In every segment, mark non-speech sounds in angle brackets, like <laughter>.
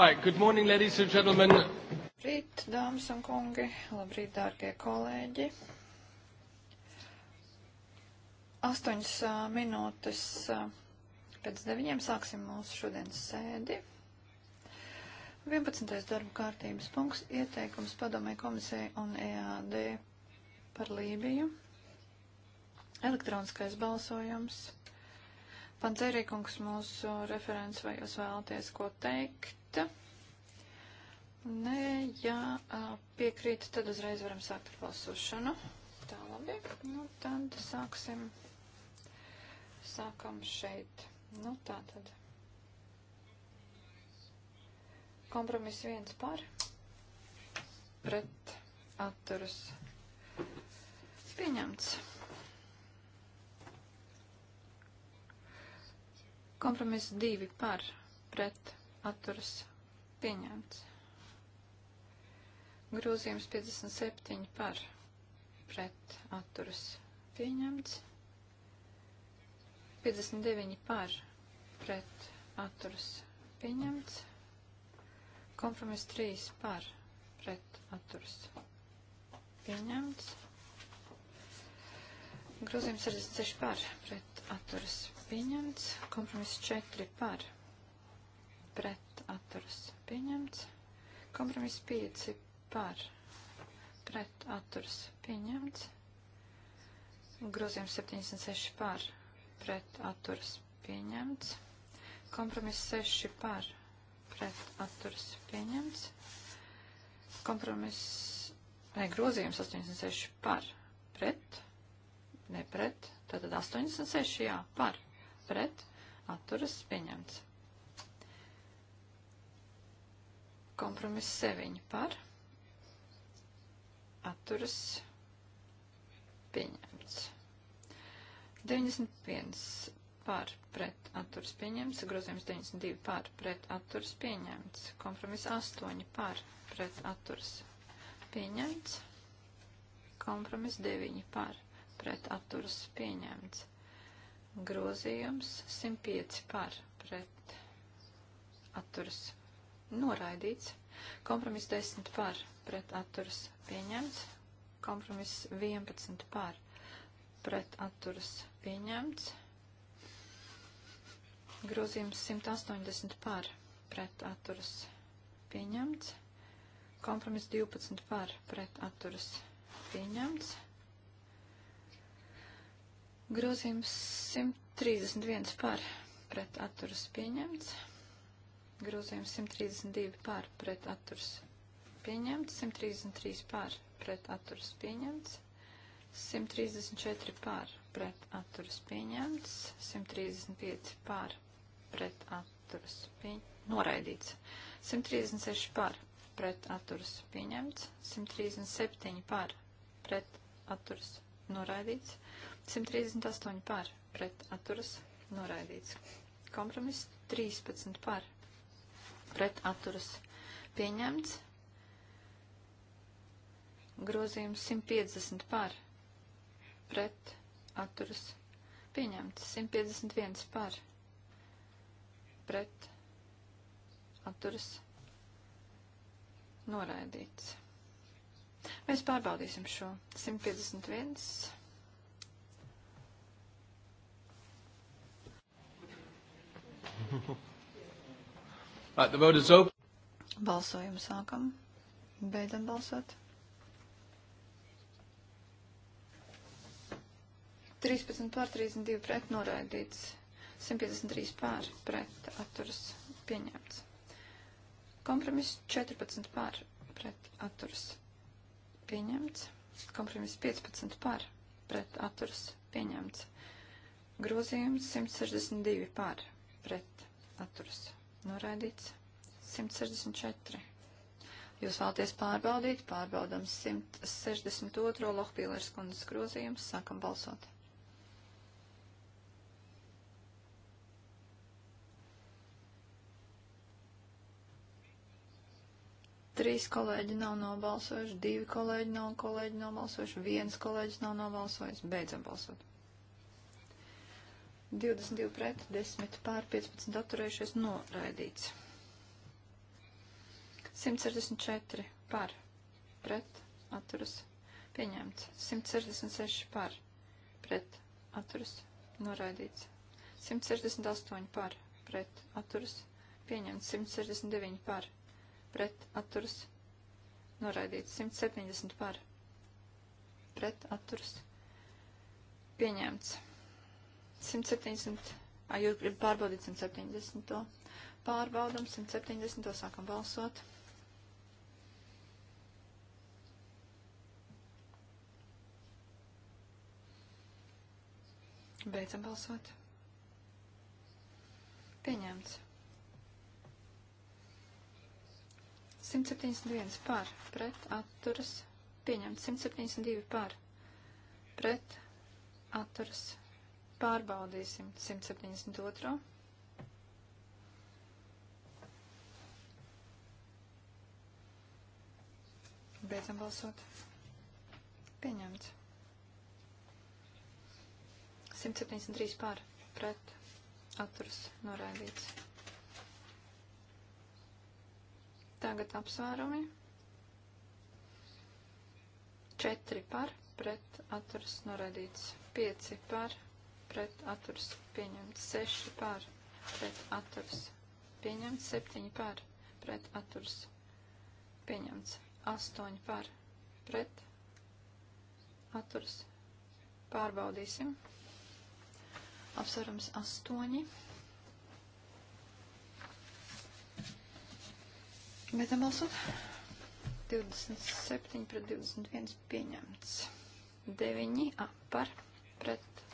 Right, good morning, ladies and gentlemen. Labrīt, dāmas un kungi, labrīt, dārgie kolēģi. Astoņas minūtes pēc deviņiem sāksim mūsu šodienas sēdi. 11. darba kārtības punkts - ieteikums padomē komisijai un EAD par Lībiju. Elektroniskais balsojums. Pancerīkungs mūsu referents, vai jūs vēlaties ko teikt? Pret. Nē, jā, piekrīt, tad uzreiz varam sākt ar balsošanu. Tā labi. Nu, tad sāksim. Sākam šeit. Nu, tā tad. Kompromiss viens par. Pret atturas. Pieņemts. Kompromiss divi par. Pret atturas pieņemts. Grūzījums 57 par pret atturas pieņemts. 59 par pret atturas pieņemts. Kompromiss 3 par pret atturas pieņemts. Grūzījums 66 par pret atturas pieņemts. Kompromiss 4 par pret atturas pieņemts pret atturas pieņemts. Kompromiss 5 par pret atturas pieņemts. Grozījums 76 par pret atturas pieņemts. Kompromiss 6 par pret atturas pieņemts. Kompromiss, ne, grozījums 86 par pret, ne pret, tātad 86 jā, par pret atturas pieņemts. Kompromiss 7 par. Atturas pieņemts. 91 par pret atturas pieņemts. Grozījums 92 par pret atturas pieņemts. Kompromiss 8 par pret atturas pieņemts. Kompromiss 9 par pret atturas pieņemts. Grozījums 105 par pret atturas pieņemts noraidīts. Kompromiss 10 par pret atturas pieņemts. Kompromiss 11 par pret atturas pieņemts. Grozījums 180 par pret atturas pieņemts. Kompromiss 12 par pret atturas pieņemts. Grozījums 131 par pret atturas pieņemts. Grozījums 132 pār pret atturs pieņemts, 133 pār pret atturs pieņemts, 134 pār pret atturs pieņemts, 135 pār pret atturs pieņemts, noraidīts, 136 pār pret atturs pieņemts, 137 pār pret atturs noraidīts, 138 pār pret atturs noraidīts. Kompromiss 13 pār pret atturas pieņemts. Grozījums 150 par pret atturas pieņemts. 151 par pret atturas noraidīts. Mēs pārbaudīsim šo 151. <laughs> Right, the vote is open. Balsojumu sākam. Beidzam balsot. 13 pār 32 pret noraidīts. 153 pār pret atturas pieņemts. Kompromiss 14 pār pret atturas pieņemts. Kompromiss 15 pār pret atturas pieņemts. Grozījums 162 pār pret atturas pieņemts Noraidīts. 164. Jūs vēlaties pārbaudīt, pārbaudam 162. Lohpīlērs kundzes grozījums, sākam balsot. Trīs kolēģi nav nobalsojuši, divi kolēģi nav kolēģi nobalsojuši, viens kolēģis nav nobalsojis, beidzam balsot. 22 pret, 10 pār, 15 atturējušies, noraidīts. 164 par, pret, atturas, pieņemts. 166 par, pret, atturas, noraidīts. 168 par, pret, atturas, pieņemts. 169 par, pret, atturas, noraidīts. 170 par, pret, atturas, pieņemts. 170. Ai, jūs gribat pārbaudīt 170. Pārbaudam 170. Sākam balsot. Beidzam balsot. Pieņemts. 171 par, pret, atturas, pieņemts. 172 par, pret, atturas, Pārbaudīsim 172. Beidzam balsot. Pieņemts. 173 pār pret atturas noraidīts. Tagad apsvērumi. 4 par pret atturas noraidīts. 5 par pret pret atturs pieņemts 6 par, pret atturs pieņemts 7 par, pret atturs pieņemts 8 par, pret atturs pārbaudīsim. Apsvarums 8. Beidzam balsot. 27 pret 21 pieņemts. 9 par pret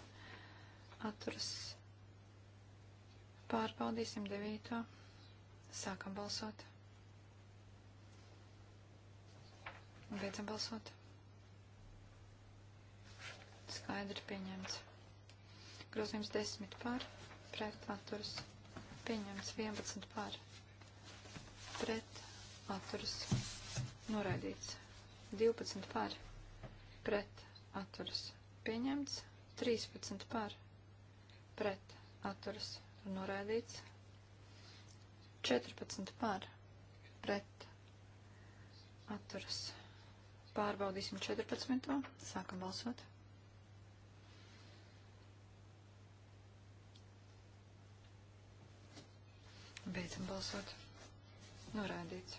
atturas. Pārbaudīsim devīto. Sākam balsot. Beidzam balsot. Skaidri pieņemts. Grozījums 10 par, pret atturas. Pieņemts 11 par, pret atturas. Noraidīts 12 par, pret atturas. Pieņemts 13 par, pret atturas noraidīts. 14 par pret atturas. Pārbaudīsim 14. Sākam balsot. Beidzam balsot. Norādīts.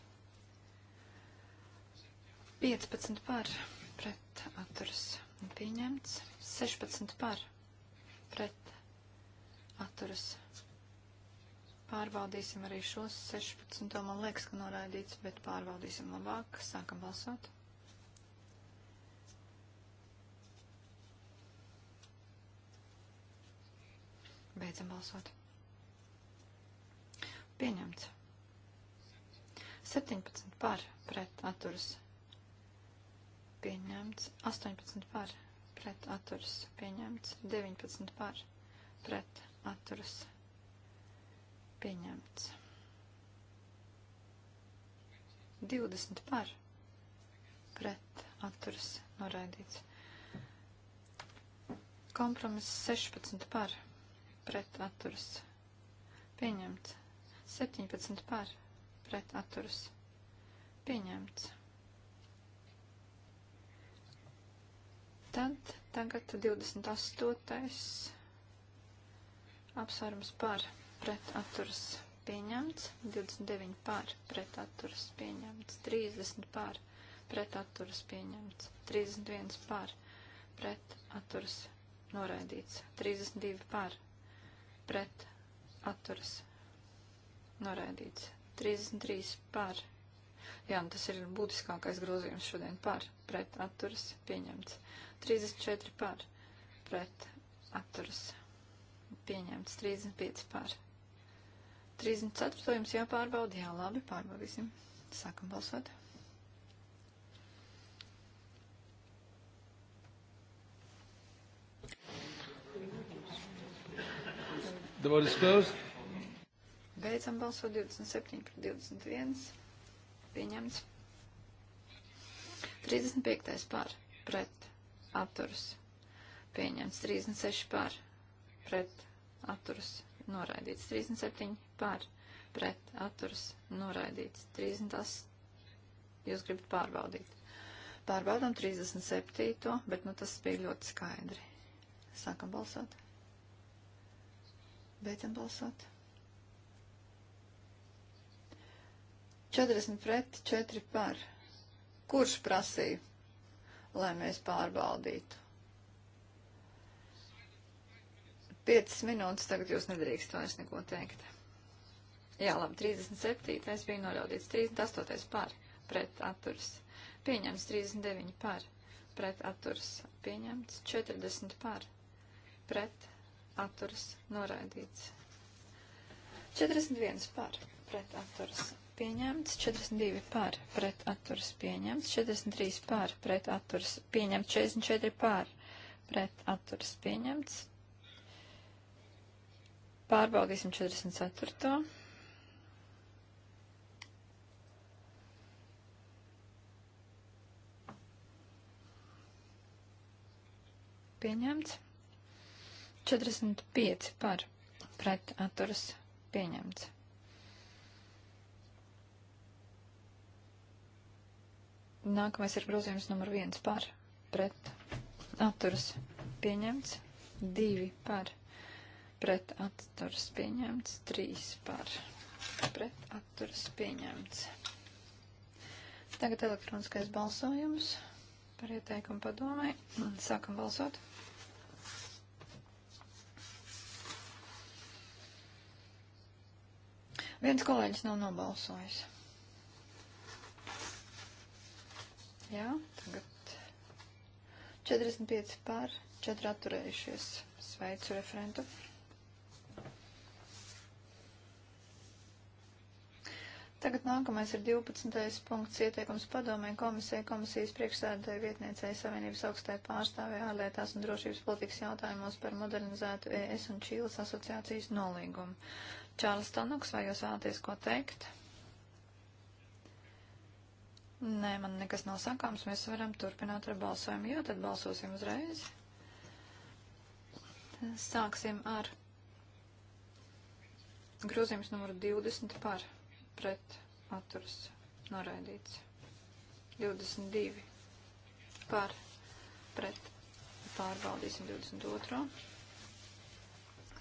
15 par pret atturas pieņemts. 16 par pret atturas. Pārbaudīsim arī šos 16. Man liekas, ka noraidīts, bet pārbaudīsim labāk. Sākam balsot. Beidzam balsot. Pieņemts. 17 par pret atturas. Pieņemts. 18 par pret atturas. Pieņemts. 19 par pret atturas atturas pieņemts. 20 par pret atturas noraidīts. Kompromiss 16 par pret atturas pieņemts. 17 par pret atturas pieņemts. Tad tagad 28. Apsvērums par pret atturas pieņemts. 29 par pret atturas pieņemts. 30 par pret atturas pieņemts. 31 par pret atturas noraidīts. 32 par pret atturas noraidīts. 33 par. Jā, nu tas ir būtiskākais grozījums šodien par, pret atturas pieņemts. 34 par, pret atturas pieņemts pieņemts 35 par. 34. jums jāpārbauda, jā, labi, pārbaudīsim. Sākam balsot. The vote is closed. Beidzam balsot 27 par 21. Pieņemts. 35. par. Pret. Atturs. Pieņemts. 36 par pret atturas noraidīts 37 par pret atturas noraidīts 38. Jūs gribat pārbaudīt. Pārbaudām 37. bet nu tas bija ļoti skaidri. Sākam balsot. Beidzam balsot. 40 pret 4 par. Kurš prasīja, lai mēs pārbaudītu? 5 minūtes, tagad jūs nedrīkst vairs neko teikt. Jā, labi, 37. bija noraudīts, 38. par, pret atturs. Pieņemts 39 par, pret atturs. Pieņemts 40 par, pret atturs. Noraidīts. 41 par, pret atturs pieņemts, 42 pār, pret atturas pieņemts, 43 pār, pret atturas pieņemts, 44 pār, pret atturas pieņemts, Pārbaudīsim 44. Pieņemts. 45 par pret atturas pieņemts. Nākamais ir grozījums numur viens par pret atturas pieņemts, divi par pret atturas pieņemts, 3 par pret atturas pieņemts. Tagad elektroniskais balsojums par ieteikumu padomai. Sākam balsot. Viens kolēģis nav nobalsojis. Jā, tagad 45 pār, 4 atturējušies. Sveicu referentu. Tagad nākamais ir 12. punkts ieteikums padomē komisijai, komisijas priekšsēdētāja vietniecei Savienības augstai pārstāvē ārlietās un drošības politikas jautājumos par modernizētu ES un Čīles asociācijas nolīgumu. Čārlis Tanuks, vai jūs vēlaties ko teikt? Nē, man nekas nav sakāms, mēs varam turpināt ar balsojumu. Jā, tad balsosim uzreiz. Sāksim ar grozījums numuru 20 par pret atturas noraidīts. 22 par pret pārbaudīsim 22.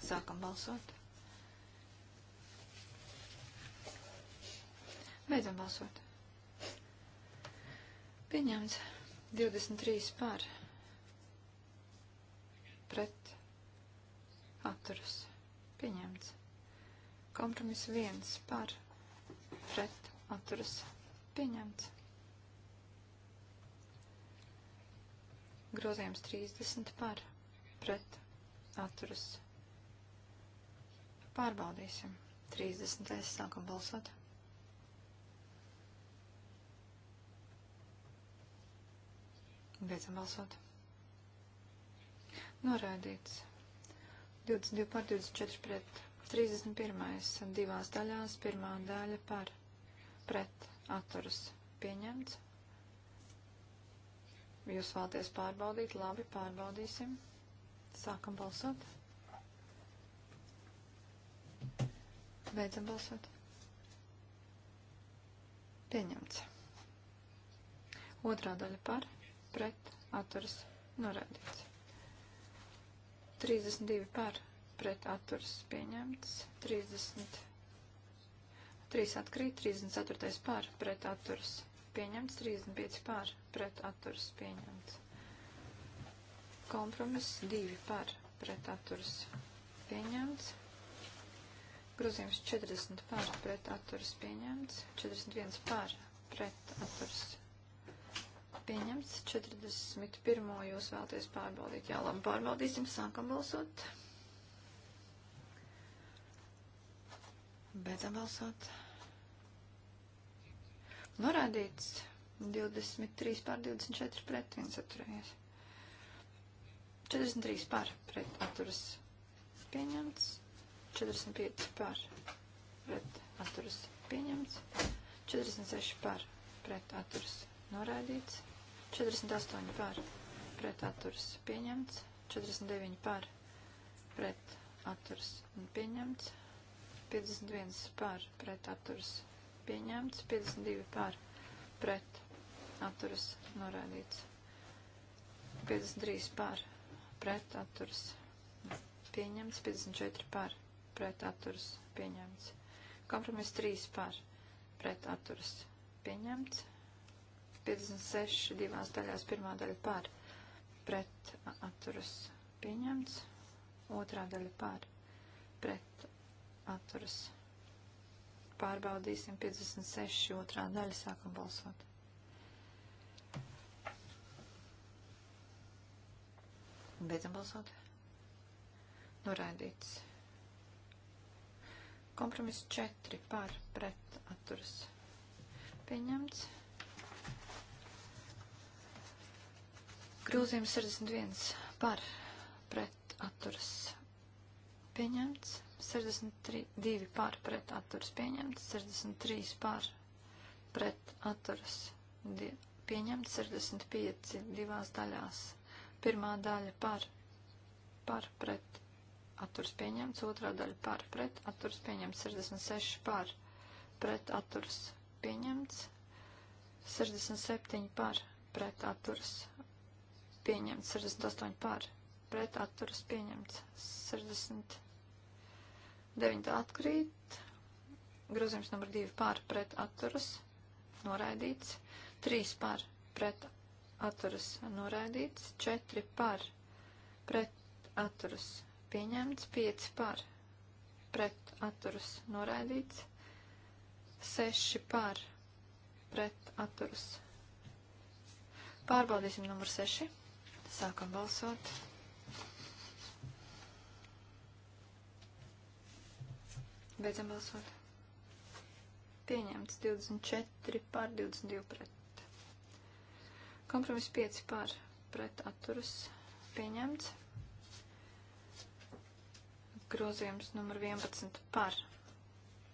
Sākam balsot. Beidzam balsot. Pieņemts 23 par pret atturas. Pieņemts. Kompromiss 1 par pret pret atturas pieņemts. Grozījums 30 par pret atturas. Pārbaudīsim. 30. sākam balsot. Beidzam balsot. Noraidīts. 22 par 24 pret 31. divās daļās, pirmā daļa par pret atturas pieņemts. Jūs vēlaties pārbaudīt, labi, pārbaudīsim. Sākam balsot. Beidzam balsot. Pieņemts. Otrā daļa par pret atturas norādīts. 32 par pret pret atturas pieņemts. 33 atkrīt, 34 pār pret atturas pieņemts, 35 pār pret atturas pieņemts. Kompromiss 2 pār pret atturas pieņemts. Grozījums 40 pār pret atturas pieņemts, 41 pār pret atturas pieņemts, 41 jūs vēlaties pārbaudīt. Jā, labi, pārbaudīsim, sākam balsot. Beidzam balsot. Norādīts 23 pār 24 pret, viens atturējies. 43 pār pret atturas pieņemts. 45 pār pret atturas pieņemts. 46 pār pret atturas norādīts. 48 pār pret atturas pieņemts. 49 pār pret atturas pieņemts. 51 par pret atturas pieņemts, 52 par pret atturas norādīts, 53 par pret atturas pieņemts, 54 par pret atturas pieņemts, kompromiss 3 par pret atturas pieņemts, 56 divās daļās pirmā daļa par pret atturas pieņemts, otrā daļa par pret atturas. Pārbaudīsim 56. otrā daļa, sākam balsot. Beidzam balsot. Noraidīts. Kompromiss 4 par pret atturas. Pieņemts. Grūzījums 61 par pret atturas. Pieņemts. 62 pār pret atturas pieņemts, 63 pār pret atturas pieņemts, 65 divās daļās. Pirmā daļa par, par pret atturas pieņemts, otrā daļa par pret atturas pieņemts, 66 pār pret atturas pieņemts, 67 pār pret atturas pieņemts, 68 pār pret atturas pieņemts, 60. 9 atkrīt, grozījums numur 2 pār pret atturas noraidīts, 3 pār pret atturas noraidīts, 4 pār pret atturas pieņemts, 5 pār pret atturas noraidīts, 6 pār pret atturas. Pārbaudīsim numur 6. Sākam balsot. Beidzam balsot. Pieņemts 24 pār 22 pret. Kompromiss 5 pār pret atturas. Pieņemts. Grozījums numur 11 par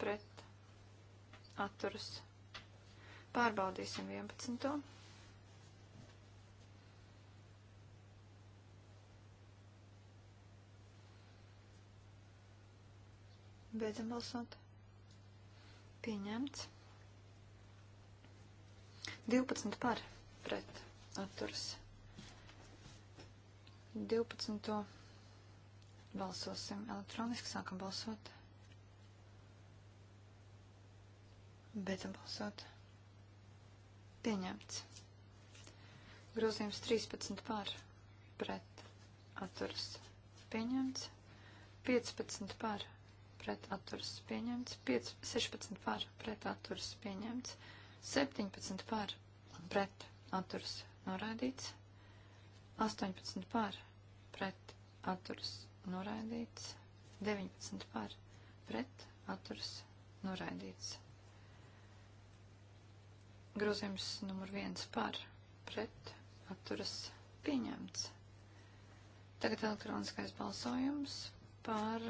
pret atturas. Pārbaudīsim 11. Beidzam balsot. Pieņemts. 12 par pret atturas. 12. Balsosim elektroniski, sākam balsot. Beidzam balsot. Pieņemts. Grozījums 13 par pret atturas. Pieņemts. 15 par pret atturas pieņemts, 5, 16 par pret atturas pieņemts, 17 par pret atturas noraidīts, 18 par pret atturas noraidīts, 19 par pret atturas noraidīts. Grozījums numur 1 par pret atturas pieņemts. Tagad elektroniskais balsojums par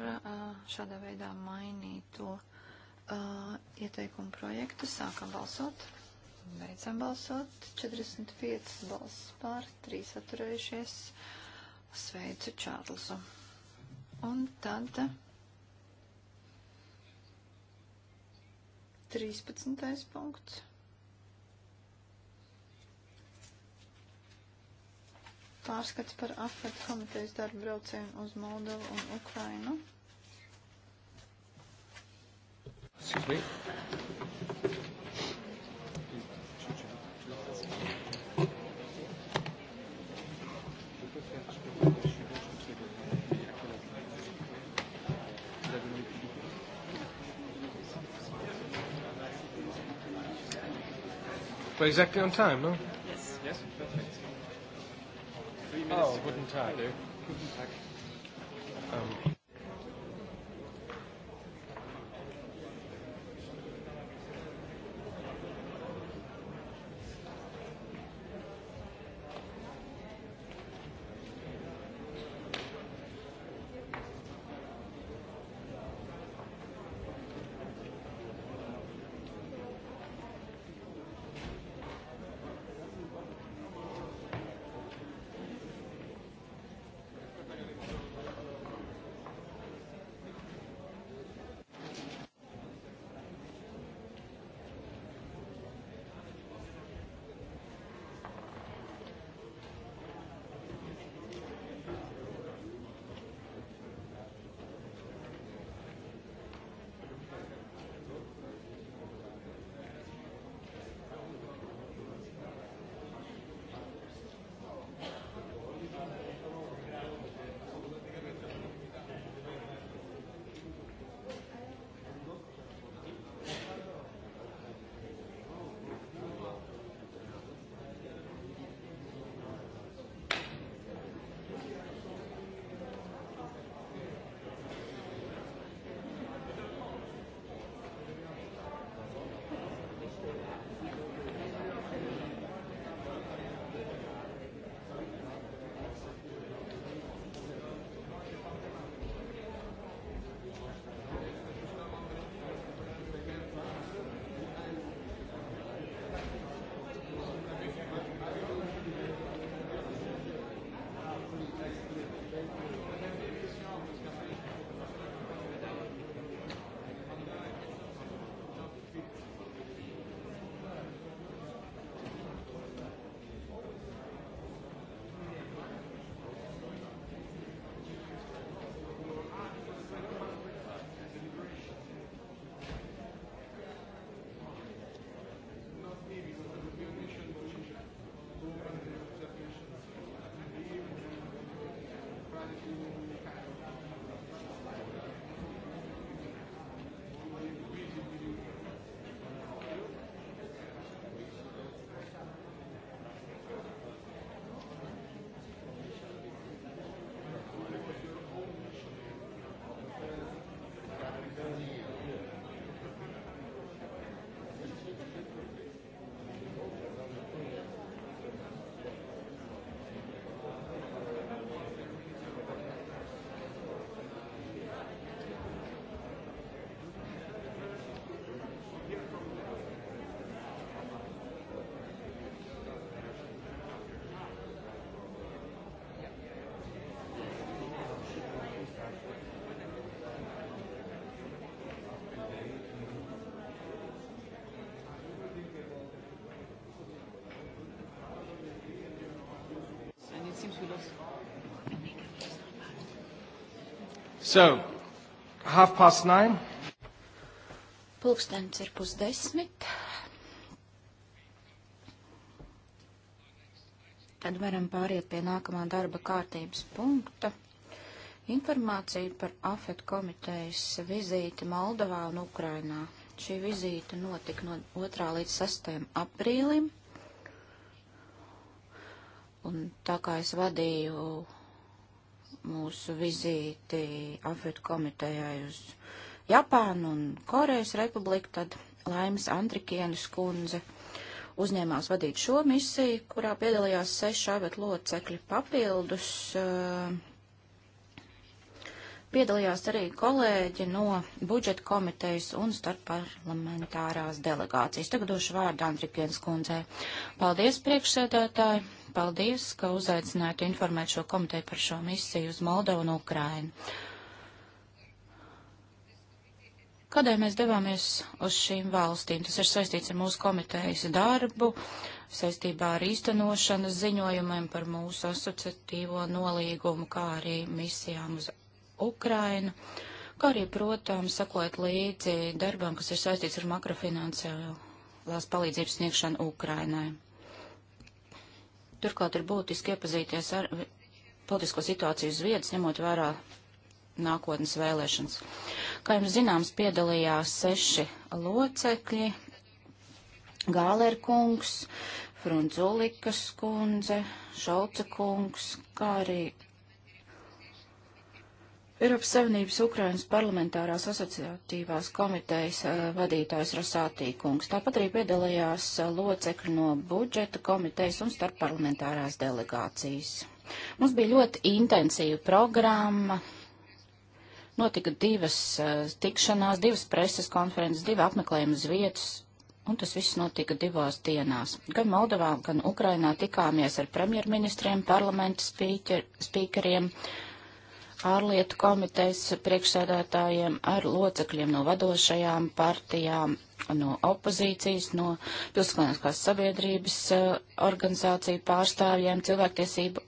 šādā veidā mainīto ieteikumu projektu. Sākam balsot. Beidzam balsot. 45 balss pār, 3 atturējušies. Sveicu Čārlzu. Un tad 13. punkts. Pārskats par AFET komitejas darbu braucienu uz Moldovu un Ukrainu. Excuse me. We're exactly on time, no? Oh, guten Tag. Hello. So, half past nine. Pulkstenis ir pusdesmit. Tad varam pāriet pie nākamā darba kārtības punkta. Informācija par AFET komitejas vizīti Moldovā un Ukrainā. Šī vizīte notika no 2. līdz 6. aprīlim Un tā kā es vadīju mūsu vizīti Afritu komitejai uz Japānu un Korejas republiku, tad Laimas Andrikienes kundze uzņēmās vadīt šo misiju, kurā piedalījās seši avet locekļi papildus. Uh, Piedalījās arī kolēģi no budžeta komitejas un starpparlamentārās delegācijas. Tagad došu vārdu Andrikienas kundzei. Paldies, priekšsēdētāji! Paldies, ka uzaicinājāt informēt šo komiteju par šo misiju uz Moldovu un Ukrainu. Kādēļ mēs devāmies uz šīm valstīm? Tas ir saistīts ar mūsu komitejas darbu, saistībā ar īstenošanas ziņojumiem par mūsu asociatīvo nolīgumu, kā arī misijām uz Ukrainu, kā arī, protams, sakot līdzi darbam, kas ir saistīts ar makrofinanciālās palīdzības sniegšanu Ukrainai. Turklāt ir būtiski iepazīties ar politisko situāciju uz vietas, ņemot vērā nākotnes vēlēšanas. Kā jums zināms, piedalījās seši locekļi - Gāler kungs, Frunzulikas kundze, Šauca kungs, kā arī Eiropas Savienības Ukrainas parlamentārās asociatīvās komitejas uh, vadītājs Rosātī kungs. Tāpat arī piedalījās uh, locekļi no budžeta komitejas un starpparlamentārās delegācijas. Mums bija ļoti intensīva programma. Notika divas uh, tikšanās, divas preses konferences, divi apmeklējumi uz vietas, un tas viss notika divās dienās. Gan Moldovā, gan Ukrainā tikāmies ar premjerministriem, parlamenta spīkeriem. Speaker, ārlietu komitejas priekšsēdētājiem, ar locekļiem no vadošajām partijām, no opozīcijas, no pilsoniskās sabiedrības eh, organizāciju pārstāvjiem, cilvēktiesību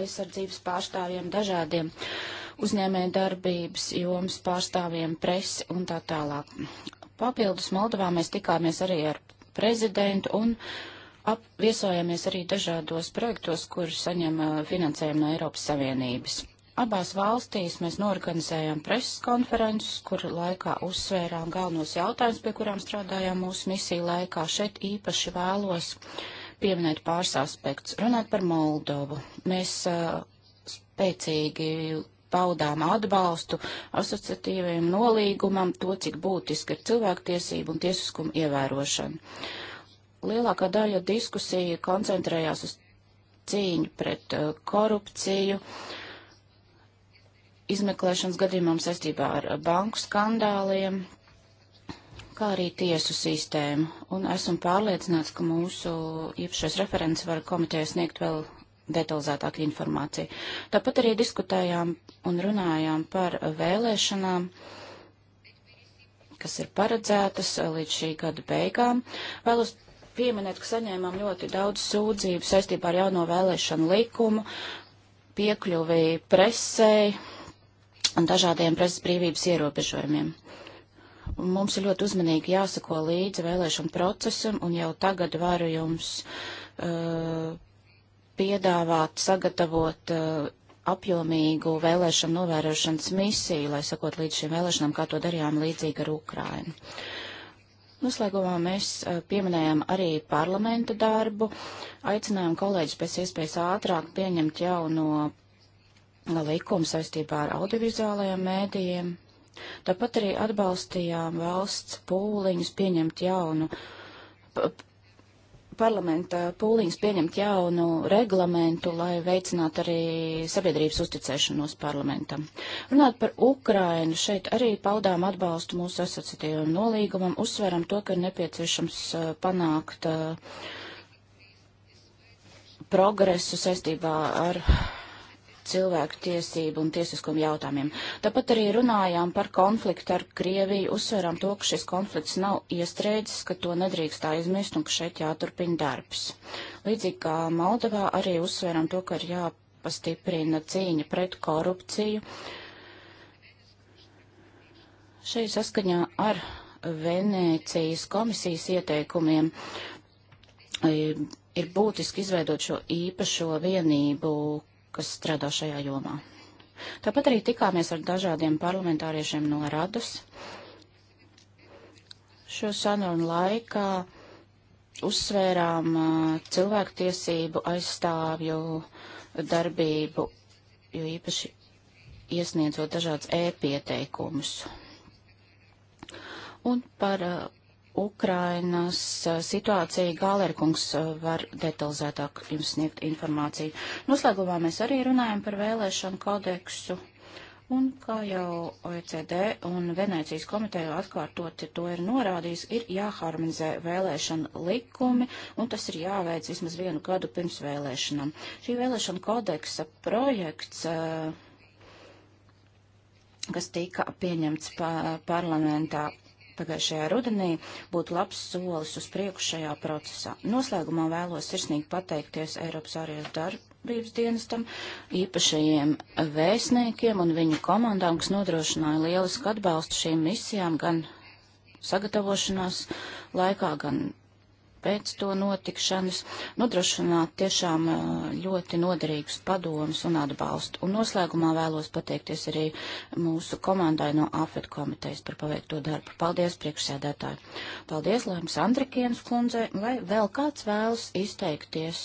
aizsardzības pārstāvjiem, dažādiem uzņēmēju darbības jomas pārstāvjiem, presi un tā tālāk. Papildus Moldovā mēs tikāmies arī ar prezidentu un uh, apviesojāmies arī dažādos projektos, kur saņem finansējumu no Eiropas Savienības. Abās valstīs mēs norganizējām preses konferences, kur laikā uzsvērām galvenos jautājumus, pie kurām strādājām mūsu misiju laikā. Šeit īpaši vēlos pieminēt pāris aspektus. Runāt par Moldovu. Mēs uh, spēcīgi paudām atbalstu asociatīviem nolīgumam, to, cik būtiski ir cilvēktiesību un tiesiskuma ievērošana lielākā daļa diskusija koncentrējās uz cīņu pret uh, korupciju, izmeklēšanas gadījumam saistībā ar uh, banku skandāliem, kā arī tiesu sistēmu. Un esmu pārliecināts, ka mūsu iepriekšējais referents var komiteja sniegt vēl detalizētāku informāciju. Tāpat arī diskutējām un runājām par vēlēšanām kas ir paredzētas uh, līdz šī gada beigām. Vēlos pieminēt, ka saņēmām ļoti daudz sūdzību saistībā ar jauno vēlēšanu likumu, piekļuvī presē un dažādiem preses brīvības ierobežojumiem. Un mums ir ļoti uzmanīgi jāsako līdzi vēlēšanu procesam, un jau tagad varu jums uh, piedāvāt, sagatavot uh, apjomīgu vēlēšanu novērošanas misiju, lai sakot līdz šīm vēlēšanām, kā to darījām līdzīgi ar Ukrainu. Uh, Noslēgumā mēs pieminējām arī parlamenta darbu, aicinājām kolēģis pēc iespējas ātrāk pieņemt jauno likumu saistībā ar audiovizuālajiem mēdījiem. Tāpat arī atbalstījām valsts pūliņus pieņemt jaunu parlamenta pūliņus pieņemt jaunu reglamentu, lai veicinātu arī sabiedrības uzticēšanos parlamentam. Runāt par Ukrainu, šeit arī paudām atbalstu mūsu asociatīvajam nolīgumam, uzsveram to, ka ir nepieciešams panākt progresu saistībā ar cilvēku tiesību un tiesiskumu jautājumiem. Tāpat arī runājām par konfliktu ar Krieviju, uzsverām to, ka šis konflikts nav iestrēdzis, ka to nedrīkst aizmirst un ka šeit jāturpina darbs. Līdzīgi kā Moldovā arī uzsverām to, ka ir jāpastiprina cīņa pret korupciju. Šai saskaņā ar Venēcijas komisijas ieteikumiem e, ir būtiski izveidot šo īpašo vienību kas strādā šajā jomā. Tāpat arī tikāmies ar dažādiem parlamentāriešiem no Radas. Šo sarunu laikā uzsvērām cilvēktiesību aizstāvju darbību, jo īpaši iesniedzot dažādas e-pieteikumus. Un par Ukrainas eh, situācija Gālērkungs eh, var detalizētāk jums sniegt informāciju. Noslēgumā mēs arī runājam par vēlēšanu kodeksu. Un kā jau OECD un Venēcijas komiteja atkārtot to ir norādījis, ir jāharmonizē vēlēšana likumi, un tas ir jāveic vismaz vienu gadu pirms vēlēšanām. Šī vēlēšana kodeksa projekts, eh, kas tika pieņemts pa parlamentā pagājušajā rudenī būtu labs solis uz priekšu šajā procesā. Noslēgumā vēlos sirsnīgi pateikties Eiropas ārējās darbības dienestam, īpašajiem vēstniekiem un viņu komandām, kas nodrošināja lielisku atbalstu šīm misijām gan sagatavošanās laikā, gan pēc to notikšanas, nodrošināt tiešām ļoti noderīgus padomus un atbalstu. Un noslēgumā vēlos pateikties arī mūsu komandai no AFET komitejas par paveikto darbu. Paldies, priekšsēdētāji! Paldies, Lēms Andrikienas kundzei, vai vēl kāds vēlas izteikties,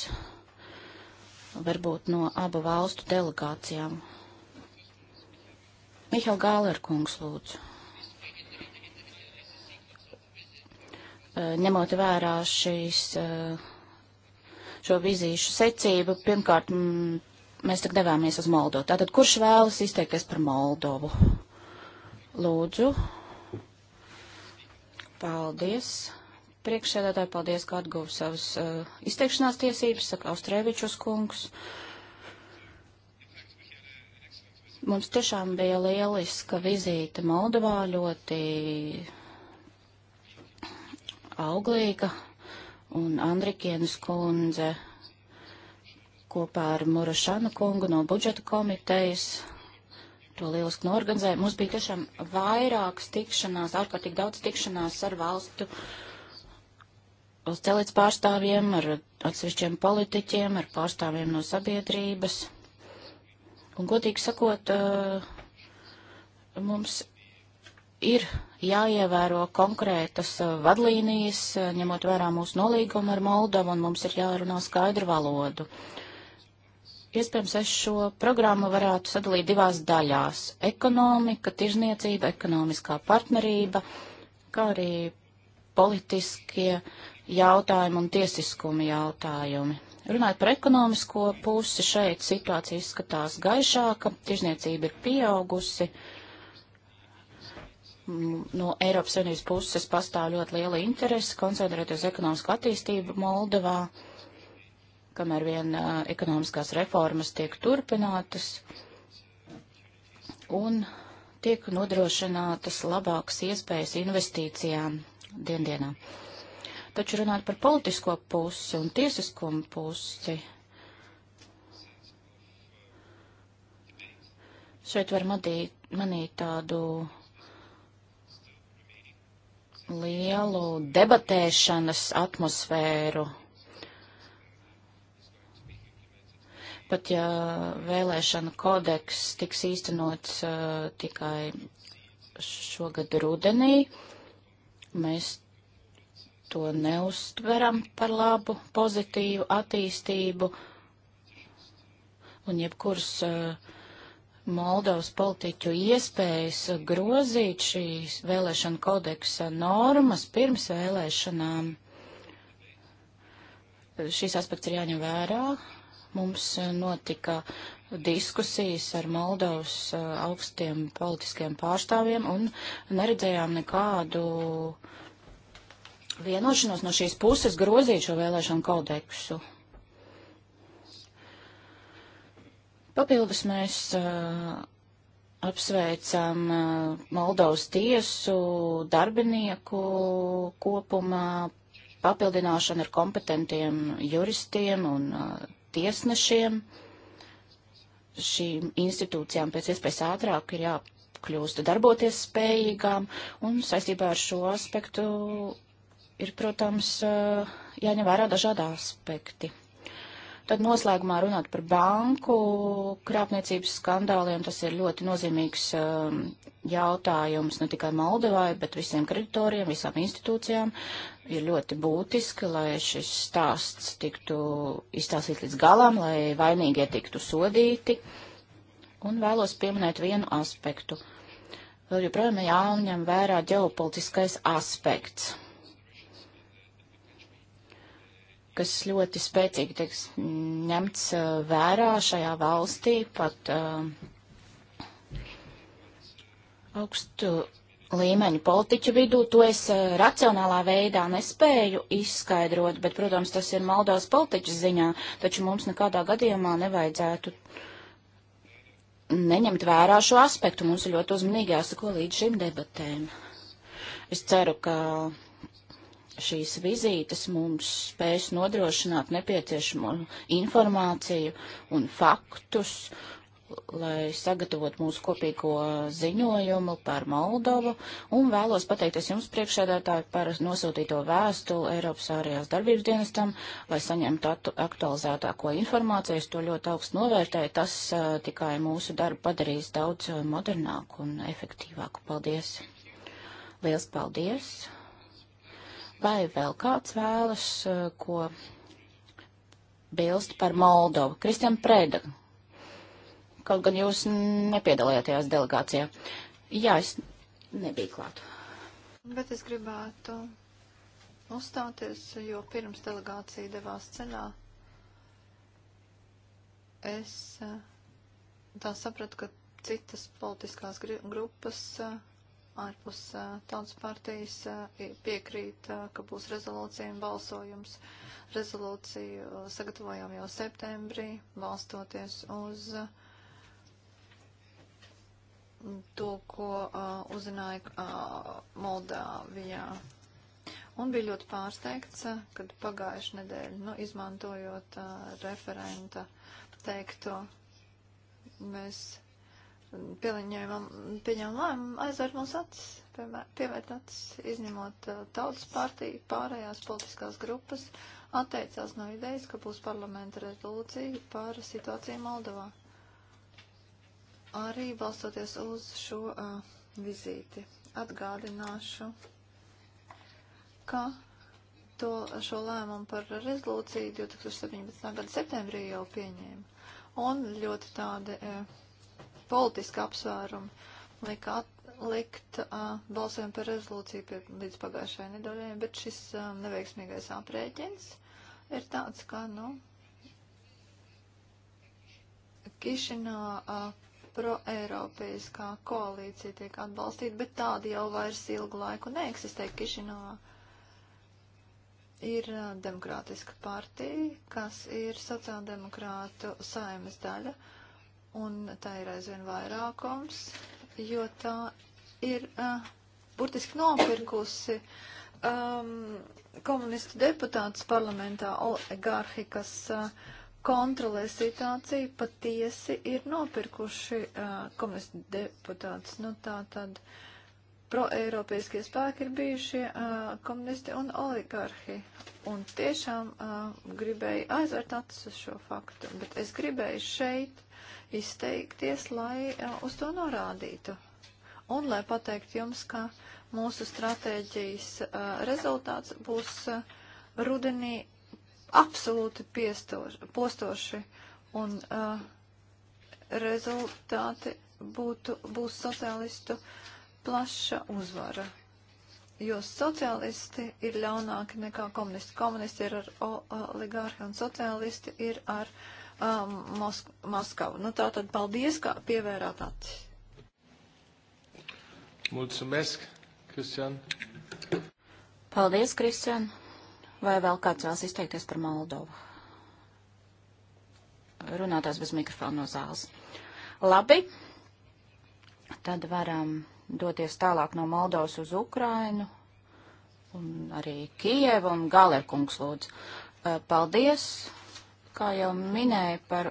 varbūt no abu valstu delegācijām? Mihail Gālerkungs, lūdzu. Eh, ņemot vērā šīs, eh, šo vizīšu secību, pirmkārt, mēs tagad devāmies uz Moldovu. Tātad, kurš vēlas izteikties par Moldovu? Lūdzu. Paldies. Priekšsēdētāji, paldies, ka atguva savas uh, izteikšanās tiesības, saka Austrēvičus kungs. Mums tiešām bija lieliska vizīte Moldovā, ļoti auglīga, un Andrikienas kundze kopā ar Murašanu kungu no budžeta komitejas to lieliski norganizēja. Mums bija tiešām vairākas tikšanās, ārkārtīgi daudz tikšanās ar valstu celīts pārstāvjiem, ar atsevišķiem politiķiem, ar pārstāvjiem no sabiedrības. Un, godīgi sakot, eh, mums ir jāievēro konkrētas eh, vadlīnijas, eh, ņemot vērā mūsu nolīgumu ar Moldovu, un mums ir jārunā skaidru valodu. Iespējams, es šo programmu varētu sadalīt divās daļās - ekonomika, tirzniecība, ekonomiskā partnerība, kā arī politiskie jautājumi un tiesiskuma jautājumi. Runājot par ekonomisko pusi, šeit situācija izskatās gaišāka, tirzniecība ir pieaugusi. Uh, Mm, no Eiropas Savienības puses pastāv ļoti liela interese koncentrēt uz ekonomisku attīstību Moldovā, kamēr vien uh, ekonomiskās reformas tiek turpinātas un tiek nodrošinātas labākas iespējas investīcijām diendienā. Taču runāt par politisko pusi un tiesiskumu pusi. Šeit var madīt, manīt tādu lielu debatēšanas atmosfēru. Pat ja vēlēšana kodeks tiks īstenots uh, tikai šogad rudenī, mēs to neuztveram par labu, pozitīvu attīstību un jebkuras uh, Moldovas politiķu iespējas grozīt šīs vēlēšana kodeksa normas pirms vēlēšanām. Šīs aspekts ir jāņem vērā. Mums eh, notika diskusijas ar Moldovas eh, augstiem politiskiem pārstāvjiem un neredzējām nekādu vienošanos no šīs puses grozīt šo vēlēšanu kodeksu. Papildus mēs uh, apsveicam uh, Moldovas tiesu darbinieku kopumā papildināšanu ar kompetentiem juristiem un uh, tiesnešiem. Šīm institūcijām pēc iespējas ātrāk ir jākļūst darboties spējīgām, un saistībā ar šo aspektu ir, protams, uh, jāņem vērā dažādi aspekti. Tad noslēgumā runāt par banku krāpniecības skandāliem. Tas ir ļoti nozīmīgs um, jautājums ne tikai Moldovai, bet visiem kreditoriem, visām institūcijām. Ir ļoti būtiski, lai šis stāsts tiktu izstāstīts līdz galam, lai vainīgie tiktu sodīti. Un vēlos pieminēt vienu aspektu. Vēl joprojām jāņem vērā ģeopolitiskais aspekts kas ļoti spēcīgi tiek ņemts uh, vērā šajā valstī, pat uh, augstu līmeņu politiķu vidū. To es uh, racionālā veidā nespēju izskaidrot, bet, protams, tas ir Moldovas politiķu ziņā, taču mums nekādā gadījumā nevajadzētu neņemt vērā šo aspektu. Mums ir ļoti uzmanīgi jāsako līdz šīm debatēm. Es ceru, ka šīs vizītes mums spēs nodrošināt nepieciešamo informāciju un faktus, lai sagatavot mūsu kopīgo ziņojumu par Moldovu, un vēlos pateikties jums priekšēdētāji par nosūtīto vēstuli Eiropas ārējās darbības dienestam, lai saņemtu aktualizētāko informāciju. Es to ļoti augstu novērtēju. Tas uh, tikai mūsu darbu padarīs daudz modernāku un efektīvāku. Paldies! Liels paldies! Vai vēl kāds vēlas, eh, ko bilst par Moldovu? Kristian Preda, kaut gan jūs nepiedalījāties delegācijā. Jā, es nebiju klāt. Bet es gribētu uzstāties, jo pirms delegācija devās ceļā, es eh, tā sapratu, ka citas politiskās grupas. Uh, ārpus tautas partijas piekrīt, ka būs rezolūcija un balsojums. Rezolūciju sagatavojām jau septembrī, balstoties uz to, ko uzzināja Moldāvijā. Un bija ļoti pārsteigts, kad pagājuši nedēļu, nu, izmantojot referenta teikto, mēs pieņēma lēmumu aizvērt mūsu acis, pievērt acis, izņemot uh, tautas partiju, pārējās politiskās grupas, atteicās no idejas, ka būs parlamenta rezolūcija par situāciju Moldovā. Arī balstoties uz šo uh, vizīti atgādināšu, ka to, šo lēmumu par rezolūciju 2017. gada septembrī jau pieņēma. Un ļoti tādi. Uh, politiski apsvērumi, liek atlikt uh, balsojumu par rezolūciju pie, līdz pagājušajai nedēļai, bet šis uh, neveiksmīgais aprēķins ir tāds, ka, nu, Kišinā uh, proeiropeiskā koalīcija tiek atbalstīta, bet tāda jau vairs ilgu laiku neeksistē. Kišinā ir demokrātiska partija, kas ir sociāldemokrātu saimas daļa. Uh, un tā ir aizvien vairākums, jo tā ir uh, burtiski nopirkusi um, komunistu deputātus parlamentā oligarhi, kas uh, kontrolē situāciju, patiesi ir nopirkuši uh, komunistu deputātus. Nu, tā tad proeiropieskie spēki ir bijušie uh, komunisti un oligarhi. Un tiešām uh, gribēju aizvērt acis uz šo faktu, bet es gribēju šeit izteikties, lai uz to norādītu. Un lai pateikt jums, ka mūsu stratēģijas rezultāts būs rudenī absolūti piestoši, postoši un rezultāti būtu, būs sociālistu plaša uzvara. Jo sociālisti ir ļaunāki nekā komunisti. Komunisti ir ar oligārhi un sociālisti ir ar uh, um, Mosk Moskavu. Nu, tā tad paldies, kā pievērāt acis. Mulțumesc, Kristian. Paldies, Kristian. Vai vēl kāds vēlas izteikties par Moldovu? Runātājs bez mikrofona no zāles. Labi, tad varam doties tālāk no Moldovas uz Ukrainu un arī Kijievu un Galerkungs lūdzu. Uh, paldies! Kā jau minēju par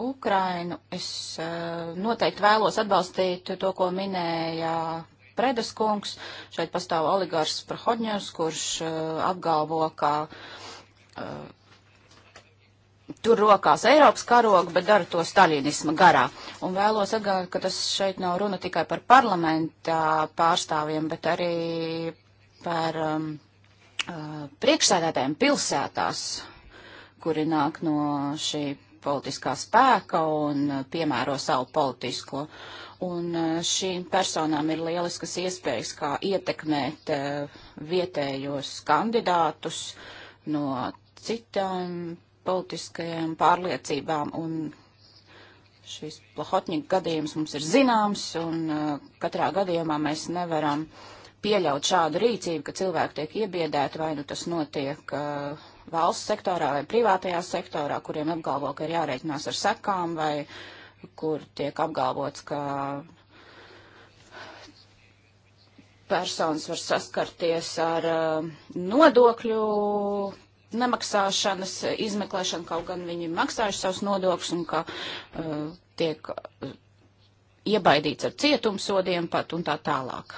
Ukrainu, es uh, noteikti vēlos atbalstīt to, ko minēja Predes kungs. Šeit pastāv oligārs Prahodņevs, kurš uh, apgalvo, ka eh, tur rokās Eiropas karogu, bet dara to staļinisma garā. Un vēlos atgādināt, ka tas šeit nav runa tikai par parlamenta pārstāvjiem, bet arī par um, uh, priekšsēdētājiem pilsētās kuri nāk no šī politiskā spēka un piemēro savu politisko. Un e, šīm personām ir lieliskas iespējas, kā ietekmēt e, vietējos kandidātus no citām politiskajām pārliecībām. Un šis plahotņika gadījums mums ir zināms, un e, katrā gadījumā mēs nevaram pieļaut šādu rīcību, ka cilvēki tiek iebiedēti, vai nu tas notiek uh, valsts sektorā vai privātajā sektorā, kuriem apgalvo, ka ir jārēķinās ar sekām vai kur tiek apgalvots, ka personas var saskarties ar uh, nodokļu nemaksāšanas izmeklēšanu, kaut gan viņi maksājuši savus nodokļus un ka uh, tiek uh, iebaidīts ar cietumsodiem pat un tā tālāk.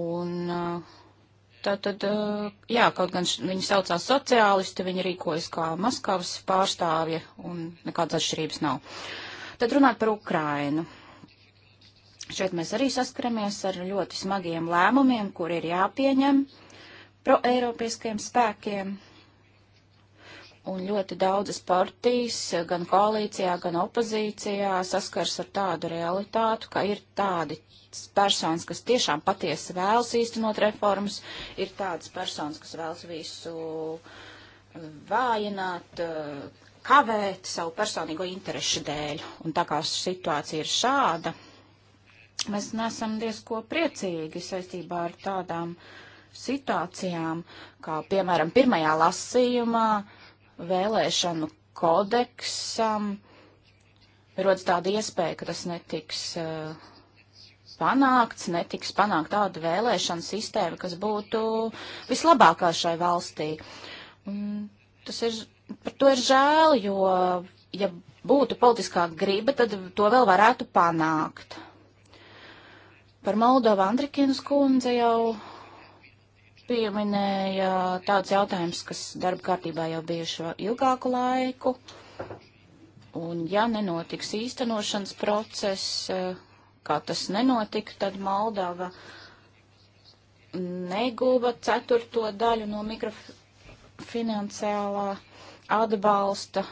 Un uh, Tātad, jā, kaut gan viņi saucās sociālisti, viņi rīkojas kā Maskavas pārstāvja un nekādas atšķirības nav. Tad runāt par Ukrainu. Šeit mēs arī saskaramies ar ļoti smagiem lēmumiem, kur ir jāpieņem proeiropieskajiem spēkiem. Un ļoti daudzas partijas, gan koalīcijā, gan opozīcijā, saskars ar tādu realitātu, ka ir tādi personas, kas tiešām patiesi vēlas īstenot reformas, ir tādas personas, kas vēlas visu eh, vājināt, eh, kavēt savu personīgo interešu dēļ. Un tā kā situācija ir šāda, mēs nesam diezko priecīgi saistībā ar tādām situācijām, kā piemēram pirmajā lasījumā vēlēšanu kodeksam rodas tāda iespēja, ka tas netiks uh, panākts, netiks panākt tāda vēlēšana sistēma, kas būtu vislabākā šai valstī. Un tas ir, par to ir žēl, jo, ja būtu politiskā griba, tad to vēl varētu panākt. Par Moldovu Andrikinas kundze jau pieminēja tāds jautājums, kas darba kārtībā jau bijuši ilgāku laiku. Un ja nenotiks īstenošanas process, kā tas nenotika, tad Moldova neguva ceturto daļu no mikrofinanciālā atbalsta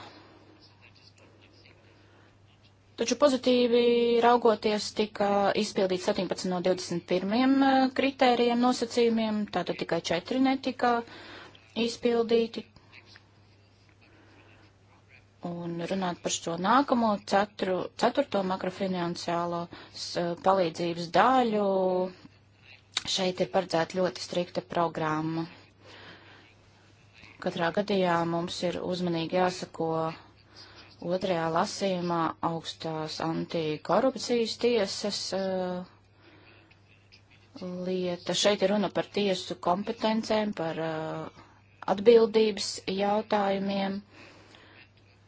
Taču pozitīvi raugoties tika izpildīt 17 no 21 eh, kritērijiem nosacījumiem, tātad tikai 4 netika izpildīti. Un runāt par šo nākamo cetru, ceturto makrofinanciālo eh, palīdzības daļu, šeit ir paredzēta ļoti strikta programma. Katrā gadījumā mums ir uzmanīgi jāsako Otrajā lasījumā augstās antikorupcijas tiesas uh, lieta. Šeit ir runa par tiesu kompetencēm, par uh, atbildības jautājumiem,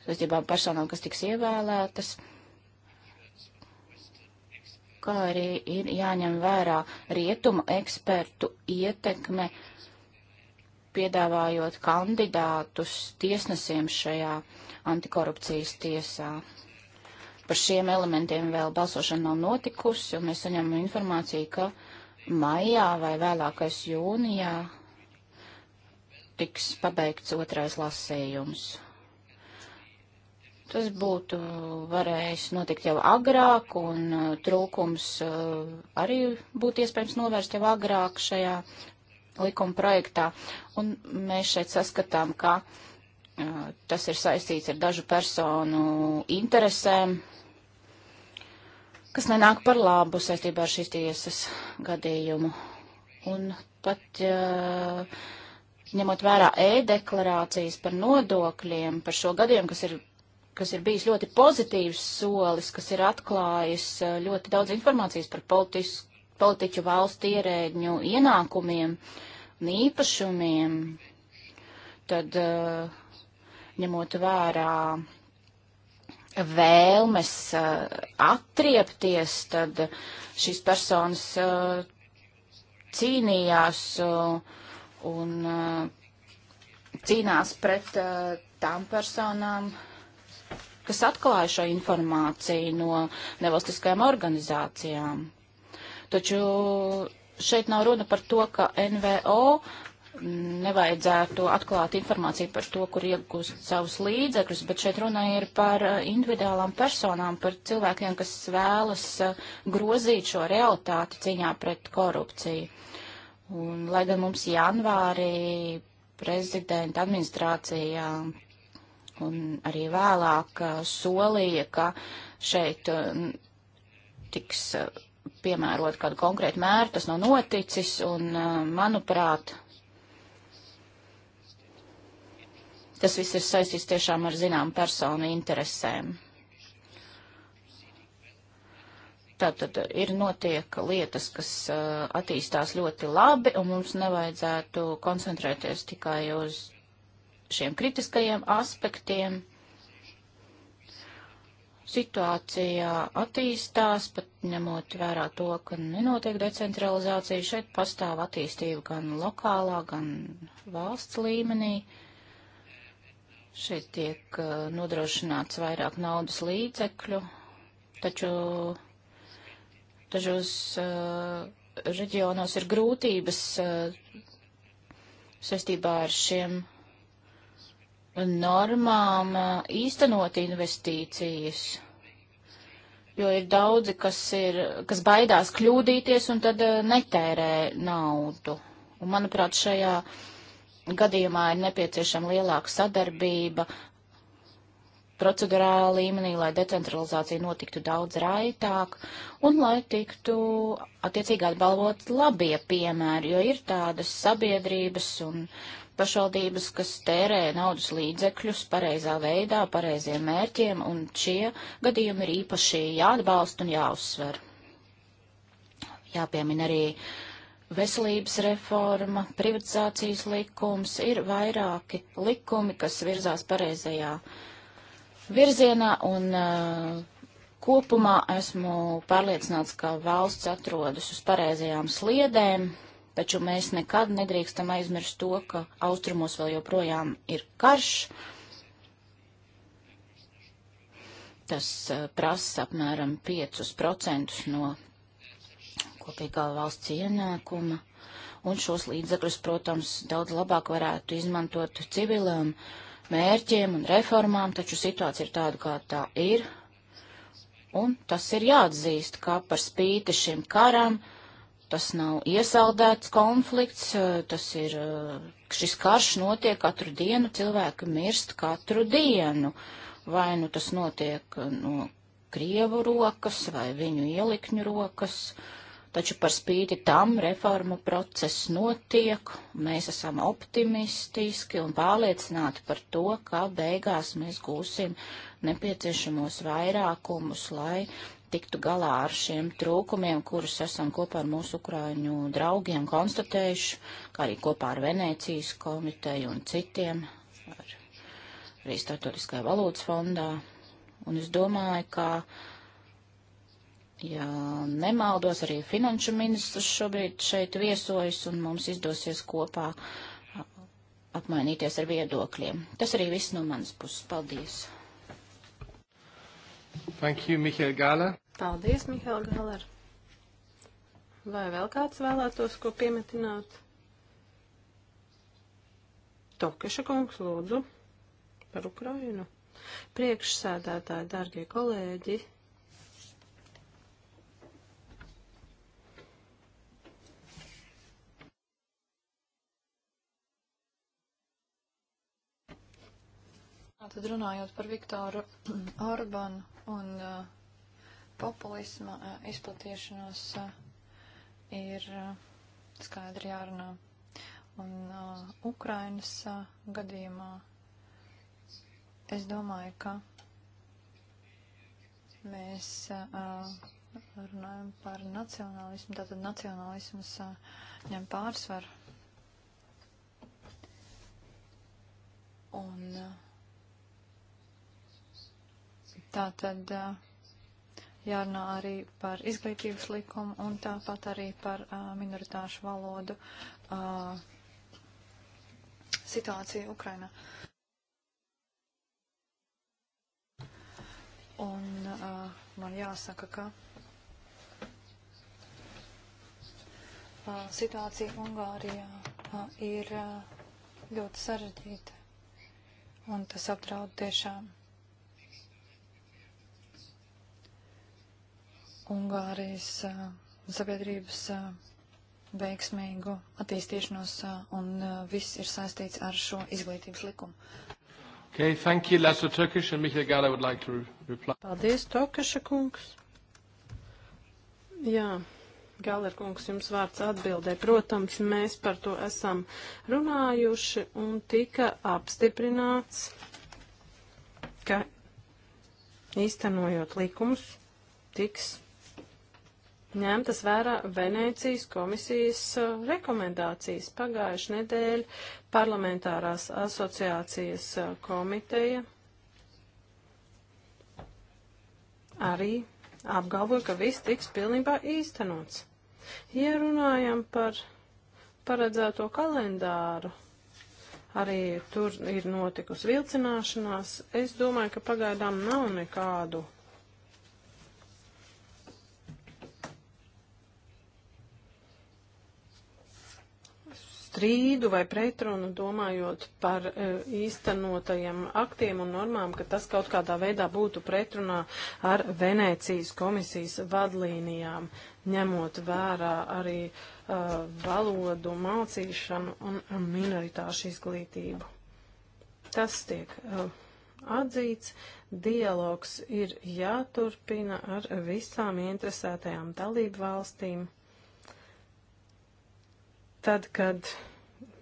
saistībā personām, kas tiks ievēlētas, kā arī ir jāņem vērā rietuma ekspertu ietekme uh, piedāvājot kandidātus tiesnesiem šajā antikorupcijas tiesā. Par šiem elementiem vēl balsošana nav notikusi, un mēs saņemam informāciju, ka maijā vai vēlākais jūnijā tiks pabeigts otrais lasējums. Tas būtu varējis notikt jau agrāk, un uh, trūkums uh, arī būtu iespējams novērst jau agrāk šajā likuma projektā, un mēs šeit saskatām, ka uh, tas ir saistīts ar dažu personu interesēm, kas nenāk par labu saistībā ar šīs tiesas gadījumu. Un pat uh, ņemot vērā e-deklarācijas par nodokļiem, par šo gadījumu, kas ir kas ir bijis ļoti pozitīvs solis, kas ir atklājis uh, ļoti daudz informācijas par politisku politiķu valstu ierēģņu ienākumiem un īpašumiem, tad eh, ņemot vērā vēlmes eh, atriepties, tad šīs personas eh, cīnījās un cīnās pret tām personām, kas atklāja šo informāciju no nevalstiskajām organizācijām. Taču šeit nav runa par to, ka NVO nevajadzētu atklāt informāciju par to, kur iegūst savus līdzekļus, bet šeit runa ir par eh, individuālām personām, par cilvēkiem, kas vēlas eh, grozīt šo realitāti cīņā pret korupciju. Un, lai gan mums janvārī prezidenta administrācijā un arī vēlāk eh, solīja, ka šeit tiks piemērot kādu konkrētu mērķu, tas nav noticis, un, uh, manuprāt, tas viss ir saistīts tiešām ar zinām personu interesēm. Tātad ir notiek lietas, kas uh, attīstās ļoti labi, un mums nevajadzētu koncentrēties tikai uz šiem kritiskajiem aspektiem situācija attīstās, pat ņemot vērā to, ka nenotiek decentralizācija, šeit pastāv attīstība gan lokālā, gan valsts līmenī. Šeit tiek uh, nodrošināts vairāk naudas līdzekļu, taču dažos uh, reģionos ir grūtības uh, saistībā ar šiem normām īstenot investīcijas. Jo ir daudzi, kas, ir, kas baidās kļūdīties un tad netērē naudu. Un, manuprāt, šajā gadījumā ir nepieciešama lielāka sadarbība procedurālā līmenī, lai decentralizācija notiktu daudz raitāk un lai tiktu attiecīgi atbalvot labie piemēri, jo ir tādas sabiedrības un uh, pašvaldības, kas tērē naudas līdzekļus pareizā veidā, pareiziem mērķiem, un šie gadījumi ir īpaši jāatbalsta un jāuzsver. Jāpiemina arī veselības reforma, privatizācijas likums, ir vairāki likumi, kas virzās pareizajā virzienā, un uh, kopumā esmu pārliecināts, ka valsts atrodas uz pareizajām sliedēm, taču mēs nekad nedrīkstam aizmirst to, ka austrumos vēl joprojām ir karš. Tas eh, prasa apmēram 5% no kopīgā valsts ienākuma, un šos līdzekļus, protams, daudz labāk varētu izmantot civilām mērķiem un reformām, taču situācija ir tāda, kā tā ir, un tas ir jāatzīst, kā par spīti šim karam, uh, tas nav iesaldēts konflikts, eh, tas ir, eh, šis karš notiek katru dienu, cilvēki mirst katru dienu. Vai nu tas notiek eh, no Krievu rokas vai viņu ielikņu rokas, taču par spīti tam reformu process notiek, mēs esam optimistiski un pārliecināti par to, ka beigās mēs gūsim nepieciešamos vairākumus, lai tiktu galā ar šiem trūkumiem, kurus esam kopā ar mūsu ukrāņu draugiem konstatējuši, kā arī kopā ar Venēcijas komiteju un citiem, ar, arī Startautiskajā valūtas fondā. Un es domāju, ka, ja nemaldos, arī finanšu ministrs šobrīd šeit viesojas un mums izdosies kopā apmainīties ar viedokļiem. Tas arī viss no manas puses. Paldies! Thank you, Michael Gala. Paldies, Mihāla Galer. Vai vēl kāds vēlētos ko piemetināt? Tokeša kungs, lūdzu, par Ukrainu. Priekšsēdētāji, dārgie kolēģi. Tad runājot par Viktoru Orbanu un uh, populisma izplatīšanos ir skaidri jārunā. Un uh, Ukrainas uh, gadījumā es domāju, ka mēs uh, runājam par nacionālismu, tātad nacionālisms uh, ņem pārsvaru. Un uh, tātad. Uh, jārunā arī par izglītības likumu un tāpat arī par uh, minoritāšu valodu uh, situāciju Ukrainā. Un uh, man jāsaka, ka uh, situācija Ungārijā uh, ir uh, ļoti sarežģīta un tas apdraud tiešām Ungārijas uh, sabiedrības uh, veiksmīgu attīstīšanos, uh, un uh, viss ir saistīts ar šo izglītības likumu. Okay, thank you, Lasso Turkish, and Michael Gala would like to reply. Paldies, Tokaša kungs. Jā, Galer kungs, jums vārds atbildē. Protams, mēs par to esam runājuši un tika apstiprināts, ka īstenojot likumus tiks ņemtas vērā Venēcijas komisijas uh, rekomendācijas. Pagājuši nedēļa parlamentārās asociācijas uh, komiteja arī apgalvoja, ka viss tiks pilnībā īstenots. Ja runājam par paredzēto kalendāru, arī tur ir notikusi vilcināšanās. Es domāju, ka pagaidām nav nekādu strīdu vai pretrunu, domājot par e, īstenotajiem aktiem un normām, ka tas kaut kādā veidā būtu pretrunā ar Venēcijas komisijas vadlīnijām, ņemot vērā arī uh, valodu mācīšanu un minoritāšu izglītību. Tas tiek uh, atzīts, dialogs ir jāturpina ar visām interesētajām dalību valstīm tad, kad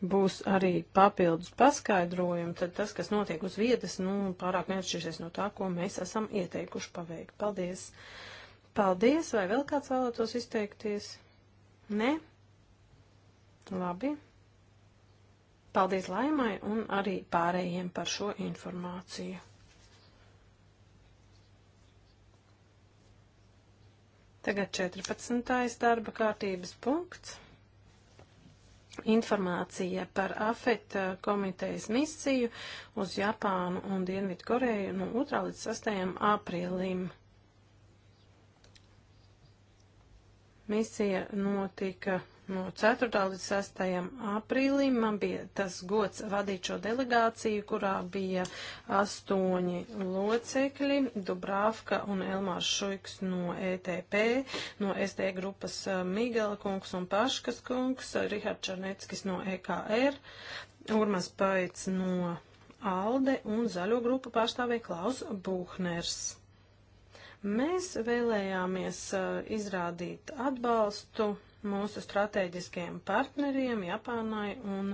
būs arī papildus paskaidrojumi, tad tas, kas notiek uz vietas, nu, pārāk neatšķirsies no tā, ko mēs esam ieteikuši paveikt. Paldies! Paldies! Vai vēl kāds vēlētos izteikties? Nē? Labi. Paldies Laimai un arī pārējiem par šo informāciju. Tagad 14. darba kārtības punkts informācija par AFET eh, komitejas misiju uz Japānu un Dienvidu Koreju no 2. līdz 6. aprīlim. Misija notika No 4. līdz 6. aprīlim man bija tas gods vadīt šo delegāciju, kurā bija astoņi locekļi - Dubrāvka un Elmārs Šuiks no ETP, no SD grupas eh, Migela kungs un Paškas kungs, eh, Rihards Čarneckis no EKR, Urmas Paits no ALDE un zaļo grupu pārstāvēja Klaus Buhners. Mēs vēlējāmies eh, izrādīt atbalstu mūsu strateģiskajiem partneriem Japānai un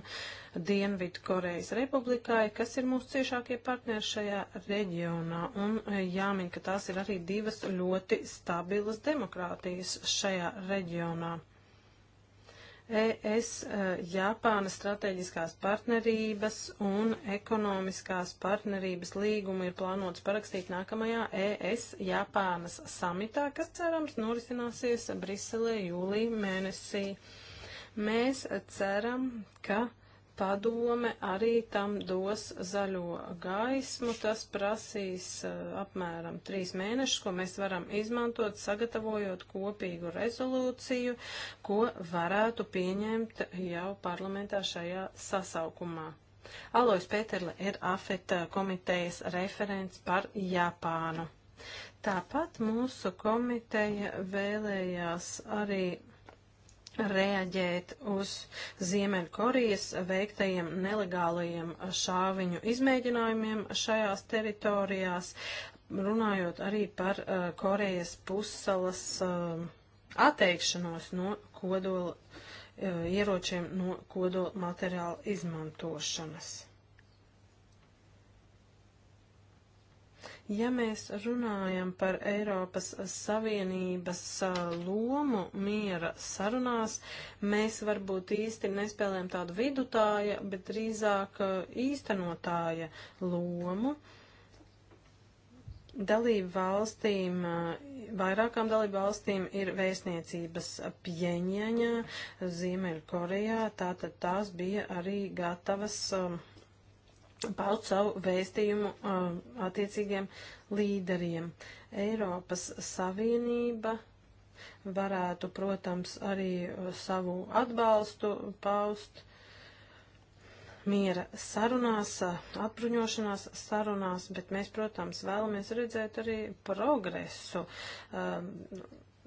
Dienvidu Korejas Republikai, kas ir mūsu ciešākie partneri šajā reģionā. Un e, jāmin, ka tās ir arī divas ļoti stabilas demokrātijas šajā reģionā. ES eh, Japāna strateģiskās partnerības un ekonomiskās partnerības līgumu ir plānots parakstīt nākamajā ES Japānas samitā, kas cerams norisināsies Briselē jūlī mēnesī. Mēs ceram, ka padome arī tam dos zaļo gaismu. Tas prasīs eh, apmēram trīs mēnešus, ko mēs varam izmantot, sagatavojot kopīgu rezolūciju, ko varētu pieņemt jau parlamentā šajā sasaukumā. Alois Pēterle ir AFET eh, komitejas referents par Japānu. Tāpat mūsu komiteja vēlējās arī reaģēt uz Ziemeļkorejas veiktajiem nelegālajiem šāviņu izmēģinājumiem šajās teritorijās, runājot arī par uh, Korejas pussalas uh, atteikšanos no kodola uh, ieročiem, no kodola materiāla izmantošanas. Ja mēs runājam par Eiropas Savienības lomu miera sarunās, mēs varbūt īsti nespēlējam tādu vidutāja, bet drīzāk īstenotāja lomu. Dalību valstīm, vairākām dalību valstīm ir vēstniecības Pjeņjaņā, Ziemeļkorejā, tātad tās bija arī gatavas um, paut savu vēstījumu um, attiecīgiem līderiem. Eiropas Savienība varētu, protams, arī uh, savu atbalstu paust miera sarunās, uh, atbruņošanās sarunās, bet mēs, protams, vēlamies redzēt arī progresu, um,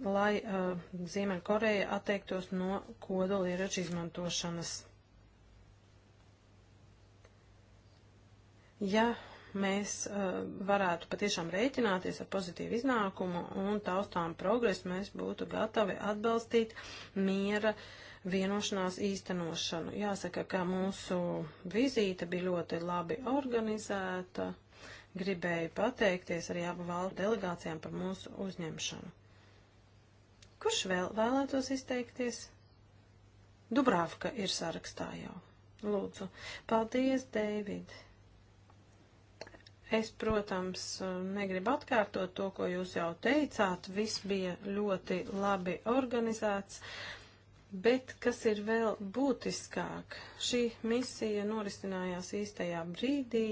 lai uh, Ziemeļkoreja atteiktos no kodolieroču izmantošanas. Ja mēs uh, varētu patiešām rēķināties ar pozitīvu iznākumu un taustām progresu, mēs būtu gatavi atbalstīt miera vienošanās īstenošanu. Jāsaka, ka mūsu vizīte bija ļoti labi organizēta. Gribēju pateikties arī abu valstu delegācijām par mūsu uzņemšanu. Kurš vēl vēlētos izteikties? Dubrāvka ir sarakstā jau. Lūdzu. Paldies, Dēvid. Es, protams, negribu atkārtot to, ko jūs jau teicāt. Viss bija ļoti labi organizēts. Bet kas ir vēl būtiskāk? Šī misija norisinājās īstajā brīdī.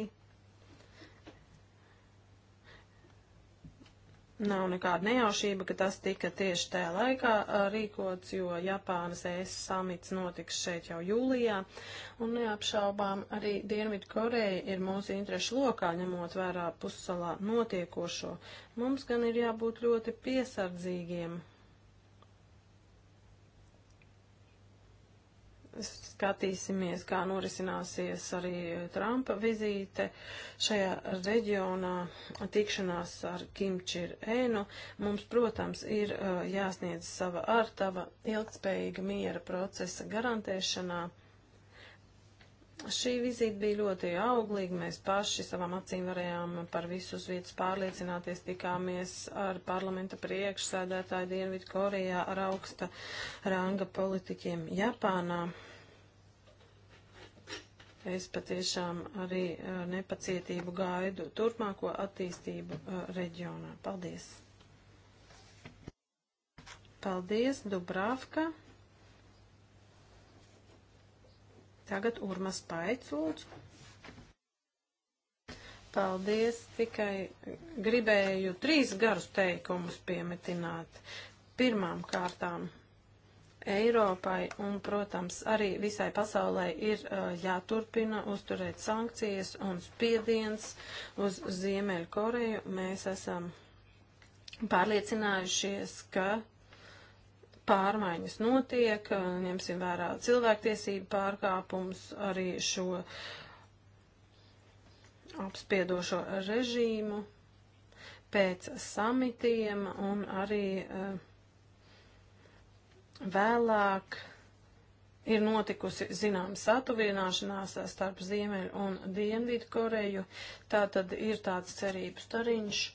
Nav nekāda nejaušība, ka tas tika tieši tajā laikā rīkots, jo Japānas ES samits notiks šeit jau jūlijā, un neapšaubām arī Dienvidu Koreja ir mūsu interešu lokā, ņemot vērā pussalā notiekošo. Mums gan ir jābūt ļoti piesardzīgiem skatīsimies, kā norisināsies arī Trumpa vizīte šajā reģionā, tikšanās ar Kimčir Ēnu. Mums, protams, ir uh, jāsniedz sava ārtava ilgtspējīga miera procesa garantēšanā Šī vizīte bija ļoti auglīga. Mēs paši savām acīm varējām par visu uz vietas pārliecināties. Tikāmies ar parlamenta priekšsēdētāju Dienvidu Korejā, ar augsta ranga politiķiem Japānā. Es patiešām arī eh, nepacietību gaidu turpmāko attīstību eh, reģionā. Paldies! Paldies, Dubravka! Tagad Urmas Paits, lūdzu. Paldies, tikai gribēju trīs garus teikumus piemetināt. Pirmām kārtām Eiropai un, protams, arī visai pasaulē ir uh, jāturpina uzturēt sankcijas un spiediens uz Ziemeļkoreju. Mēs esam pārliecinājušies, ka pārmaiņas notiek, ņemsim vērā cilvēktiesību pārkāpums, arī šo apspiedošo režīmu pēc samitiem un arī eh, vēlāk ir notikusi zinām satuvināšanās starp Ziemeļu un Dienvidu Koreju. Tā tad ir tāds cerības stariņš.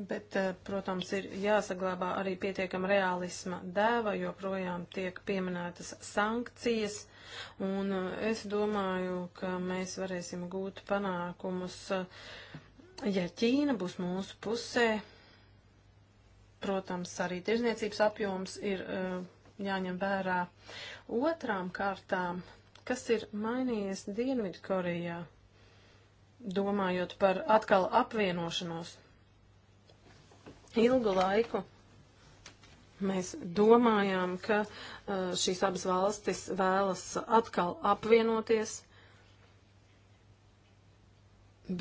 Bet, eh, protams, ir jāsaglabā arī pietiekama realisma dēva, jo projām tiek pieminētas sankcijas, un eh, es domāju, ka mēs varēsim gūt panākumus, eh, ja Ķīna būs mūsu pusē. Protams, arī tirzniecības apjoms ir jāņem vērā. Otrām kārtām, kas ir mainījies Dienvidkorejā, domājot par atkal apvienošanos? Ilgu laiku mēs domājām, ka uh, šīs abas valstis vēlas atkal apvienoties.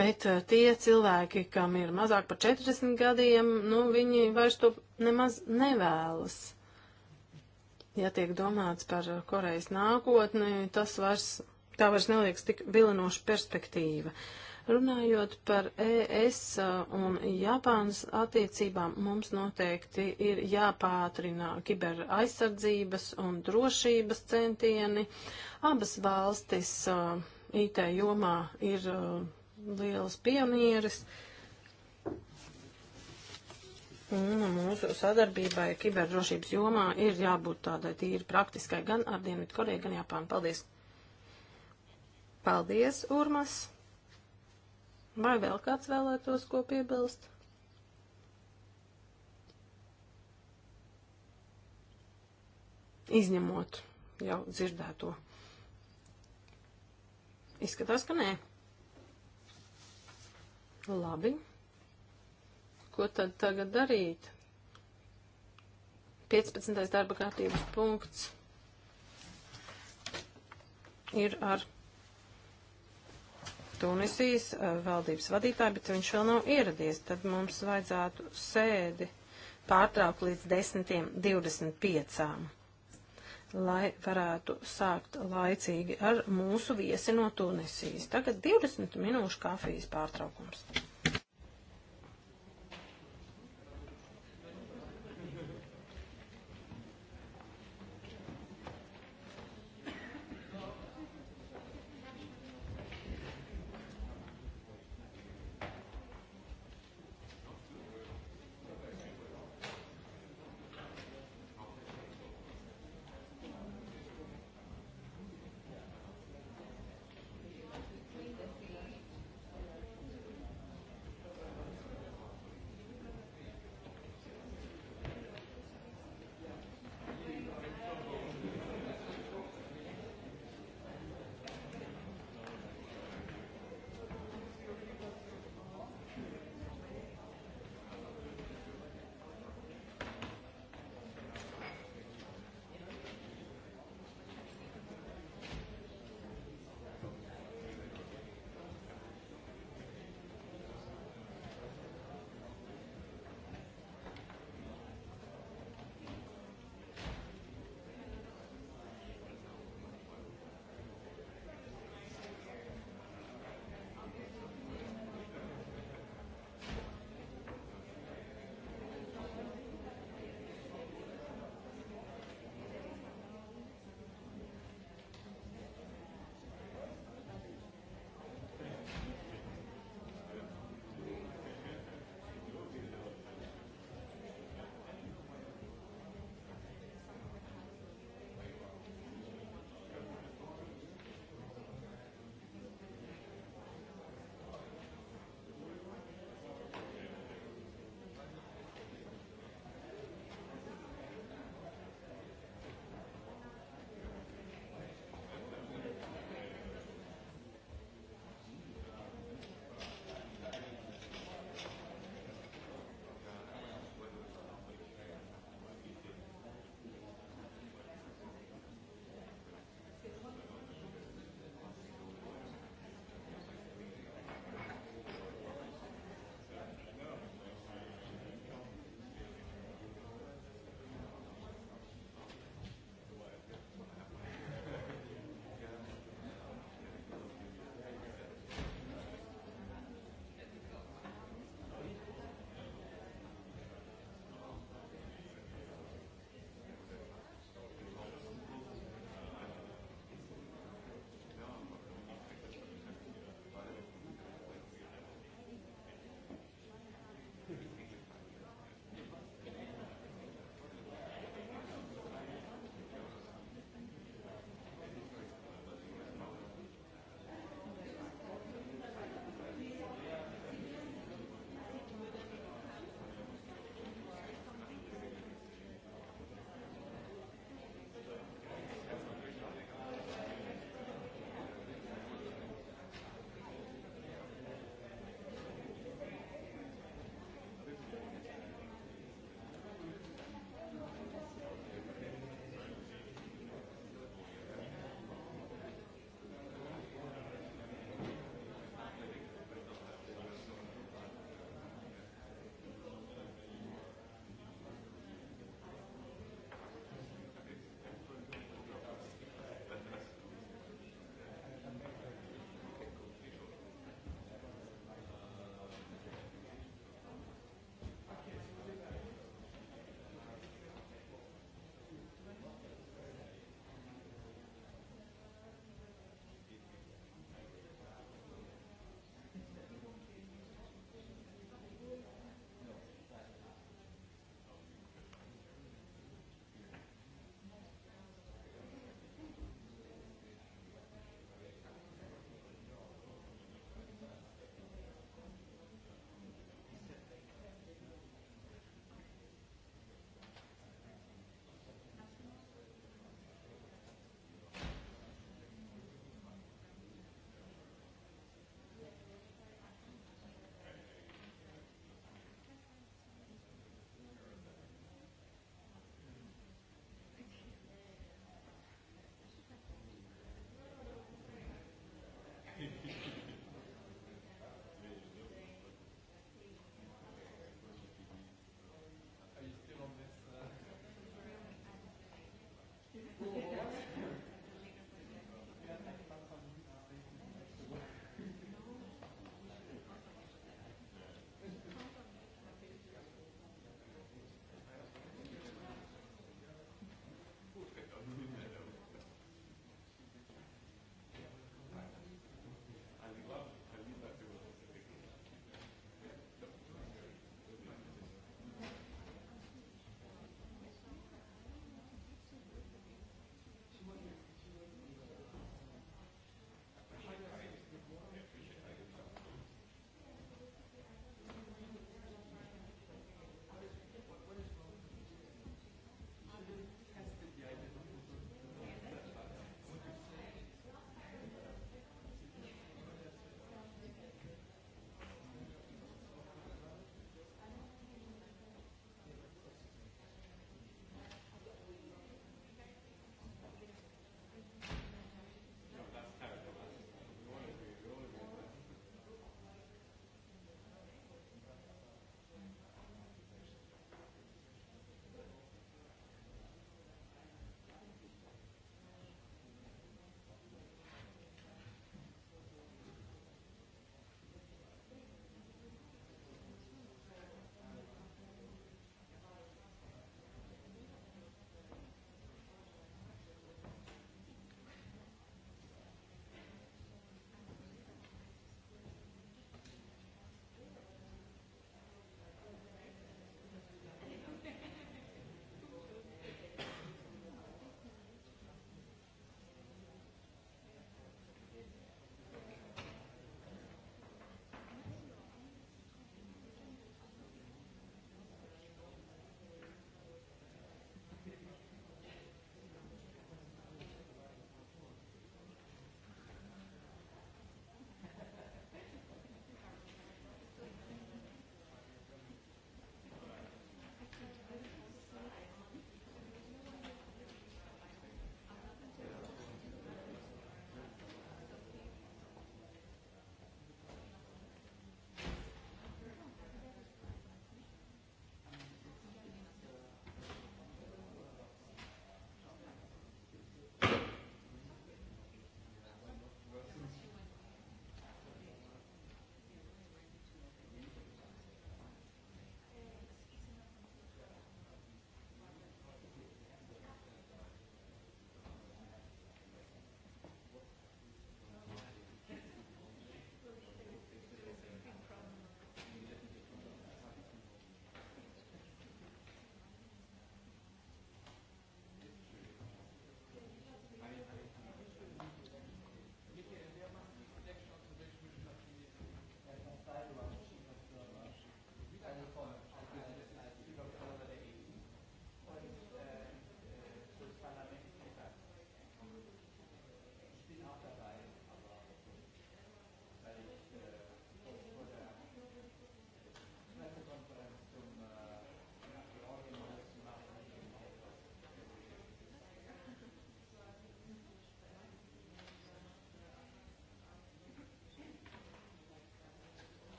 Bet uh, tie cilvēki, kam ir mazāk par 40 gadiem, nu, viņi vairs to nemaz nevēlas. Ja tiek domāts par Korejas nākotni, tas vairs, tā vairs neliekas tik vilinoša perspektīva. Uh, Runājot par ES un Japānas attiecībām, mums noteikti ir jāpātrinā kiber aizsardzības un drošības centieni. Abas valstis uh, IT jomā ir uh, liels pionieris. Un mūsu sadarbībai kiberdrošības jomā ir jābūt tādai tīri praktiskai gan ar Dienvidu Koreju, gan Japānu. Paldies! Paldies, Urmas! Vai vēl kāds vēlētos ko piebilst? Izņemot jau dzirdēto. Izskatās, ka nē. Labi. Ko tad tagad darīt? 15. darba kārtības punkts ir ar Tunisijas eh, valdības vadītāju, bet viņš vēl nav ieradies, tad mums vajadzētu sēdi pārtraukt līdz 10.25, lai varētu sākt laicīgi ar mūsu viesi no Tunisijas. Tagad 20 minūšu kafijas pārtraukums.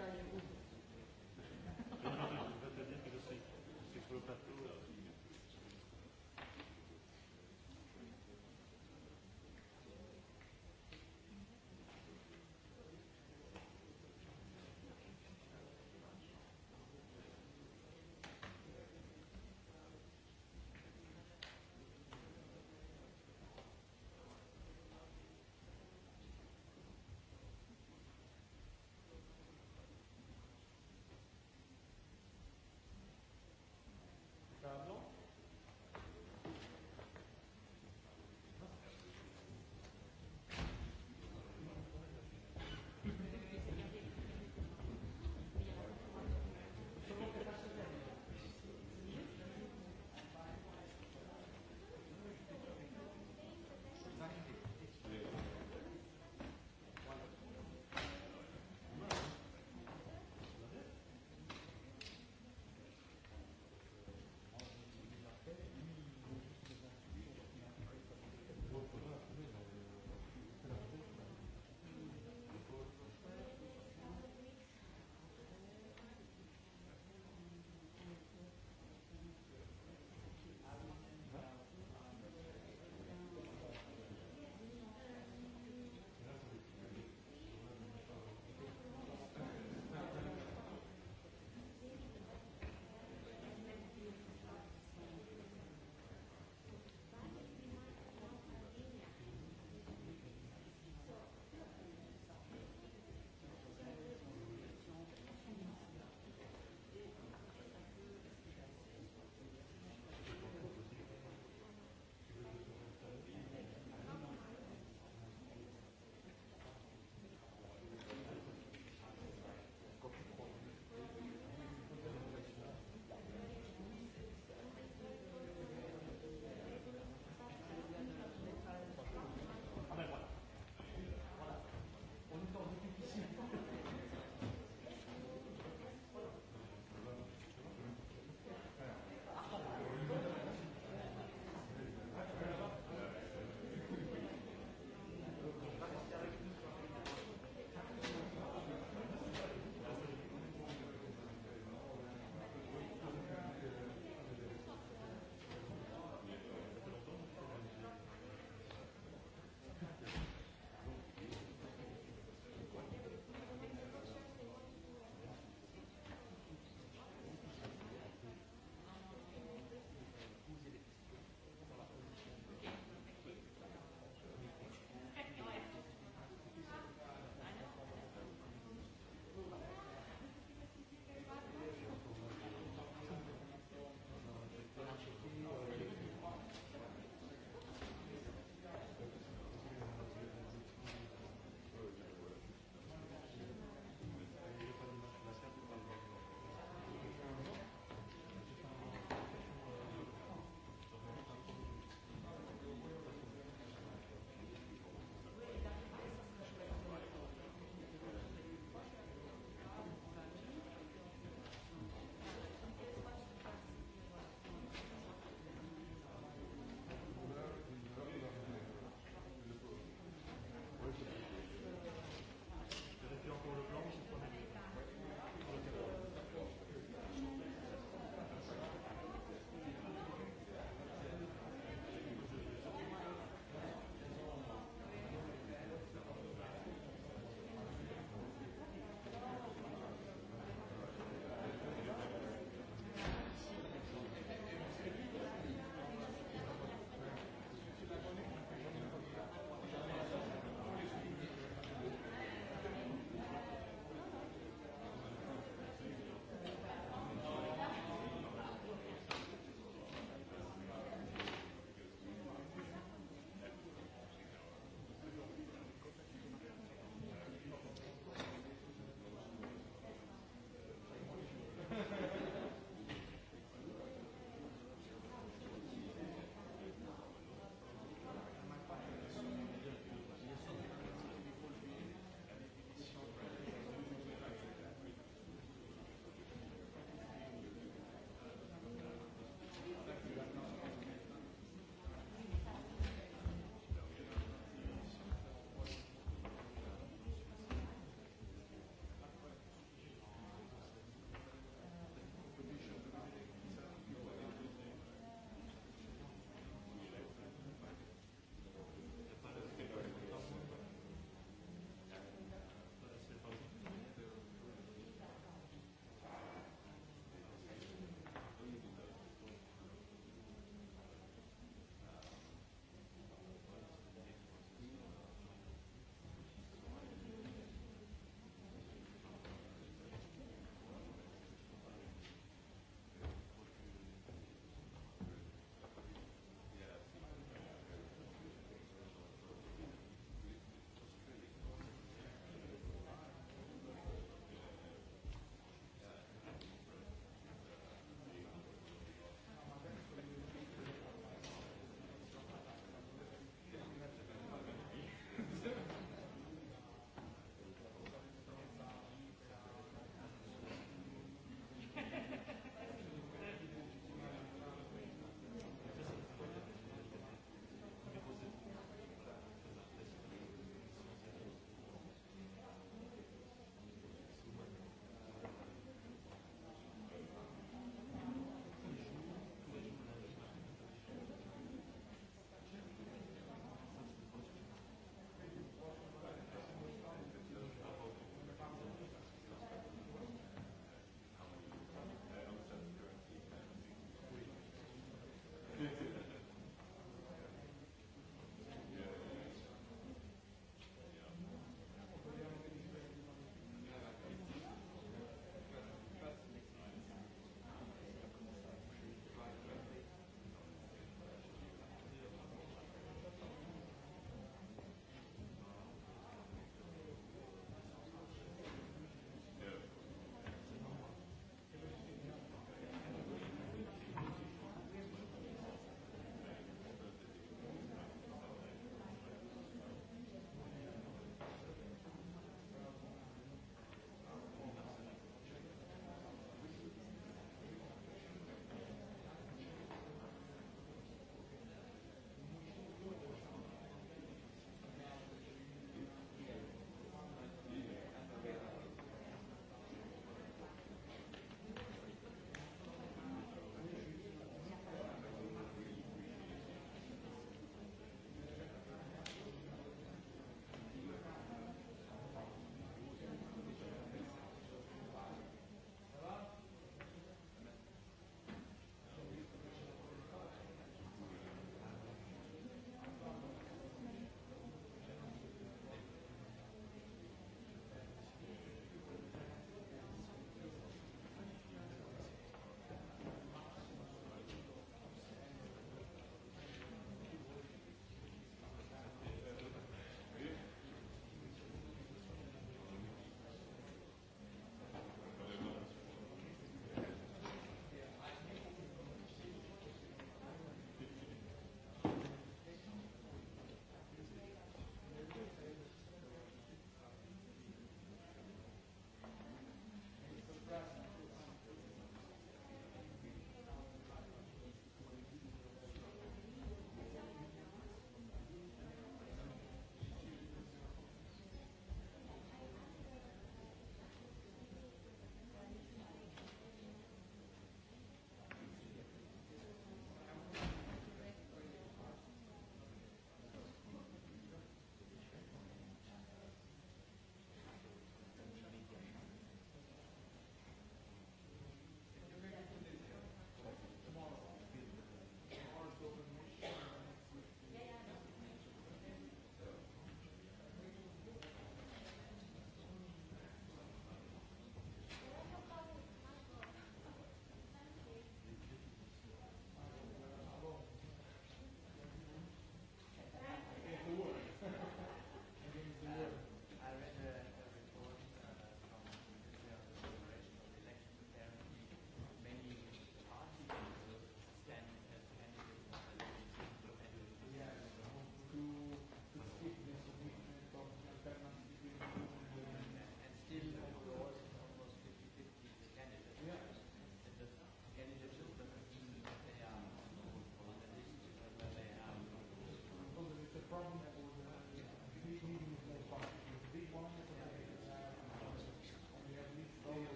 Jāņem.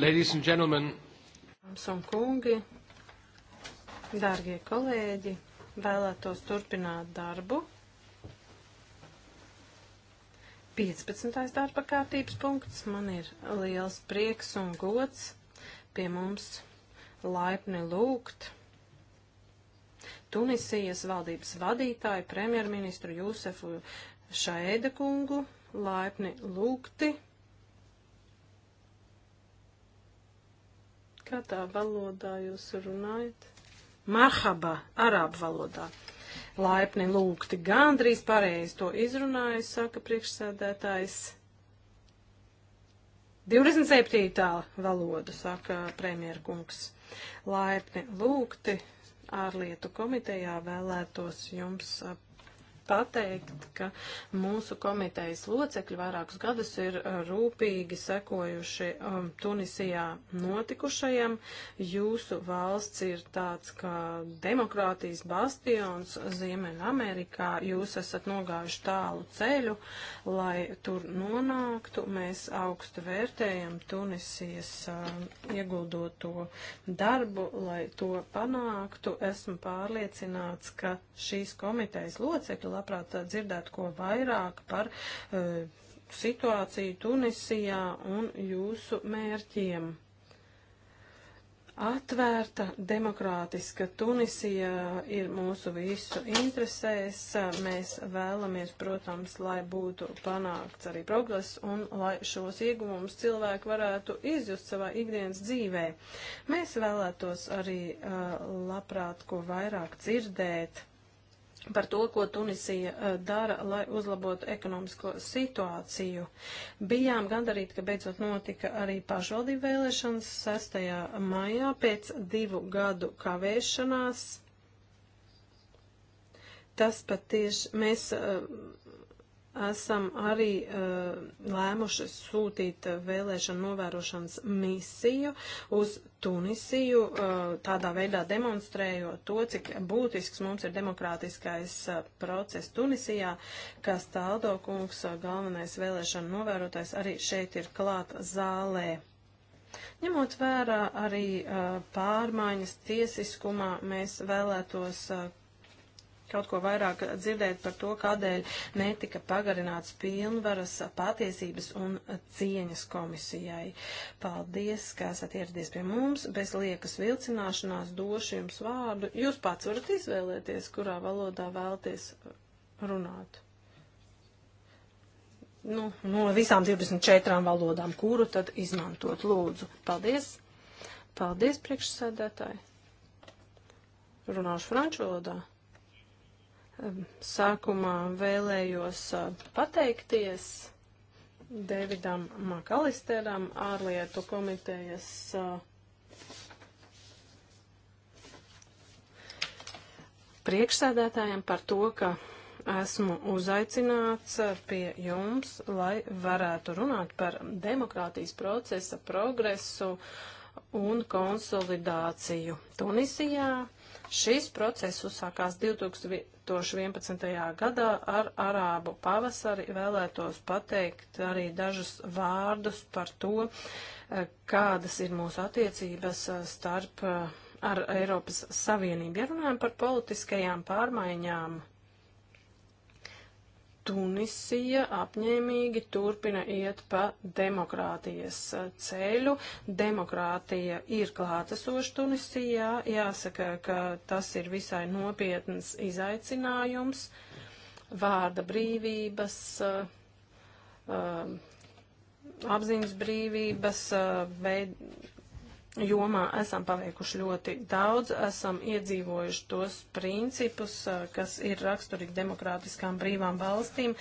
Ladies and gentlemen. Mums un kungi, dārgie kolēģi, vēlētos turpināt darbu. 15. darba kārtības punkts. Man ir liels prieks un gods pie mums laipni lūgt Tunisijas valdības vadītāju premjerministru Jūsefu Šaēda kungu laipni lūgti Kādā valodā jūs runājat? Mahaba, arābu valodā. Laipni lūgti, gandrīz pareizi to izrunāju, saka priekšsēdētājs. 27. valoda, saka premjerkungs. Laipni lūgti, ārlietu komitejā vēlētos jums pateikt, ka mūsu komitejas locekļi vairākus gadus ir uh, rūpīgi sekojuši um, Tunisijā notikušajam. Jūsu valsts ir tāds kā demokrātijas bastions Ziemeļamerikā. Jūs esat nogājuši tālu ceļu, lai tur nonāktu. Mēs augstu vērtējam Tunisijas um, ieguldoto darbu, lai to panāktu. Esmu pārliecināts, ka šīs komitejas locekļi labprāt dzirdētu ko vairāk par uh, situāciju Tunisijā un jūsu mērķiem. Atvērta, demokrātiska Tunisija ir mūsu visu interesēs. Mēs vēlamies, protams, lai būtu panākts arī progress un lai šos ieguvumus cilvēki varētu izjust savā ikdienas dzīvē. Mēs vēlētos arī e, labprāt ko vairāk dzirdēt par to, ko Tunisija eh, dara, lai uzlabotu ekonomisko situāciju. Bijām gandarīti, ka beidzot notika arī pašvaldību vēlēšanas 6. maijā pēc divu gadu kavēšanās. Tas pat tieši mēs eh, esam arī uh, lēmuši sūtīt eh, vēlēšanu novērošanas misiju uz Tunisiju, uh, tādā veidā demonstrējot to, cik būtisks mums ir demokrātiskais uh, process Tunisijā, kas Taldo kungs, uh, galvenais vēlēšanu novērotājs, arī šeit ir klāt zālē. Ņemot vērā arī uh, pārmaiņas tiesiskumā, mēs vēlētos, uh, kaut ko vairāk dzirdēt par to, kādēļ netika pagarināts pilnvaras patiesības un cieņas komisijai. Paldies, ka esat ieradies pie mums. Bez liekas vilcināšanās došu jums vārdu. Jūs pats varat izvēlēties, kurā valodā vēlties runāt. Nu, no visām 24 valodām, kuru tad izmantot lūdzu. Paldies! Paldies, priekšsēdētāji! Runāšu franču valodā. Sākumā vēlējos pateikties Davidam Makalisteram, ārlietu komitejas priekšsēdētājiem par to, ka esmu uzaicināts pie jums, lai varētu runāt par demokrātijas procesa progresu un konsolidāciju Tunisijā Šis process uzsākās 2011. gadā ar Arābu pavasari. Vēlētos pateikt arī dažus vārdus par to, eh, kādas ir mūsu attiecības eh, starp eh, ar Eiropas Savienību. Ja runājam par politiskajām pārmaiņām, Tunisija apņēmīgi turpina iet pa demokrātijas ceļu. Demokrātija ir klātesoša Tunisijā. Jāsaka, ka tas ir visai nopietns izaicinājums vārda brīvības, eh, eh, apziņas brīvības, eh, veid, jomā esam paveikuši ļoti daudz, esam iedzīvojuši tos principus, kas ir raksturīgi demokrātiskām brīvām valstīm.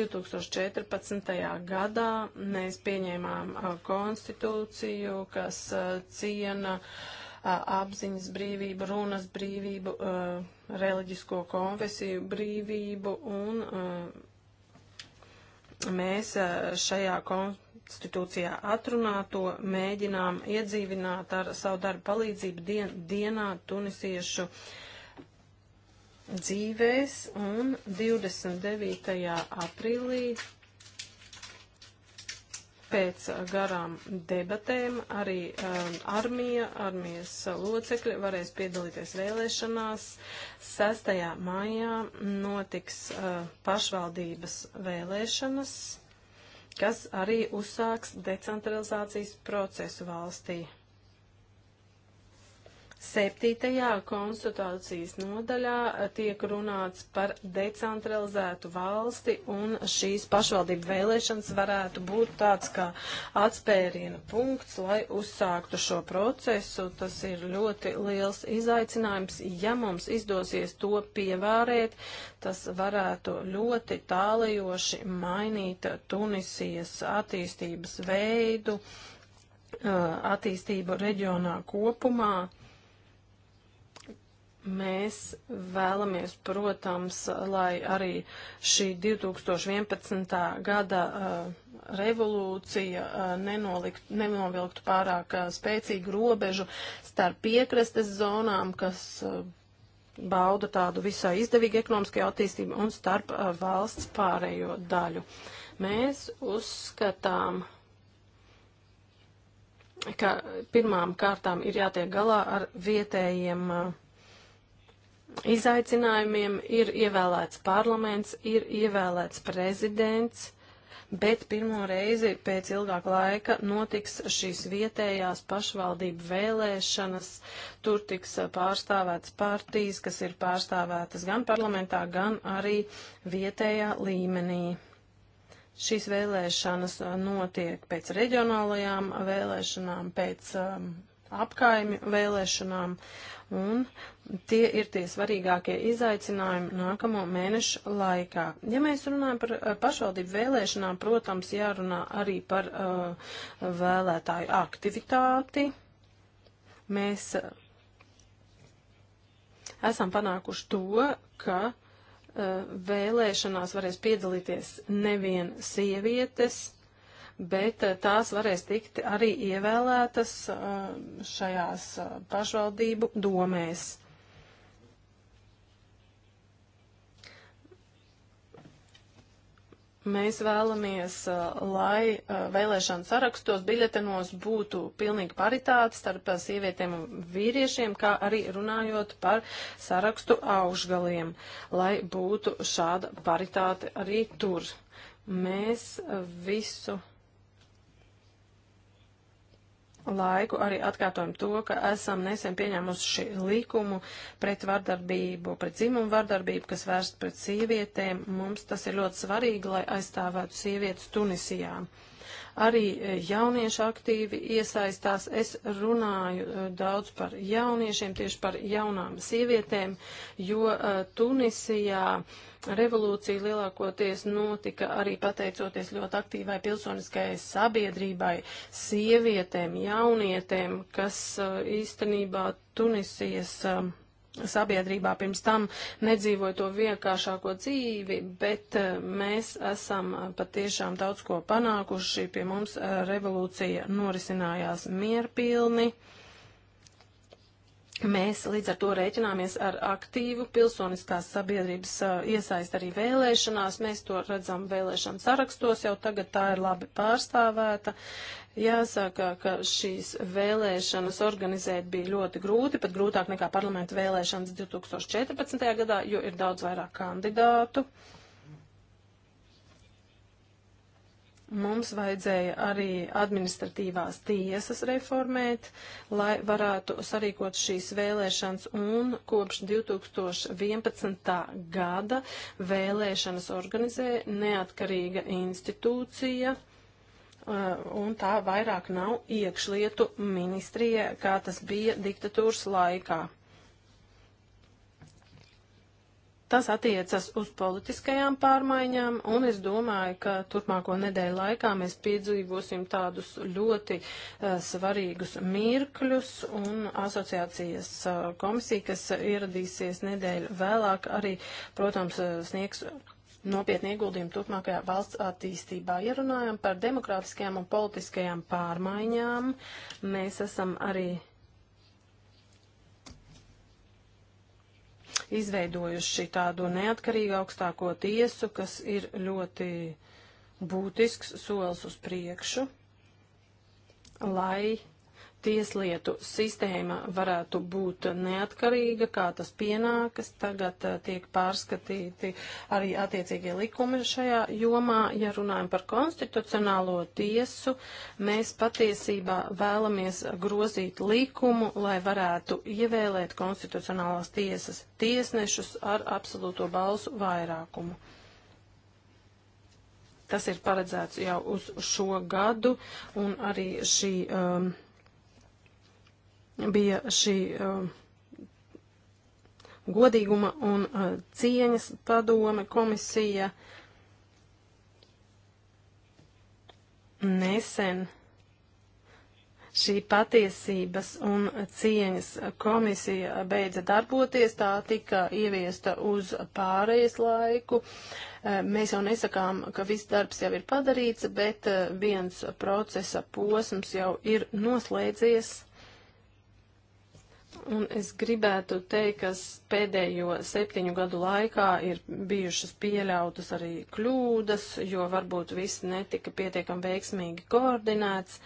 2014. gadā mēs pieņēmām konstitūciju, kas ciena apziņas brīvību, runas brīvību, reliģisko konfesiju brīvību un mēs šajā konstitūcijā konstitūcijā atrunāto mēģinām iedzīvināt ar savu darbu palīdzību dien, dienā tunisiešu dzīvēs un 29. aprīlī pēc garām debatēm arī um, armija, armijas locekļi varēs piedalīties vēlēšanās. 6. maijā notiks uh, pašvaldības vēlēšanas kas arī uzsāks decentralizācijas procesu valstī. Septītajā konstitūcijas nodaļā tiek runāts par decentralizētu valsti, un šīs pašvaldību vēlēšanas varētu būt tāds kā atspēriena punkts, lai uzsāktu šo procesu. Tas ir ļoti liels izaicinājums. Ja mums izdosies to pievērēt, tas varētu ļoti tālajoši mainīt Tunisijas attīstības veidu uh, attīstību reģionā kopumā. Mēs vēlamies, protams, lai arī šī 2011. gada uh, revolūcija uh, nenolikt, nenovilktu pārāk uh, spēcīgu robežu starp piekrastes zonām, kas uh, bauda tādu visai izdevīgu ekonomiskajā attīstību, un starp uh, valsts pārējo daļu. Mēs uzskatām, ka pirmām kārtām ir jātiek galā ar vietējiem uh, izaicinājumiem ir ievēlēts parlaments, ir ievēlēts prezidents, bet pirmo reizi pēc ilgāka laika notiks šīs vietējās pašvaldību vēlēšanas. Tur tiks pārstāvētas partijas, kas ir pārstāvētas gan parlamentā, gan arī vietējā līmenī. Šīs vēlēšanas notiek pēc reģionālajām vēlēšanām, pēc um, apkaimju vēlēšanām. Uh, un tie ir tie svarīgākie izaicinājumi nākamo mēnešu laikā. Ja mēs runājam par eh, pašvaldību vēlēšanām, protams, jārunā arī par uh, vēlētāju aktivitāti. Mēs uh, esam panākuši to, ka uh, vēlēšanās varēs piedalīties nevien sievietes, bet eh, tās varēs tikt arī ievēlētas eh, šajās eh, pašvaldību domēs. Mēs vēlamies, lai vēlēšana sarakstos biļetenos būtu pilnīga paritāte starp sievietēm un vīriešiem, kā arī runājot par sarakstu aušgaliem, lai būtu šāda paritāte arī tur. Mēs visu laiku arī atkārtojam to, ka esam nesen pieņēmuši likumu pret vardarbību, pret dzimumu vardarbību, kas vērst pret sievietēm. Mums tas ir ļoti svarīgi, lai aizstāvētu sievietes Tunisijā. Arī e, jaunieši aktīvi iesaistās. Es runāju e, daudz par jauniešiem, tieši par jaunām sievietēm, jo e, Tunisijā uh, Revolūcija lielākoties notika arī pateicoties ļoti aktīvai pilsoniskajai sabiedrībai, sievietēm, jaunietēm, kas eh, īstenībā Tunisijas eh, sabiedrībā pirms tam nedzīvoja to vienkāršāko dzīvi, bet eh, mēs esam patiešām daudz ko panākuši. Pie mums revolūcija norisinājās mierpilni. pilni Mēs līdz ar to rēķināmies ar aktīvu pilsoniskās sabiedrības uh, iesaist arī vēlēšanās. Mēs to redzam vēlēšanu sarakstos, jau tagad tā ir labi pārstāvēta. Jāsaka, ka šīs vēlēšanas organizēt bija ļoti grūti, pat grūtāk nekā parlamenta vēlēšanas 2014. gadā, jo ir daudz vairāk kandidātu. Uh, Mums vajadzēja arī administratīvās tiesas reformēt, lai varētu sarīkot šīs vēlēšanas, un kopš 2011. gada vēlēšanas organizē neatkarīga institūcija, uh, un tā vairāk nav iekšlietu ministrija, kā tas bija diktatūras laikā. Tas attiecas uz politiskajām pārmaiņām, un es domāju, ka turpmāko nedēļu laikā mēs piedzīvosim tādus ļoti uh, svarīgus mirkļus, un asociācijas uh, komisija, kas ieradīsies nedēļu vēlāk, arī, protams, eh, sniegs nopietni ieguldījumu turpmākajā valsts attīstībā. Ja runājam par demokrātiskajām un politiskajām pārmaiņām, mēs esam arī izveidojuši tādu neatkarīgu augstāko tiesu, kas ir ļoti būtisks solis uz priekšu, lai tieslietu sistēma varētu būt neatkarīga, kā tas pienākas. Tagad eh, tiek pārskatīti arī attiecīgie likumi šajā jomā. Ja runājam par konstitucionālo tiesu, mēs patiesībā vēlamies grozīt likumu, lai varētu ievēlēt konstitucionālās tiesas tiesnešus ar absolūto balsu vairākumu. Tas ir paredzēts jau uz šo gadu, un arī šī um, bija šī uh, godīguma un uh, cieņas padome komisija nesen šī patiesības un cieņas komisija beidza darboties, tā tika ieviesta uz pārējais laiku. Uh, mēs jau nesakām, ka viss darbs jau ir padarīts, bet viens procesa posms jau ir noslēdzies. Un es gribētu teikt, ka pēdējo septiņu gadu laikā ir bijušas pieļautas arī kļūdas, jo varbūt viss netika pietiekami veiksmīgi koordinēts.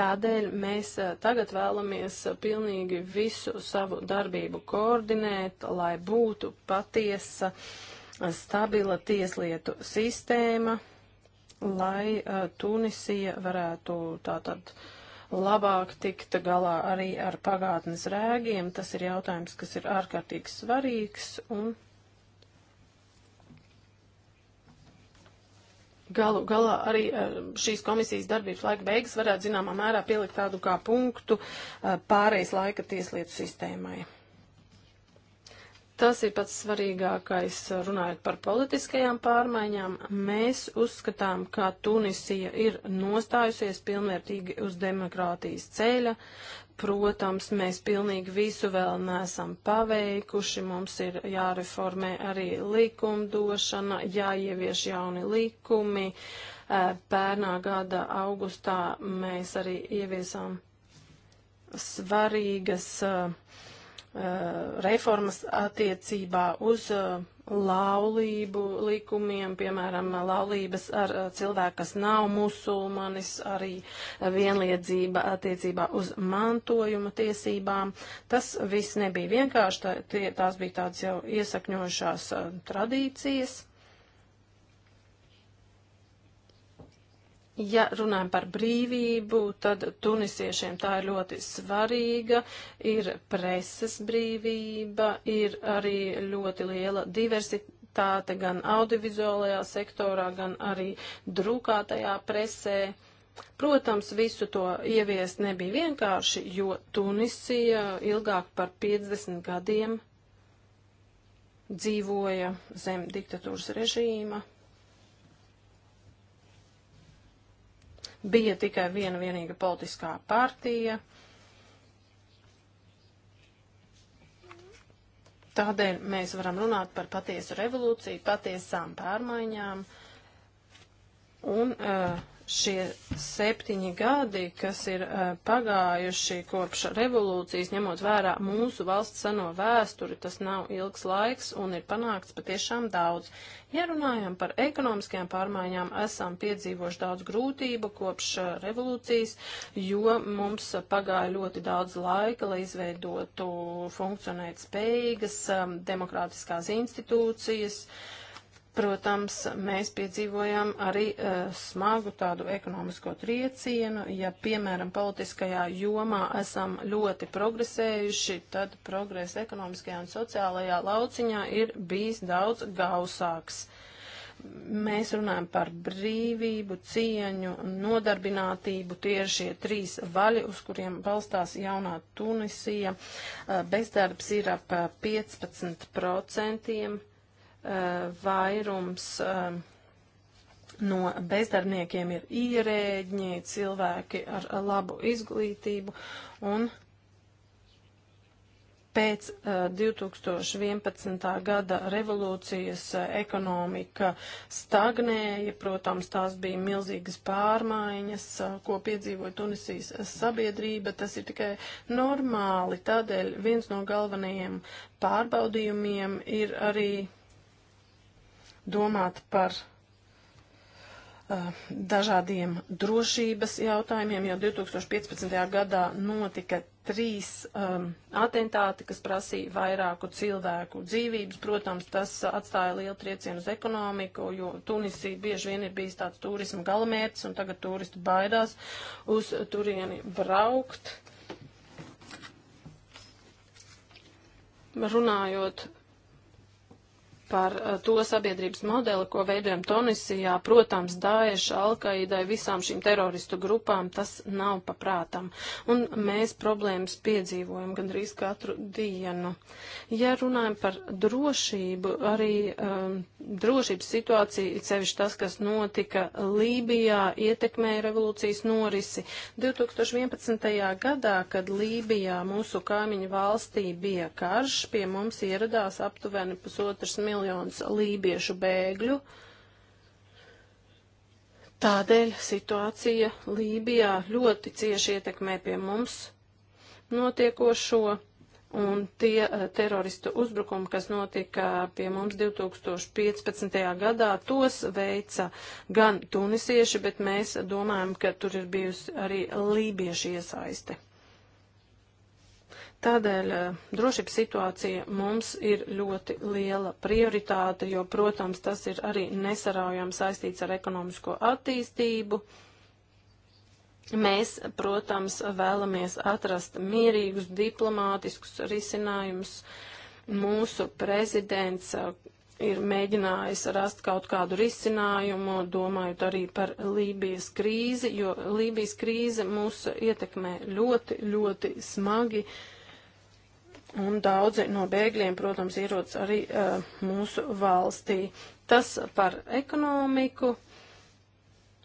Tādēļ mēs eh, tagad vēlamies eh, pilnīgi visu savu darbību koordinēt, lai būtu patiesa, eh, stabila tieslietu sistēma, lai Tunisija varētu tātad. Uh, labāk tikt galā arī ar pagātnes rēgiem. Tas ir jautājums, kas ir ārkārtīgi svarīgs un galu galā arī eh, šīs komisijas darbības laika beigas varētu zināmā mērā pielikt tādu kā punktu eh, pārejas laika tieslietu sistēmai. Tas ir pats svarīgākais, runājot par politiskajām pārmaiņām. Mēs uzskatām, ka Tunisija ir nostājusies pilnvērtīgi uz demokrātijas ceļa. Protams, mēs pilnīgi visu vēl nesam paveikuši, mums ir jāreformē arī likumdošana, jāievieš jauni likumi. Pērnā gada augustā mēs arī ieviesām svarīgas uh, Eh, reformas attiecībā uz eh, laulību likumiem, piemēram, laulības ar eh, cilvēku, kas nav musulmanis, arī vienliedzība attiecībā uz mantojuma tiesībām. Tas viss nebija vienkārši, tā, tie, tās bija tādas jau iesakņojušās tradīcijas. Ja runājam par brīvību, tad tunisiešiem tā ir ļoti svarīga, ir preses brīvība, ir arī ļoti liela diversitāte gan audiovizuālajā sektorā, gan arī drukātajā presē. Protams, visu to ieviest nebija vienkārši, jo Tunisija ilgāk par 50 gadiem dzīvoja zem diktatūras režīma. bija tikai viena vienīga politiskā partija. Tādēļ mēs varam runāt par patiesu revolūciju, patiesām pārmaiņām un uh, šie septiņi gadi, kas ir uh, pagājuši kopš revolūcijas, ņemot vērā mūsu valsts seno vēsturi, tas nav ilgs laiks un ir panākts patiešām daudz. Ja runājam par ekonomiskajām pārmaiņām, esam piedzīvojuši daudz grūtību kopš uh, revolūcijas, jo mums pagāja ļoti daudz laika, lai izveidotu funkcionēt spējīgas um, demokrātiskās institūcijas. Uh, Protams, mēs piedzīvojām arī uh, smagu tādu ekonomisko triecienu. Ja, piemēram, politiskajā jomā esam ļoti progresējuši, tad progress ekonomiskajā un sociālajā lauciņā ir bijis daudz gausāks. Mēs runājam par brīvību, cieņu, nodarbinātību. Tie ir šie trīs vaļi, uz kuriem balstās jaunā Tunisija. Uh, bezdarbs ir ap 15%. E, Eh, vairums eh, no bezdarbniekiem ir ierēģi, cilvēki ar labu izglītību un pēc uh, eh, 2011. gada revolūcijas uh, ekonomika stagnēja, protams, tās bija milzīgas pārmaiņas, uh, ko piedzīvoja Tunisijas sabiedrība, tas ir tikai normāli, tādēļ viens no galvenajiem pārbaudījumiem ir arī domāt par uh, dažādiem drošības jautājumiem, jo 2015. gadā notika trīs um, atentāti, kas prasīja vairāku cilvēku dzīvības. Protams, tas atstāja lielu triecienu uz ekonomiku, jo Tunisija bieži vien ir bijis tāds turisma galamērķis, un tagad turisti baidās uz turieni braukt. Runājot par eh, to sabiedrības modeli, ko veidojam Tunisijā. Protams, Daeša, Alkaidai, visām šīm teroristu grupām tas nav paprātam. Un mēs problēmas piedzīvojam gandrīz katru dienu. Ja runājam par drošību, arī um, drošības situācija, sevišķi tas, kas notika Lībijā, ietekmēja revolūcijas norisi. 2011. gadā, kad Lībijā mūsu kaimiņu valstī bija karš, pie mums ieradās aptuveni pusotras miljonas miljonus lībiešu bēgļu. Tādēļ situācija Lībijā ļoti cieši ietekmē pie mums notiekošo un tie eh, teroristu uzbrukumi, kas notika pie mums 2015. gadā, tos veica gan tunisieši, bet mēs domājam, ka tur ir bijusi arī lībieši iesaiste. Tādēļ eh, drošības situācija mums ir ļoti liela prioritāte, jo, protams, tas ir arī nesaraujami saistīts ar ekonomisko attīstību. Mēs, protams, vēlamies atrast mierīgus diplomātiskus risinājumus. Mūsu prezidents eh, ir mēģinājis rast kaut kādu risinājumu, domājot arī par Lībijas krīzi, jo Lībijas krīze mūs ietekmē ļoti, ļoti smagi. Uh, Un daudzi no bēgļiem, protams, ierodas arī uh, mūsu valstī. Tas par ekonomiku. Uh,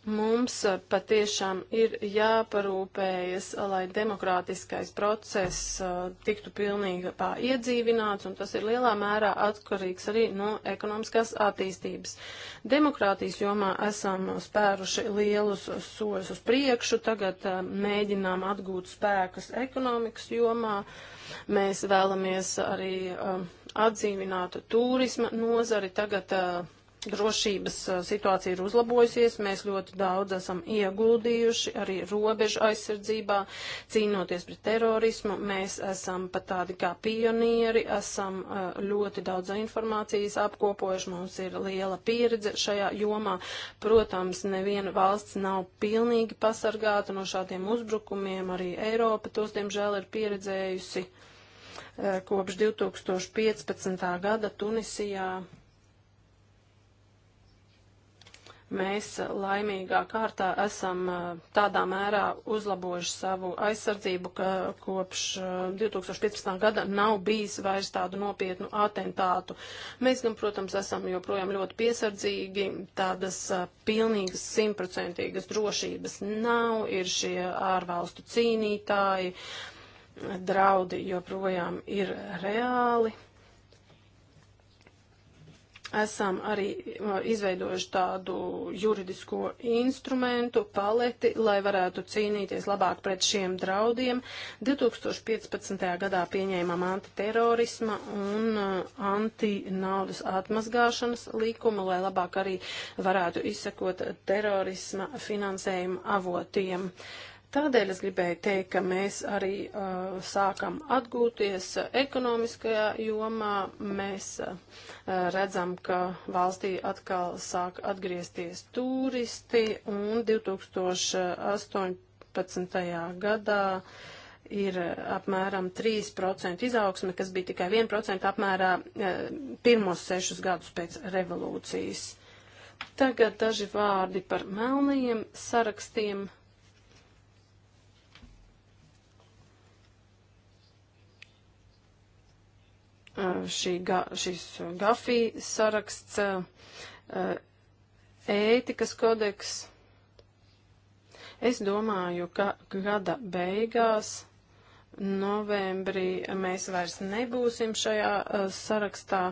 Mums eh, patiešām ir jāparūpējas, lai demokrātiskais process eh, tiktu pilnībā iedzīvināts, un tas ir lielā mērā atkarīgs arī no ekonomiskās attīstības. Demokrātijas jomā esam spēruši lielus soļus uz priekšu, tagad eh, mēģinām atgūt spēkus ekonomikas jomā. Mēs vēlamies arī atdzīvināt turisma nozari, tagad drošības situācija ir uzlabojusies, mēs ļoti daudz esam ieguldījuši arī robežu aizsardzībā, cīnoties pret terorismu, mēs esam pat tādi kā pionieri, esam ļoti daudz informācijas apkopojuši, mums ir liela pieredze šajā jomā. Protams, neviena valsts nav pilnīgi pasargāta no šādiem uzbrukumiem, arī Eiropa tos, diemžēl, ir pieredzējusi kopš 2015. gada Tunisijā Mēs laimīgā kārtā esam tādā mērā uzlabojuši savu aizsardzību, ka kopš 2015. gada nav bijis vairs tādu nopietnu atentātu. Mēs gan, protams, esam joprojām ļoti piesardzīgi, tādas pilnīgas simtprocentīgas drošības nav, ir šie ārvalstu cīnītāji, draudi joprojām ir reāli esam arī uh, izveidojuši tādu juridisko instrumentu paleti, lai varētu cīnīties labāk pret šiem draudiem. 2015. gadā pieņēmām antiterorisma un uh, antinaudas atmazgāšanas likumu, lai labāk arī varētu izsekot terorisma finansējuma avotiem. Uh, Tādēļ es gribēju teikt, ka mēs arī uh, sākam atgūties uh, ekonomiskajā jomā. Mēs uh, redzam, ka valstī atkal sāk atgriezties turisti un 2018. gadā ir uh, apmēram 3% izaugsme, kas bija tikai 1% apmērā uh, pirmos sešus gadus pēc revolūcijas. Tagad daži vārdi par melnajiem sarakstiem. šī, ga, šis gafī saraksts, ētikas kodeks. Es domāju, ka gada beigās, novembrī, mēs vairs nebūsim šajā sarakstā.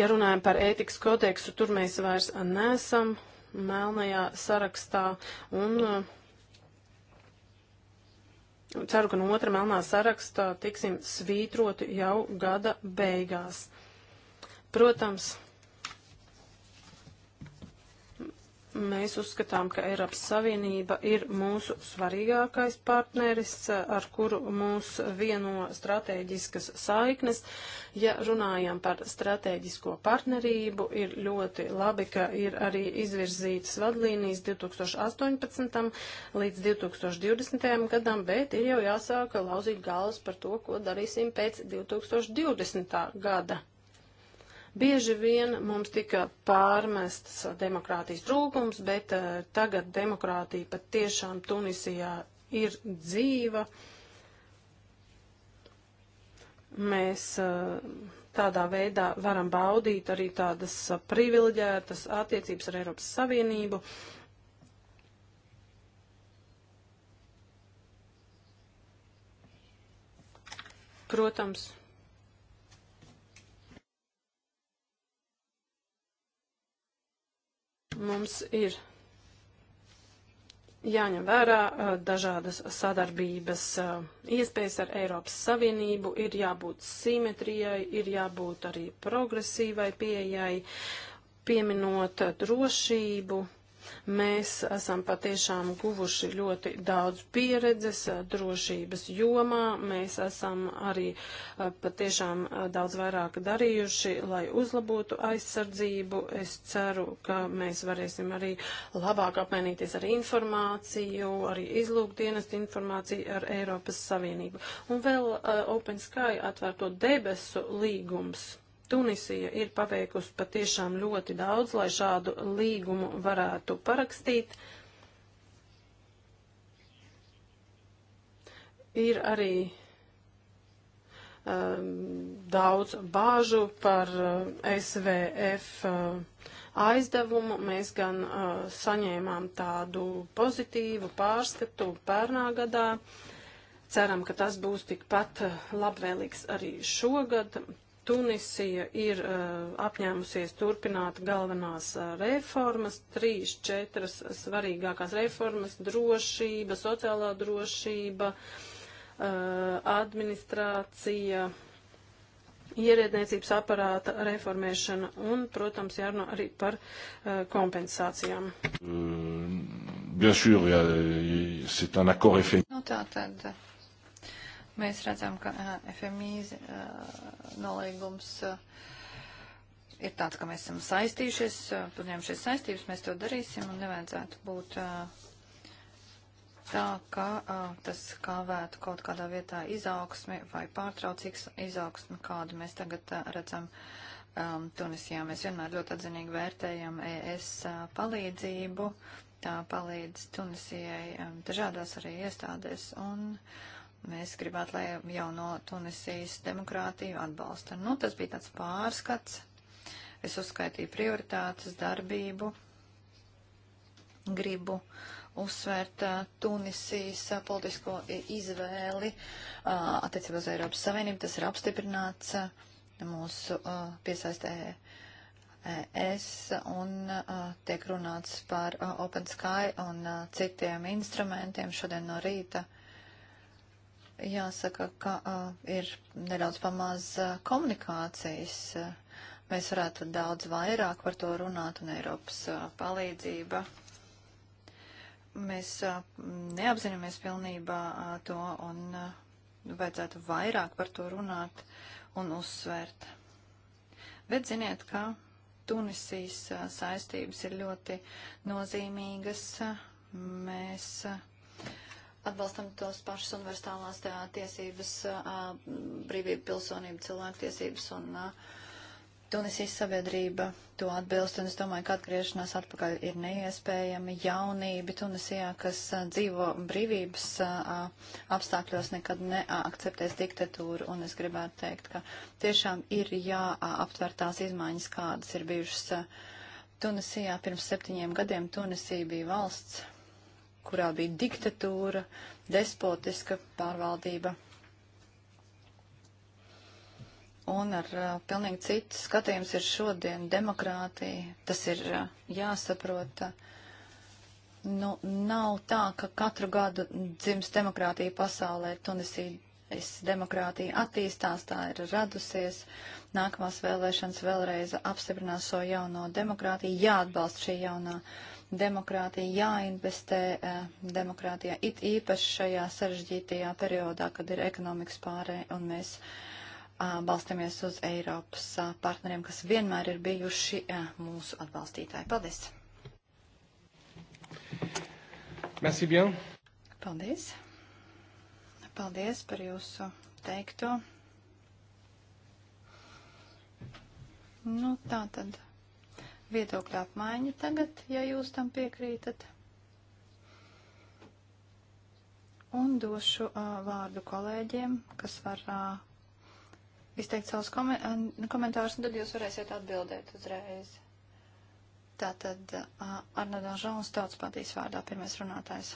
Ja runājam par ētikas kodeksu, tur mēs vairs nesam melnajā sarakstā. Un, uh, Ceru, ka no otra melnā sarakstā tiksim svītroti jau gada beigās. Protams, Mēs uzskatām, ka Eiropas Savienība ir mūsu svarīgākais partneris, ar kuru mūs vieno strateģiskas saiknes. Ja runājam par strateģisko partnerību, ir ļoti labi, ka ir arī izvirzītas vadlīnijas 2018. līdz 2020. gadam, bet ir jau jāsāka lauzīt galvas par to, ko darīsim pēc 2020. gada. Bieži vien mums tika pārmests demokrātijas trūkums, bet uh, tagad demokrātija pat tiešām Tunisijā ir dzīva. Mēs uh, tādā veidā varam baudīt arī tādas eh, privileģētas attiecības ar Eiropas Savienību. Protams, Mums ir jāņem vērā dažādas sadarbības iespējas ar Eiropas Savienību, ir jābūt simetrijai, ir jābūt arī progresīvai pieejai, pieminot drošību Mēs esam patiešām guvuši ļoti daudz pieredzes eh, drošības jomā. Mēs esam arī eh, patiešām eh, daudz vairāk darījuši, lai uzlabotu aizsardzību. Es ceru, ka mēs varēsim arī labāk apmainīties ar informāciju, arī izlūkdienestu informāciju ar Eiropas Savienību. Un vēl uh, Open Sky atvērto debesu līgums Tunisija ir paveikusi patiešām ļoti daudz, lai šādu līgumu varētu parakstīt. Ir arī um, daudz bāžu par uh, SVF uh, aizdevumu. Mēs gan uh, saņēmām tādu pozitīvu pārskatu pērnā gadā. Ceram, ka tas būs tikpat uh, labvēlīgs arī šogad. Tunisija ir uh, apņēmusies turpināt galvenās uh, reformas, trīs, četras svarīgākās reformas - drošība, sociālā drošība, uh, administrācija, ierēdniecības aparāta reformēšana un, protams, jārunā arī par uh, kompensācijām. Uh, bien sûr, c'est un accord effet. Nu, tā tad. Uh Mēs redzam, ka FMI nolīgums ir tāds, ka mēs esam saistījušies, uzņēmušies saistības, mēs to darīsim un nevajadzētu būt tā, ka tas kāvētu kaut kādā vietā izaugsmi vai pārtraucīgs izaugsmi, kādu mēs tagad redzam. Tunisijā mēs vienmēr ļoti atzinīgi vērtējam ES palīdzību, tā palīdz Tunisijai dažādās arī iestādēs, un Mēs gribētu, lai jauno Tunisijas demokrātiju atbalsta. Nu, tas bija tāds pārskats. Es uzskaitīju prioritātes, darbību, gribu uzsvērt uh, Tunisijas uh, politisko izvēli uh, attiecībā uz Eiropas Savienību. Tas ir apstiprināts mūsu piesaistē ES un tiek runāts par Open Sky un citiem instrumentiem šodien no rīta. Jāsaka, ka uh, ir nedaudz pamaz uh, komunikācijas. Uh, mēs varētu daudz vairāk par to runāt un Eiropas uh, palīdzība. Mēs uh, neapzināmies pilnībā uh, to un uh, vajadzētu vairāk par to runāt un uzsvērt. Bet ziniet, ka Tunisijas saistības ir ļoti nozīmīgas. Mēs. Uh, atbalstam tos pašus universālās tiesības, brīvību, pilsonību, cilvēktiesības un Tunisijas sabiedrība to atbilst. Un es domāju, ka atgriešanās atpakaļ ir neiespējami. Jaunība Tunisijā, kas dzīvo brīvības apstākļos, nekad neakceptēs diktatūru. Un es gribētu teikt, ka tiešām ir jāaptver tās izmaiņas, kādas ir bijušas. Tunisijā pirms septiņiem gadiem Tunisija bija valsts, kurā bija diktatūra, despotiska pārvaldība. Un ar uh, pilnīgi citu skatījums ir šodien demokrātija. Tas ir uh, jāsaprot. Uh, nu, nav tā, ka katru gadu dzims demokrātija pasaulē. Tunisijas demokrātija attīstās, tā ir radusies. Nākamās vēlēšanas vēlreiz apstiprinās šo so jauno demokrātiju. Jāatbalsta šī jaunā uh, demokrātija, jāinvestē eh, demokrātijā, it īpaši šajā sarežģītajā periodā, kad ir ekonomikas pārē un mēs eh, balstamies uz Eiropas eh, partneriem, kas vienmēr ir bijuši mūsu atbalstītāji. Paldies! Merci bien. Paldies. Paldies par jūsu teikto. Nu, tā tad viedokļu apmaiņu tagad, ja jūs tam piekrītat. Un došu uh, vārdu kolēģiem, kas var uh, izteikt savus komen komentārus, un tad jūs varēsiet atbildēt uzreiz. Tātad uh, Arna Danžons tautas patīs vārdā pirmais runātājs.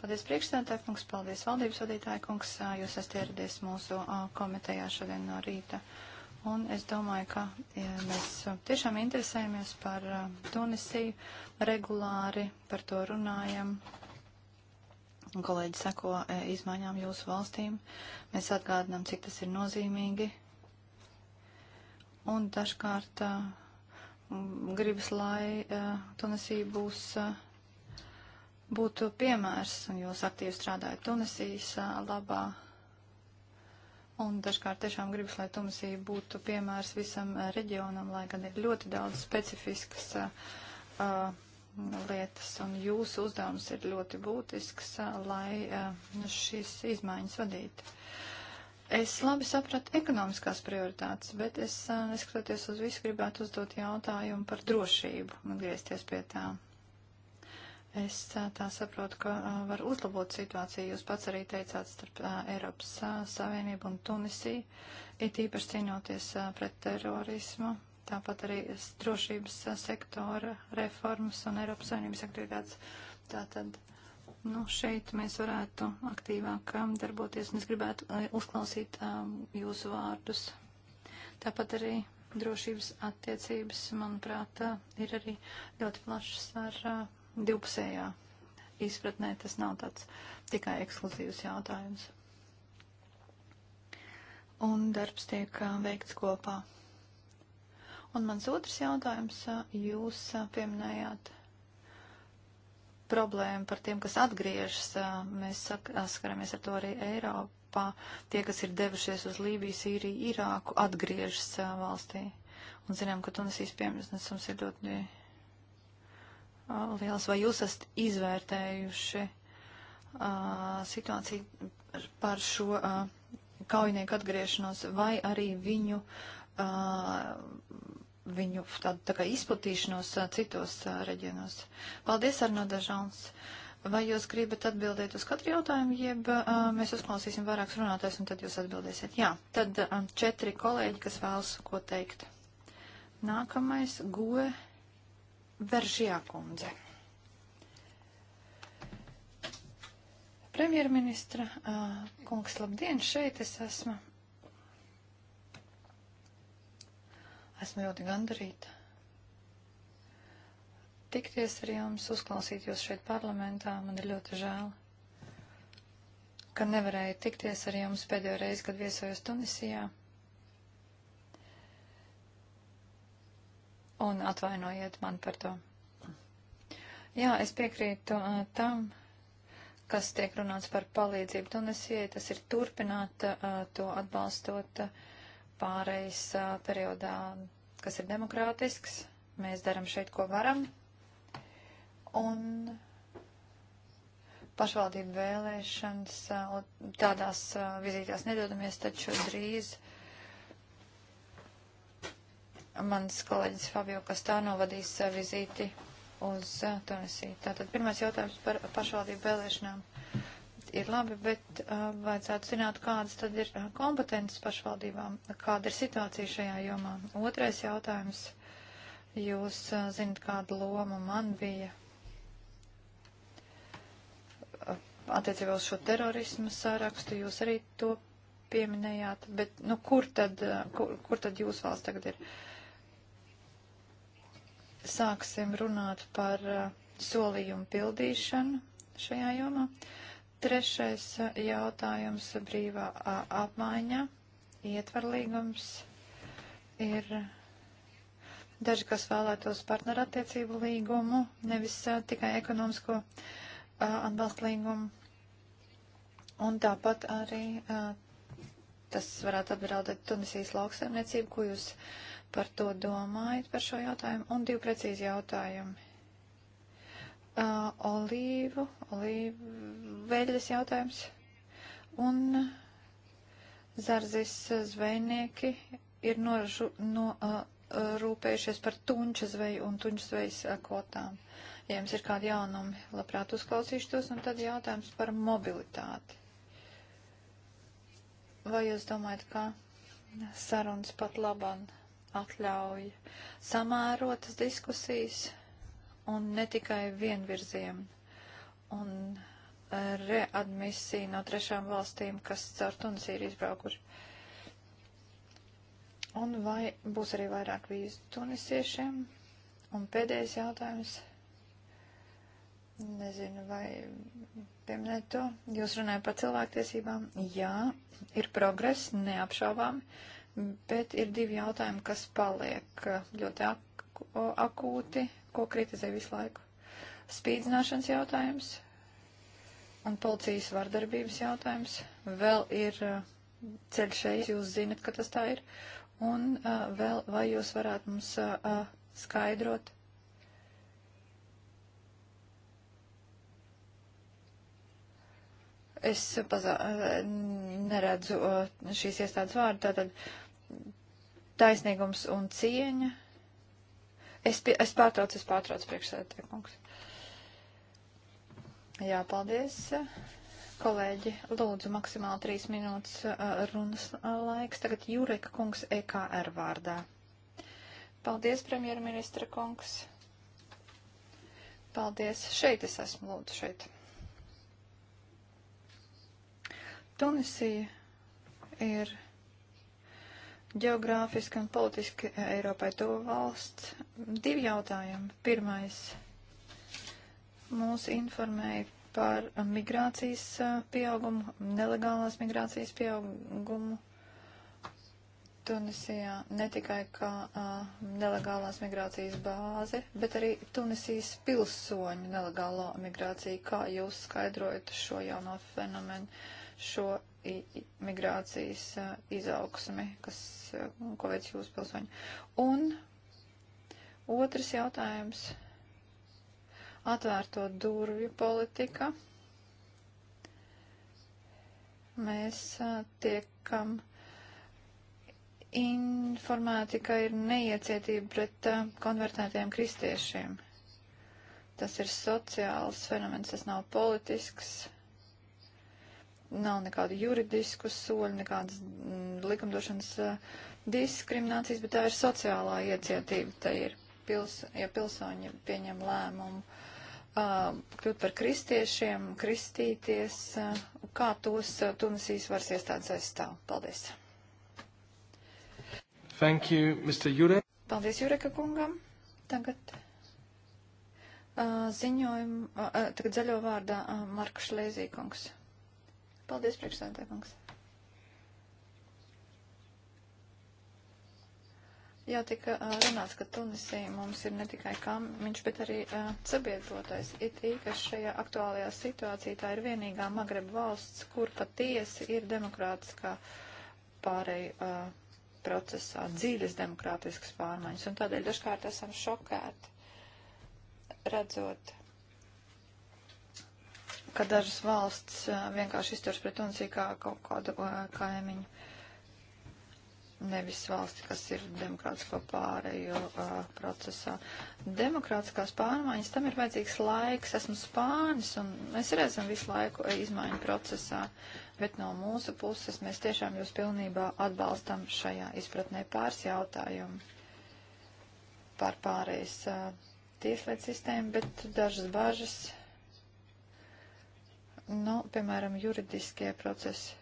Paldies priekšstādātāji, kungs, paldies valdības vadītāji, kungs, uh, jūs esat ieradies mūsu uh, komitejā šodien no rīta. Uh, Un es domāju, ka ja mēs uh, tiešām interesējamies par uh, Tunisiju, regulāri par to runājam. Kolēģi seko e, izmaiņām jūsu valstīm. Mēs atgādinām, cik tas ir nozīmīgi. Un dažkārt uh, gribas, lai uh, Tunisija būs, uh, būtu piemērs, un jūs aktīvi strādājat Tunisijas uh, labā Un dažkārt tiešām gribas, lai tumsība būtu piemērs visam eh, reģionam, lai gan ir ļoti daudz specifiskas uh, lietas, un jūsu uzdevums ir ļoti būtisks, uh, lai uh, šīs izmaiņas vadītu. Es labi sapratu ekonomiskās prioritātes, bet es, neskatoties uz visu, gribētu uzdot jautājumu par drošību un griezties pie tām. Es tā saprotu, ka var uzlabot situāciju. Jūs pats arī teicāt starp Eiropas Savienību un Tunisiju, it īpaši cīnoties pret terorismu, tāpat arī drošības sektora reformas un Eiropas Savienības aktivitātes. Tātad, nu, šeit mēs varētu aktīvāk darboties, un es gribētu uzklausīt jūsu vārdus. Tāpat arī drošības attiecības, manuprāt, ir arī ļoti plašas ar divpusējā izpratnē tas nav tāds tikai ekskluzīvs jautājums. Un darbs tiek veikts kopā. Un mans otrs jautājums, jūs pieminējāt problēmu par tiem, kas atgriežas. Mēs saskaramies ar to arī Eiropā. Tie, kas ir devušies uz Lībiju, Sīriju, Irāku, atgriežas valstī. Un zinām, ka Tunisijas piemērs ir ļoti Oh, lielas, vai jūs esat izvērtējuši uh, situāciju par šo uh, kaujinieku atgriešanos, vai arī viņu, uh, viņu tādu tā kā izplatīšanos uh, citos uh, reģionos. Paldies, Arno Dažons. Vai jūs gribat atbildēt uz katru jautājumu, jeb uh, mēs uzklausīsim vairākus runātājus un tad jūs atbildēsiet? Jā, tad um, četri kolēģi, kas vēlas ko teikt. Nākamais, Goe Veržjā kundze. Premjerministra kungs, labdien, šeit es esmu. Esmu ļoti gandarīta. Tikties ar jums, uzklausīt jūs šeit parlamentā, man ir ļoti žēl, ka nevarēju tikties ar jums pēdējo reizi, kad viesojos Tunisijā. un atvainojiet man par to. Jā, es piekrītu uh, tam, kas tiek runāts par palīdzību Tunisijai, tas ir turpināt uh, to atbalstot uh, pārejas uh, periodā, kas ir demokrātisks. Mēs daram šeit, ko varam. Un pašvaldību vēlēšanas, uh, tādās uh, vizītās nedodamies, taču drīz mans kolēģis Fabio Kastāno vadīs eh, vizīti uz eh, Tunisiju. Tātad pirmais jautājums par pašvaldību vēlēšanām ir labi, bet uh, vajadzētu zināt, kādas tad ir kompetences pašvaldībām, kāda ir situācija šajā jomā. Otrais jautājums. Jūs uh, zinat, kāda loma man bija attiecībā uz šo terorismu sārakstu, jūs arī to pieminējāt, bet nu, kur, tad, kur, kur tad jūs valsts tagad ir? Uh, sāksim runāt par uh, solījumu pildīšanu šajā jomā. Trešais uh, jautājums - brīvā apmaiņa, ietvarlīgums ir daži, kas vēlētos partnerattiecību līgumu, nevis uh, tikai ekonomisko atbalstu līgumu. Un tāpat arī tas varētu atbraudēt Tunisijas lauksaimniecību, ko jūs uh, par to domājat, par šo jautājumu. Un divi precīzi jautājumi. Uh, olīvu, olīvu veļas jautājums. Un zarzis zvejnieki ir noražu, no, uh, rūpējušies par tunča zveju un tunča zvejas kvotām. Ja jums ir kādi jaunumi, labprāt uzklausīšu tos, un tad jautājums par mobilitāti. Vai jūs domājat, ka sarunas pat labam atļauj samērotas diskusijas un ne tikai vienvirziem. Un readmisija no trešām valstīm, kas caur Tunisiju ir izbraukuši. Un vai būs arī vairāk vīzu tunisiešiem? Un pēdējais jautājums. Nezinu, vai pieminēt to. Jūs runājat par cilvēktiesībām. Jā, ir progress, neapšaubām. Uh, bet ir divi jautājumi, kas paliek eh, ļoti ak akūti, ko kritizē visu laiku. Spīdzināšanas jautājums un policijas vardarbības jautājums. Vēl ir eh, ceļš šeit, jūs zinat, ka tas tā ir. Un uh, vēl, vai jūs varētu mums uh, skaidrot? Es pazā, neredzu šīs iestādes vārdu, tātad taisnīgums un cieņa. Es, pie, es pārtraucu, es pārtraucu priekšsēdētāju kungs. Jā, paldies. Kolēģi, lūdzu, maksimāli trīs minūtes uh, runas uh, laiks. Tagad Jureka kungs EKR vārdā. Paldies, premjerministra kungs. Paldies. Šeit es esmu, lūdzu, šeit. Tunisija ir Geogrāfiski un politiski eh, Eiropai to valsts. Divi jautājumi. Pirmais. Mūs informēja par migrācijas eh, pieaugumu, nelegālās migrācijas pieaugumu Tunisijā ne tikai kā a, eh, nelegālās migrācijas bāze, bet arī Tunisijas pilsoņu nelegālo migrāciju. Kā jūs skaidrojat šo jauno fenomenu, šo migrācijas izaugsmi, kas, ko veic jūsu pilsoņi. Un otrs jautājums - atvērto durvju politika. Mēs tiekam informēti, ka ir neiecietība pret konvertētiem kristiešiem. Tas ir sociāls fenomens, tas nav politisks nav nekādu juridisku soļu, nekādas mm, likumdošanas eh, diskriminācijas, bet tā ir sociālā iecietība. Tā ir, pils, ja pilsoņi pieņem lēmumu uh, kļūt par kristiešiem, kristīties, uh, kā tos uh, Tunisijas varas iestādes aizstāv. Paldies. Thank you, Mr. Jurek. Paldies Jureka kungam. Tagad uh, ziņojumu, uh, tagad zaļo vārdā uh, Marka Šlēzīkungs. Paldies, priekšsēdētājs. Jau tika runāts, ka Tunisija mums ir ne tikai kaimiņš, bet arī uh, sabiedrotais. It īpaši šajā aktuālajā situācijā tā ir vienīgā Magreba valsts, kur patiesi ir demokrātiskā pārēj uh, procesā, dzīves demokrātiskas pārmaiņas. Un tādēļ dažkārt esam šokēti, redzot ka dažas valsts uh, vienkārši izturs pret Tunisiju uh, kā kaut kādu uh, kaimiņu. Nevis valsti, kas ir demokrātisko pārējo procesā. Demokrātiskās pārmaiņas, tam ir vajadzīgs laiks. Esmu spānis un mēs arī esam visu laiku izmaiņu procesā. Bet no mūsu puses mēs tiešām jūs pilnībā atbalstam šajā izpratnē pāris jautājumu par pārējais tieslietu sistēmu, bet dažas bažas Nu, piemēram, juridiskie procesi,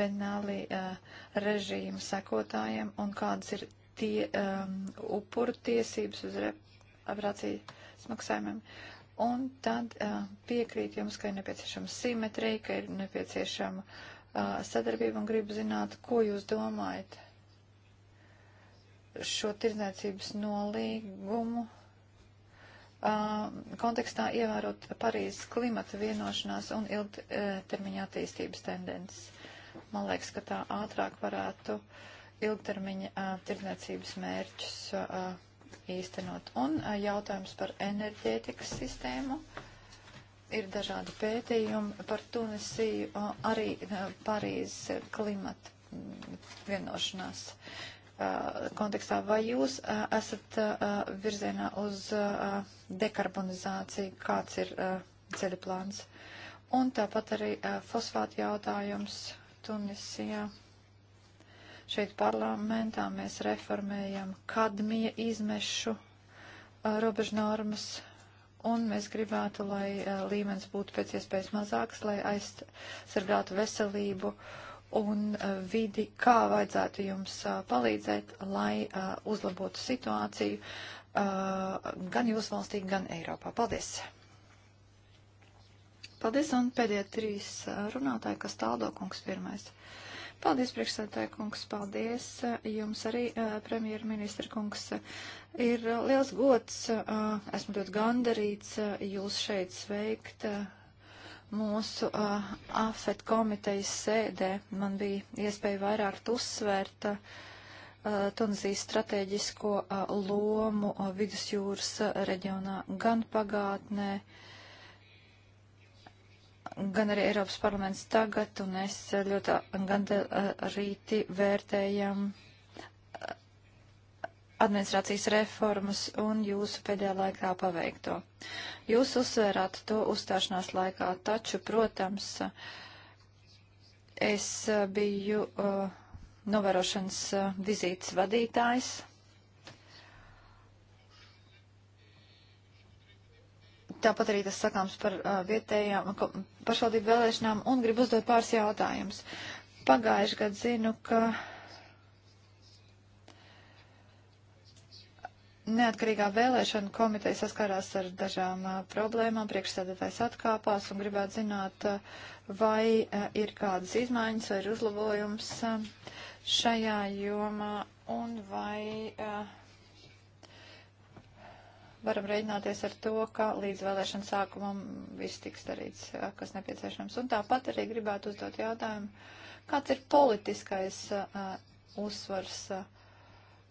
Benālī uh, eh, režīmu sekotājiem un kādas ir tie um, upuru tiesības uz reparācijas maksājumiem. Un tad uh, piekrīt jums, ka ir nepieciešama simetrija, ka ir nepieciešama uh, sadarbība un gribu zināt, ko jūs domājat šo tirdzniecības nolīgumu Um, kontekstā ievērot Parīzes klimata vienošanās un ilgtermiņa attīstības tendences. Man liekas, ka tā ātrāk varētu ilgtermiņa uh, tirdzniecības mērķus a, uh, īstenot. Un a, uh, jautājums par enerģētikas sistēmu. Ir dažādi pētījumi par Tunisiju, a, arī Parīzes klimata mm, vienošanās. Uh, kontekstā, vai jūs esat virzienā uz dekarbonizāciju, kāds ir ceļa plāns? Un tāpat arī fosfāta jautājums Tunisijā. Šeit parlamentā mēs reformējam kadmija izmešu robežu normas, un mēs gribētu, lai līmenis būtu pēc iespējas mazāks, lai aizsargātu veselību uh, un uh, vidi, kā vajadzētu jums uh, palīdzēt, lai uh, uzlabotu situāciju gan jūsu valstī, gan Eiropā. Paldies! Paldies, un pēdējie trīs runātāji, kas tāldokungs pirmais. Paldies, priekšsētāji kungs, paldies jums arī, premjerministra kungs. Ir liels gods, esmu ļoti gandarīts jūs šeit sveikt Mūsu uh, AFET komitejas sēdē man bija iespēja vairāk uzsvērt uh, Tunzijas strateģisko uh, lomu uh, vidusjūras uh, reģionā gan pagātnē, gan arī Eiropas parlaments tagad, un es ļoti gandarīti uh, vērtējam uh, administrācijas reformas un jūsu pēdējā laikā paveikto. Jūs uzsvērāt to uzstāšanās laikā, taču, protams, es biju uh, novērošanas uh, vizītes vadītājs. Tāpat arī tas sakāms par uh, vietējām pašvaldību vēlēšanām un gribu uzdot pāris jautājumus. Pagājuši gadu zinu, ka uh, Neatkarīgā vēlēšana komiteja saskārās ar dažām a, problēmām, priekšsēdētājs atkāpās un gribētu zināt, a, vai a, ir kādas izmaiņas vai ir uzlabojums šajā jomā un vai varam reiķināties ar to, ka līdz vēlēšana sākumam viss tiks darīts, kas nepieciešams. Un tāpat arī gribētu uzdot jautājumu, kāds ir politiskais uzsvars. Uh,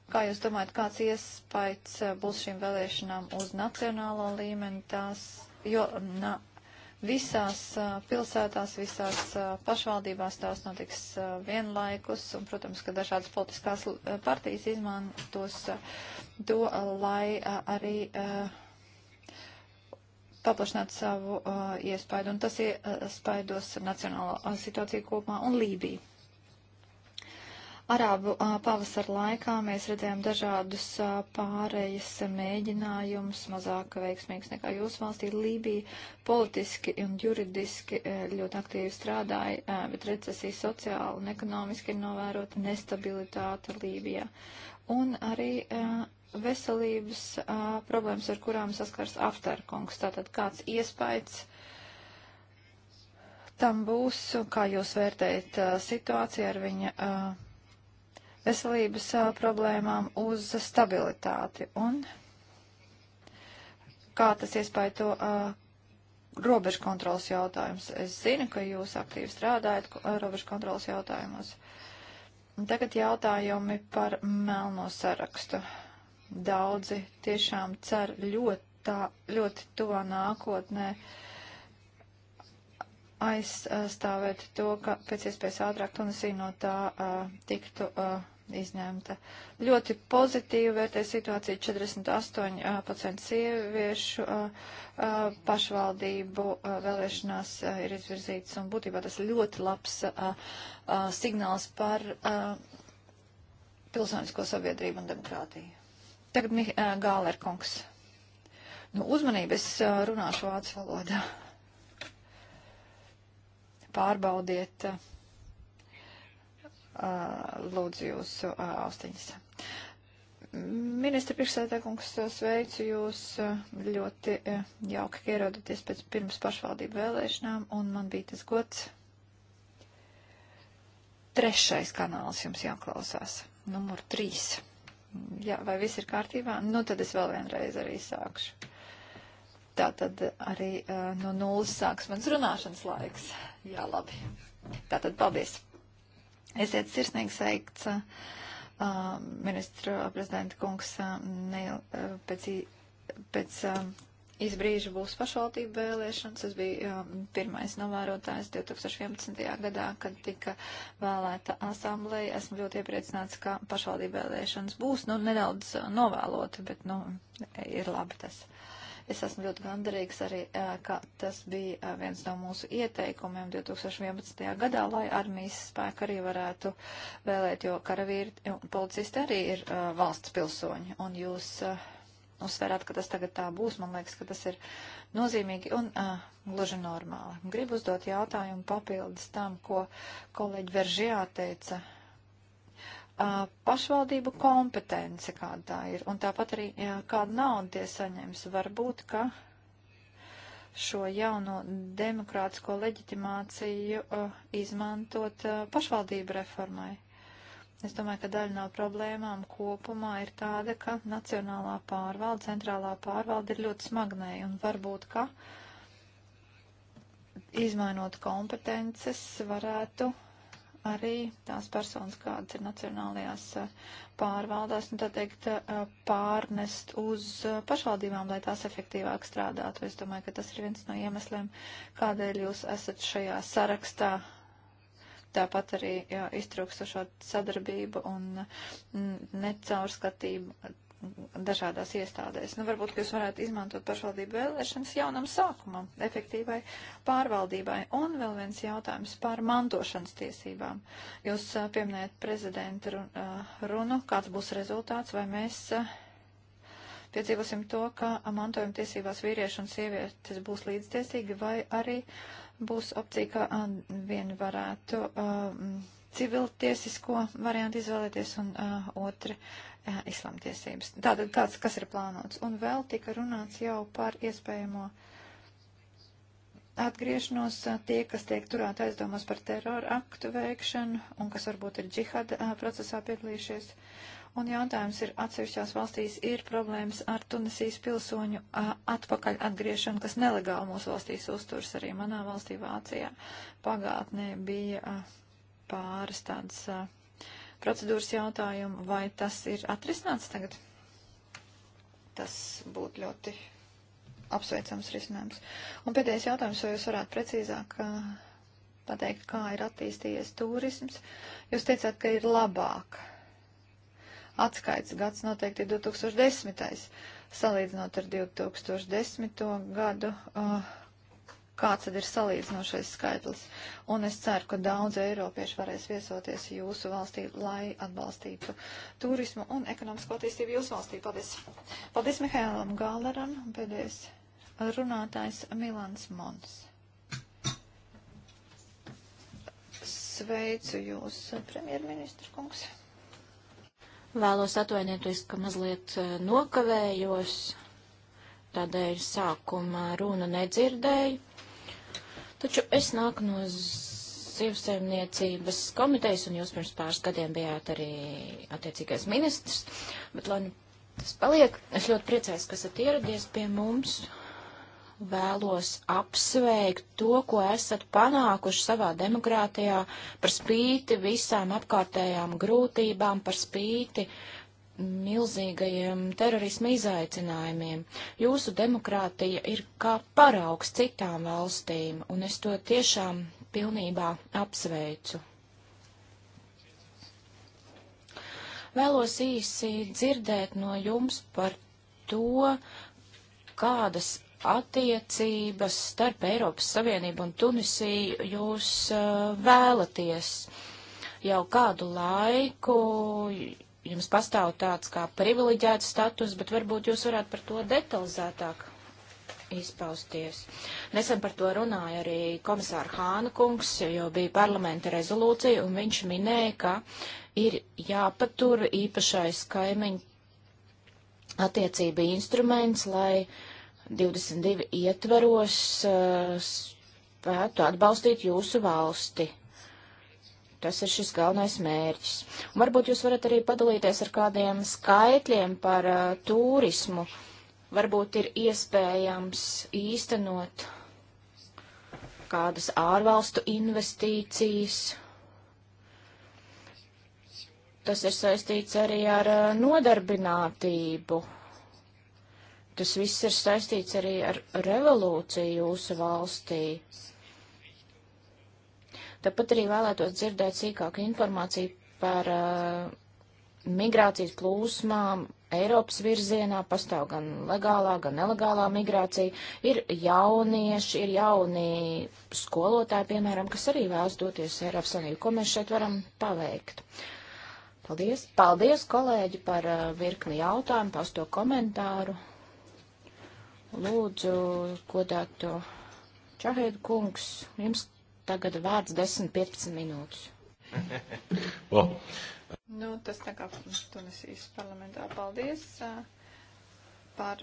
Kā jūs domājat, kāds iespējas eh, būs šīm vēlēšanām uz nacionālo līmeni? Tās, jo na, visās eh, pilsētās, visās eh, pašvaldībās tās notiks vienlaikus, un, protams, ka dažādas politiskās partijas izmantos to, lai arī paplašināt savu uh, iespaidu, un tas iespaidos nacionālo situāciju kopumā un Lībiju. Arābu pavasara laikā mēs redzējām dažādus pārējas mēģinājumus, mazāk veiksmīgs nekā jūsu valstī. Lībija politiski un juridiski ļoti aktīvi strādāja, bet recesija sociāli un ekonomiski ir novērota nestabilitāte Lībijā. Un arī veselības problēmas, ar kurām saskars Aftarkungs. Tātad kāds iespējas tam būs, kā jūs vērtējat situāciju ar viņa. A, veselības uh, problēmām uz stabilitāti un kā tas iespēja to uh, robežu kontrolas jautājums. Es zinu, ka jūs aktīvi strādājat robežu kontrolas jautājumos. Tagad jautājumi par melno sarakstu. Daudzi tiešām cer ļoti, tā, ļoti tuvā nākotnē aizstāvēt to, ka pēc iespējas ātrāk Tunisija no tā uh, tiktu uh, izņemta. Ļoti pozitīvi vērtē situāciju 48% sieviešu pašvaldību vēlēšanās ir izvirzīts, un būtībā tas ir ļoti labs signāls par pilsonisko sabiedrību un demokrātiju. Tagad Gālerkungs. Nu, uzmanību es runāšu vācu valodā. Pārbaudiet. Uh, lūdzu jūsu austiņas. Ministra priekšsēdētājkungs, sveicu jūs ļoti jauki, ka ierodaties pēc pirms pašvaldību vēlēšanām, un man bija tas gods. Trešais kanāls jums jāklausās, numur trīs. Jā, vai viss ir kārtībā? Nu, tad es vēl vienreiz arī sākšu. Tā tad arī uh, no nulles sāks mans runāšanas laiks. Jā, labi. Tā tad paldies. Esiet sirsnīgi sveikts, uh, ministru prezidenta kungs, uh, ne, uh, pēc, pēc izbrīža um, būs pašvaldību vēlēšanas. Es biju um, pirmais novērotājs 2011. gadā, kad tika vēlēta asambleja. Esmu ļoti iepriecināts, ka pašvaldību vēlēšanas būs, nu, nedaudz novēloti, bet, nu, ir labi tas. Uh, Es esmu ļoti gandarīgs arī, ka tas bija viens no mūsu ieteikumiem 2011. gadā, lai armijas spēku arī varētu vēlēt, jo karavīri un policisti arī ir valsts pilsoņi. Un jūs uzsverāt, ka tas tagad tā būs, man liekas, ka tas ir nozīmīgi un uh, gluži normāli. Gribu uzdot jautājumu papildus tam, ko kolēģi Veržijā teica. Uh, pašvaldību kompetence, kāda tā ir, un tāpat arī kādu naudu tie saņems. Varbūt, ka šo jauno demokrātisko leģitimāciju uh, izmantot uh, pašvaldību reformai. Es domāju, ka daļa no problēmām kopumā ir tāda, ka nacionālā pārvalde, centrālā pārvalde ir ļoti smagnēja un varbūt, ka izmainot kompetences varētu uh, arī tās personas, kādas ir nacionālajās eh, pārvaldās, nu tā teikt, eh, pārnest uz eh, pašvaldībām, lai tās efektīvāk strādātu. Es domāju, ka tas ir viens no iemesliem, kādēļ jūs esat šajā sarakstā. Tāpat arī jā, iztrūkstošo sadarbību un mm, necaurskatību dažādās iestādēs. Nu, varbūt, ka jūs varētu izmantot pašvaldību vēlēšanas jaunam sākumam, efektīvai pārvaldībai. Un vēl viens jautājums par mantošanas tiesībām. Jūs pieminējat prezidenta runu, kāds būs rezultāts, vai mēs piedzīvosim to, ka mantojuma tiesībās vīrieši un sievietes būs līdztiesīgi, vai arī būs opcija, ka vien varētu uh, civiltiesisko variantu izvēlēties un uh, otri. Uh, islamtiesības. Tātad tāds, kas ir plānots. Un vēl tika runāts jau par iespējamo atgriešanos tie, kas tiek turēti aizdomās par terora aktu veikšanu un kas varbūt ir džihada procesā piedalījušies. Un jautājums ir, atsevišķās valstīs ir problēmas ar Tunisijas pilsoņu atpakaļ atgriešanu, kas nelegāli mūsu valstīs uzturs arī manā valstī Vācijā. Pagātnē bija pāris tādas procedūras jautājumu, vai tas ir atrisināts tagad? Tas būtu ļoti apsveicams risinājums. Un pēdējais jautājums, vai jūs varētu precīzāk uh, pateikt, kā ir attīstījies turisms? Jūs teicāt, ka ir labāk. Atskaits gads noteikti ir 2010. salīdzinot ar 2010. gadu, uh, kāds tad ir salīdzinošais skaitlis. Un es ceru, ka daudz eiropiešu varēs viesoties jūsu valstī, lai atbalstītu turismu un ekonomisko attīstību jūsu valstī. Paldies! Paldies Mihēlam Gāleram, pēdējais runātājs Milans Mons. Sveicu jūs, premjerministru kungs. Vēlos atvainoties, ka mazliet eh, nokavējos, tādēļ sākuma runu nedzirdēju Taču es nāku no zivsaimniecības komitejas, un jūs pirms pāris gadiem bijāt arī attiecīgais ministrs, bet lai nu tas paliek, es ļoti priecājos, ka esat ieradies pie mums. Vēlos apsveikt to, ko esat panākuši savā demokrātijā par spīti visām apkārtējām grūtībām, par spīti uh, milzīgajiem terorisma izaicinājumiem. Jūsu demokrātija ir kā paraugs citām valstīm, un es to tiešām pilnībā apsveicu. Vēlos īsi dzirdēt no jums par to, kādas attiecības starp Eiropas Savienību un Tunisiju jūs uh, vēlaties. Jau kādu laiku jums pastāv tāds kā privileģēts status, bet varbūt jūs varētu par to detalizētāk izpausties. Nesen par to runāja arī komisāra Hāna kungs, jo bija parlamenta rezolūcija, un viņš minēja, ka ir jāpatur īpašais kaimiņu attiecība instruments, lai 22 ietvaros uh, spētu atbalstīt jūsu valsti. Tas ir šis galvenais mērķis. Un varbūt jūs varat arī padalīties ar kādiem skaitļiem par uh, turismu. Varbūt ir iespējams īstenot kādas ārvalstu investīcijas. Tas ir saistīts arī ar uh, nodarbinātību. Tas viss ir saistīts arī ar revolūciju jūsu valstī. Tāpat arī vēlētos dzirdēt sīkāku informāciju par uh, migrācijas plūsmām Eiropas virzienā. Pastāv gan legālā, gan nelegālā migrācija. Ir jaunieši, ir jauni skolotāji, piemēram, kas arī vēlas doties Eiropas Savienību. Ko mēs šeit varam paveikt? Paldies, paldies kolēģi par uh, virkni jautājumu, pasto komentāru. Lūdzu, godātu Čahēdu kungs, jums tagad vārds 10-15 minūtes. <laughs> well. Nu, tas tā kā Tunisijas parlamentā. Paldies par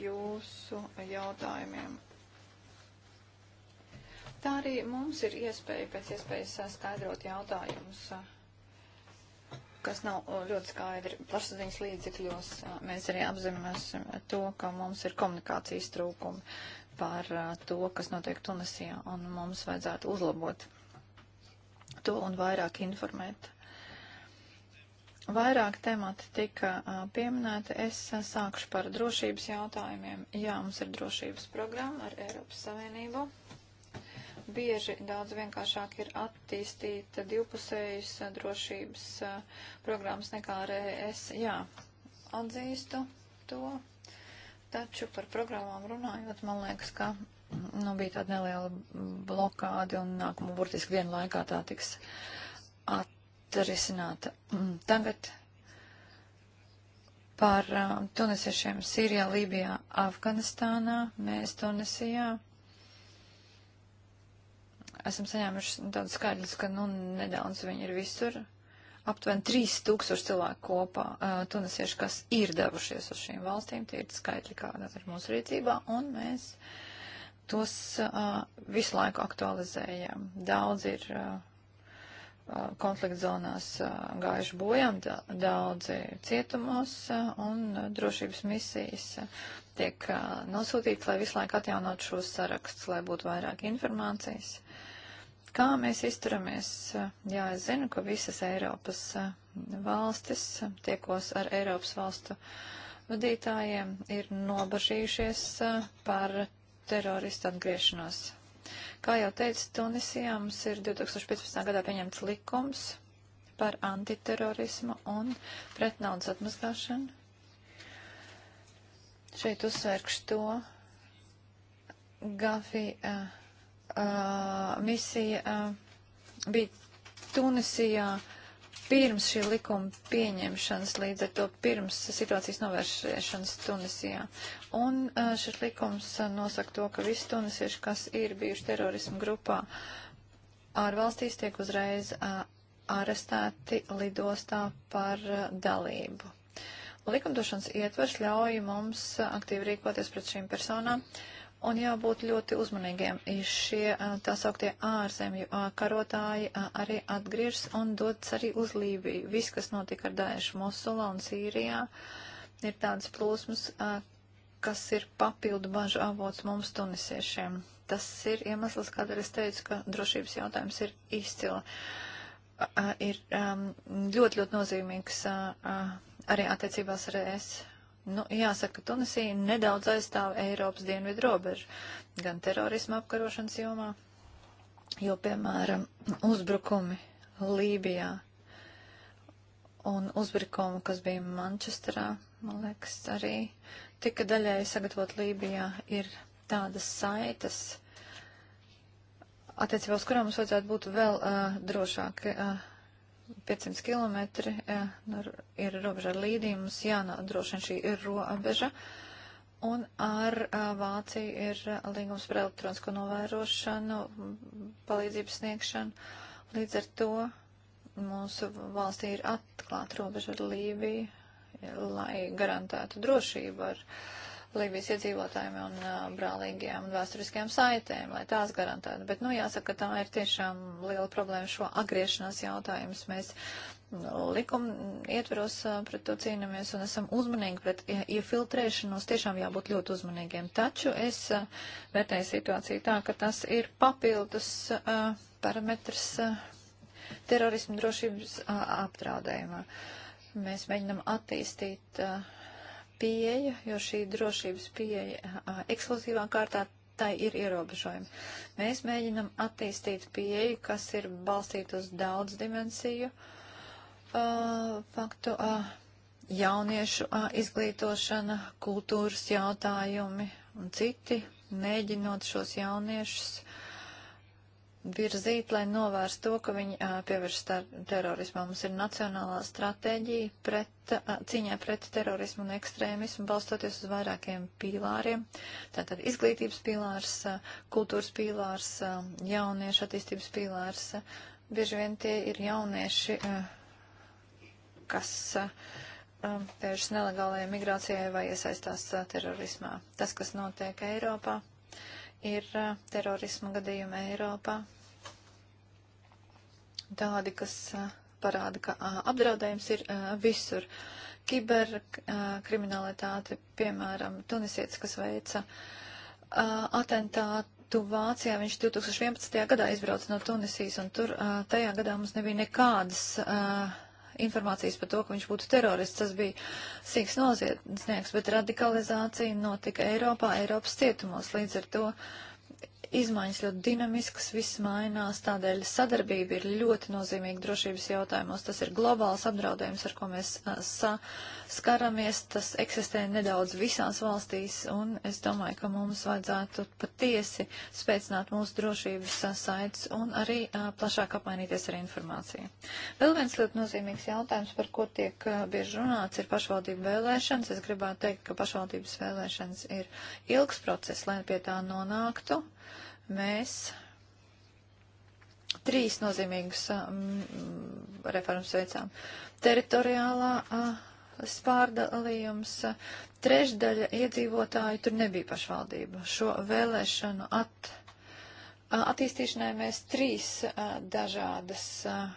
jūsu jautājumiem. Tā arī mums ir iespēja pēc iespējas skaidrot jautājumus, kas nav ļoti skaidri. Plašsaziņas līdzekļos mēs arī apzināmies to, ka mums ir komunikācijas trūkumi par to, kas notiek Tunisijā, un mums vajadzētu uzlabot to un vairāk informēt. Vairāk temati tika pieminēti. Es sākšu par drošības jautājumiem. Jā, mums ir drošības programma ar Eiropas Savienību. Bieži daudz vienkāršāk ir attīstīt divpusējas drošības programmas nekā ar ES. Jā, atzīstu to Taču par programmām runājot, man liekas, ka nu, bija tāda neliela blokāde un nākamo burtiski vienu laikā tā tiks atrisināta. Mm, tagad par uh, tunisiešiem Sīrijā, Lībijā, Afganistānā, mēs Tunisijā. Esam saņēmuši tādu skaidrs, ka nu, nedaudz viņi ir visur aptuveni 3000 cilvēku kopā uh, tunisieši, kas ir devušies uz šīm valstīm. Tie ir skaitļi, kāda ir mūsu rīcībā, un mēs tos uh, visu laiku aktualizējam. Daudz ir uh, konflikta zonās uh, gājuši bojām, da, daudzi cietumos, uh, un uh, drošības misijas uh, tiek uh, nosūtīts, lai visu laiku atjaunotu šos sarakstus, lai būtu vairāk informācijas. Uh, Kā mēs izturamies? Jā, es zinu, ka visas Eiropas eh, valstis eh, tiekos ar Eiropas valstu vadītājiem ir nobažījušies eh, par teroristu atgriešanos. Kā jau teicu, Tunisijā mums ir 2015. gadā pieņemts likums par antiterorismu un pretnaudas atmazgāšanu. Šeit uzsvērkšu to Gafi. Uh, Uh, misija uh, bija Tunisijā pirms šī likuma pieņemšanas, līdz ar to pirms situācijas novēršanas Tunisijā. Un uh, šis likums nosaka to, ka visi tunisieši, kas ir bijuši terorismu grupā ārvalstīs, tiek uzreiz arestēti lidostā par dalību. Likumdošanas ietvers ļauj mums aktīvi rīkoties pret šīm personām. Uh, Un jābūt ļoti uzmanīgiem, jo šie tā sauktie ārzemju karotāji arī atgriežas un dodas arī uz Lībiju. Viss, kas notika ar Daešu Mosulā un Sīrijā, ir tādas plūsmas, kas ir papildu bažu avots mums tunisiešiem. Tas ir iemesls, kādēļ es teicu, ka drošības jautājums ir izcila. Ir ļoti, ļoti nozīmīgs arī attiecībās ar ES Nu, jāsaka, Tunisija nedaudz aizstāv Eiropas dienvidu robežu, gan terorisma apkarošanas jomā, jo, piemēram, uzbrukumi Lībijā un uzbrukumi, kas bija Manchesterā, man liekas, arī tika daļēji sagatavot Lībijā, ir tādas saites, attiecībā uz kurām mums vajadzētu būt vēl uh, drošāk. Uh, 500 km e, ir robeža ar Līdiju, mums jānodrošina šī ir robeža. Un ar e, Vāciju ir līgums par elektronisko novērošanu, palīdzības sniegšanu. Līdz ar to mūsu valstī ir atklāta robeža ar Lībiju, lai garantētu drošību ar. Uh, Lībijas iedzīvotājiem un uh, brālīgajām un vēsturiskajām saitēm, lai tās garantētu. Bet, nu, jāsaka, tā ir tiešām liela problēma šo agriešanās jautājumus. Mēs nu, likuma ietveros uh, pret to cīnāmies un esam uzmanīgi pret iefiltrēšanos. Ja tiešām jābūt ļoti uzmanīgiem. Taču es uh, vērtēju situāciju tā, ka tas ir papildus uh, parametrs uh, terorismu drošības uh, apdraudējumā. Mēs mēģinam attīstīt. Uh, pieeja, jo šī drošības pieeja ekskluzīvā kārtā tai ir ierobežojumi. Mēs mēģinam attīstīt pieeju, kas ir balstīta uz daudz dimensiju uh, faktu. Uh, jauniešu uh, izglītošana, kultūras jautājumi un citi, mēģinot šos jauniešus virzīt, lai novērst to, ka viņi pievērš terorismam. Mums ir nacionālā stratēģija pret, a, cīņā pret terorismu un ekstrēmismu, balstoties uz vairākiem pīlāriem. Tātad izglītības pīlārs, a, kultūras pīlārs, a, jauniešu attīstības pīlārs. Bieži vien tie ir jaunieši, kas vēršas nelegālajai migrācijai vai iesaistās terorismā. Tas, kas notiek Eiropā ir terorisma gadījumi Eiropā. Tādi, kas parāda, ka apdraudējums ir visur. Kiberkriminalitāte, piemēram, tunisietis, kas veica atentātu Vācijā, viņš 2011. gadā izbrauca no Tunisijas, un tur tajā gadā mums nebija nekādas informācijas par to, ka viņš būtu terorists. Tas bija sīks noziedznieks, bet radikalizācija notika Eiropā, Eiropas cietumos. Līdz ar to uh, izmaiņas ļoti dinamiskas, viss mainās, tādēļ sadarbība ir ļoti nozīmīga drošības jautājumos. Tas ir globāls apdraudējums, ar ko mēs skaramies, tas eksistē nedaudz visās valstīs, un es domāju, ka mums vajadzētu patiesi spēcināt mūsu drošības saites un arī a, plašāk apmainīties ar informāciju. Vēl viens ļoti nozīmīgs jautājums, par ko tiek a, bieži runāts, ir pašvaldību vēlēšanas. Es gribētu teikt, ka pašvaldības vēlēšanas ir ilgs process, lai pie tā nonāktu. Mēs trīs nozīmīgus um, reformas veicām. Teritoriālā uh, spārdalījums, uh, trešdaļa iedzīvotāju tur nebija pašvaldība. Šo vēlēšanu at, uh, attīstīšanai mēs trīs uh, dažādas uh,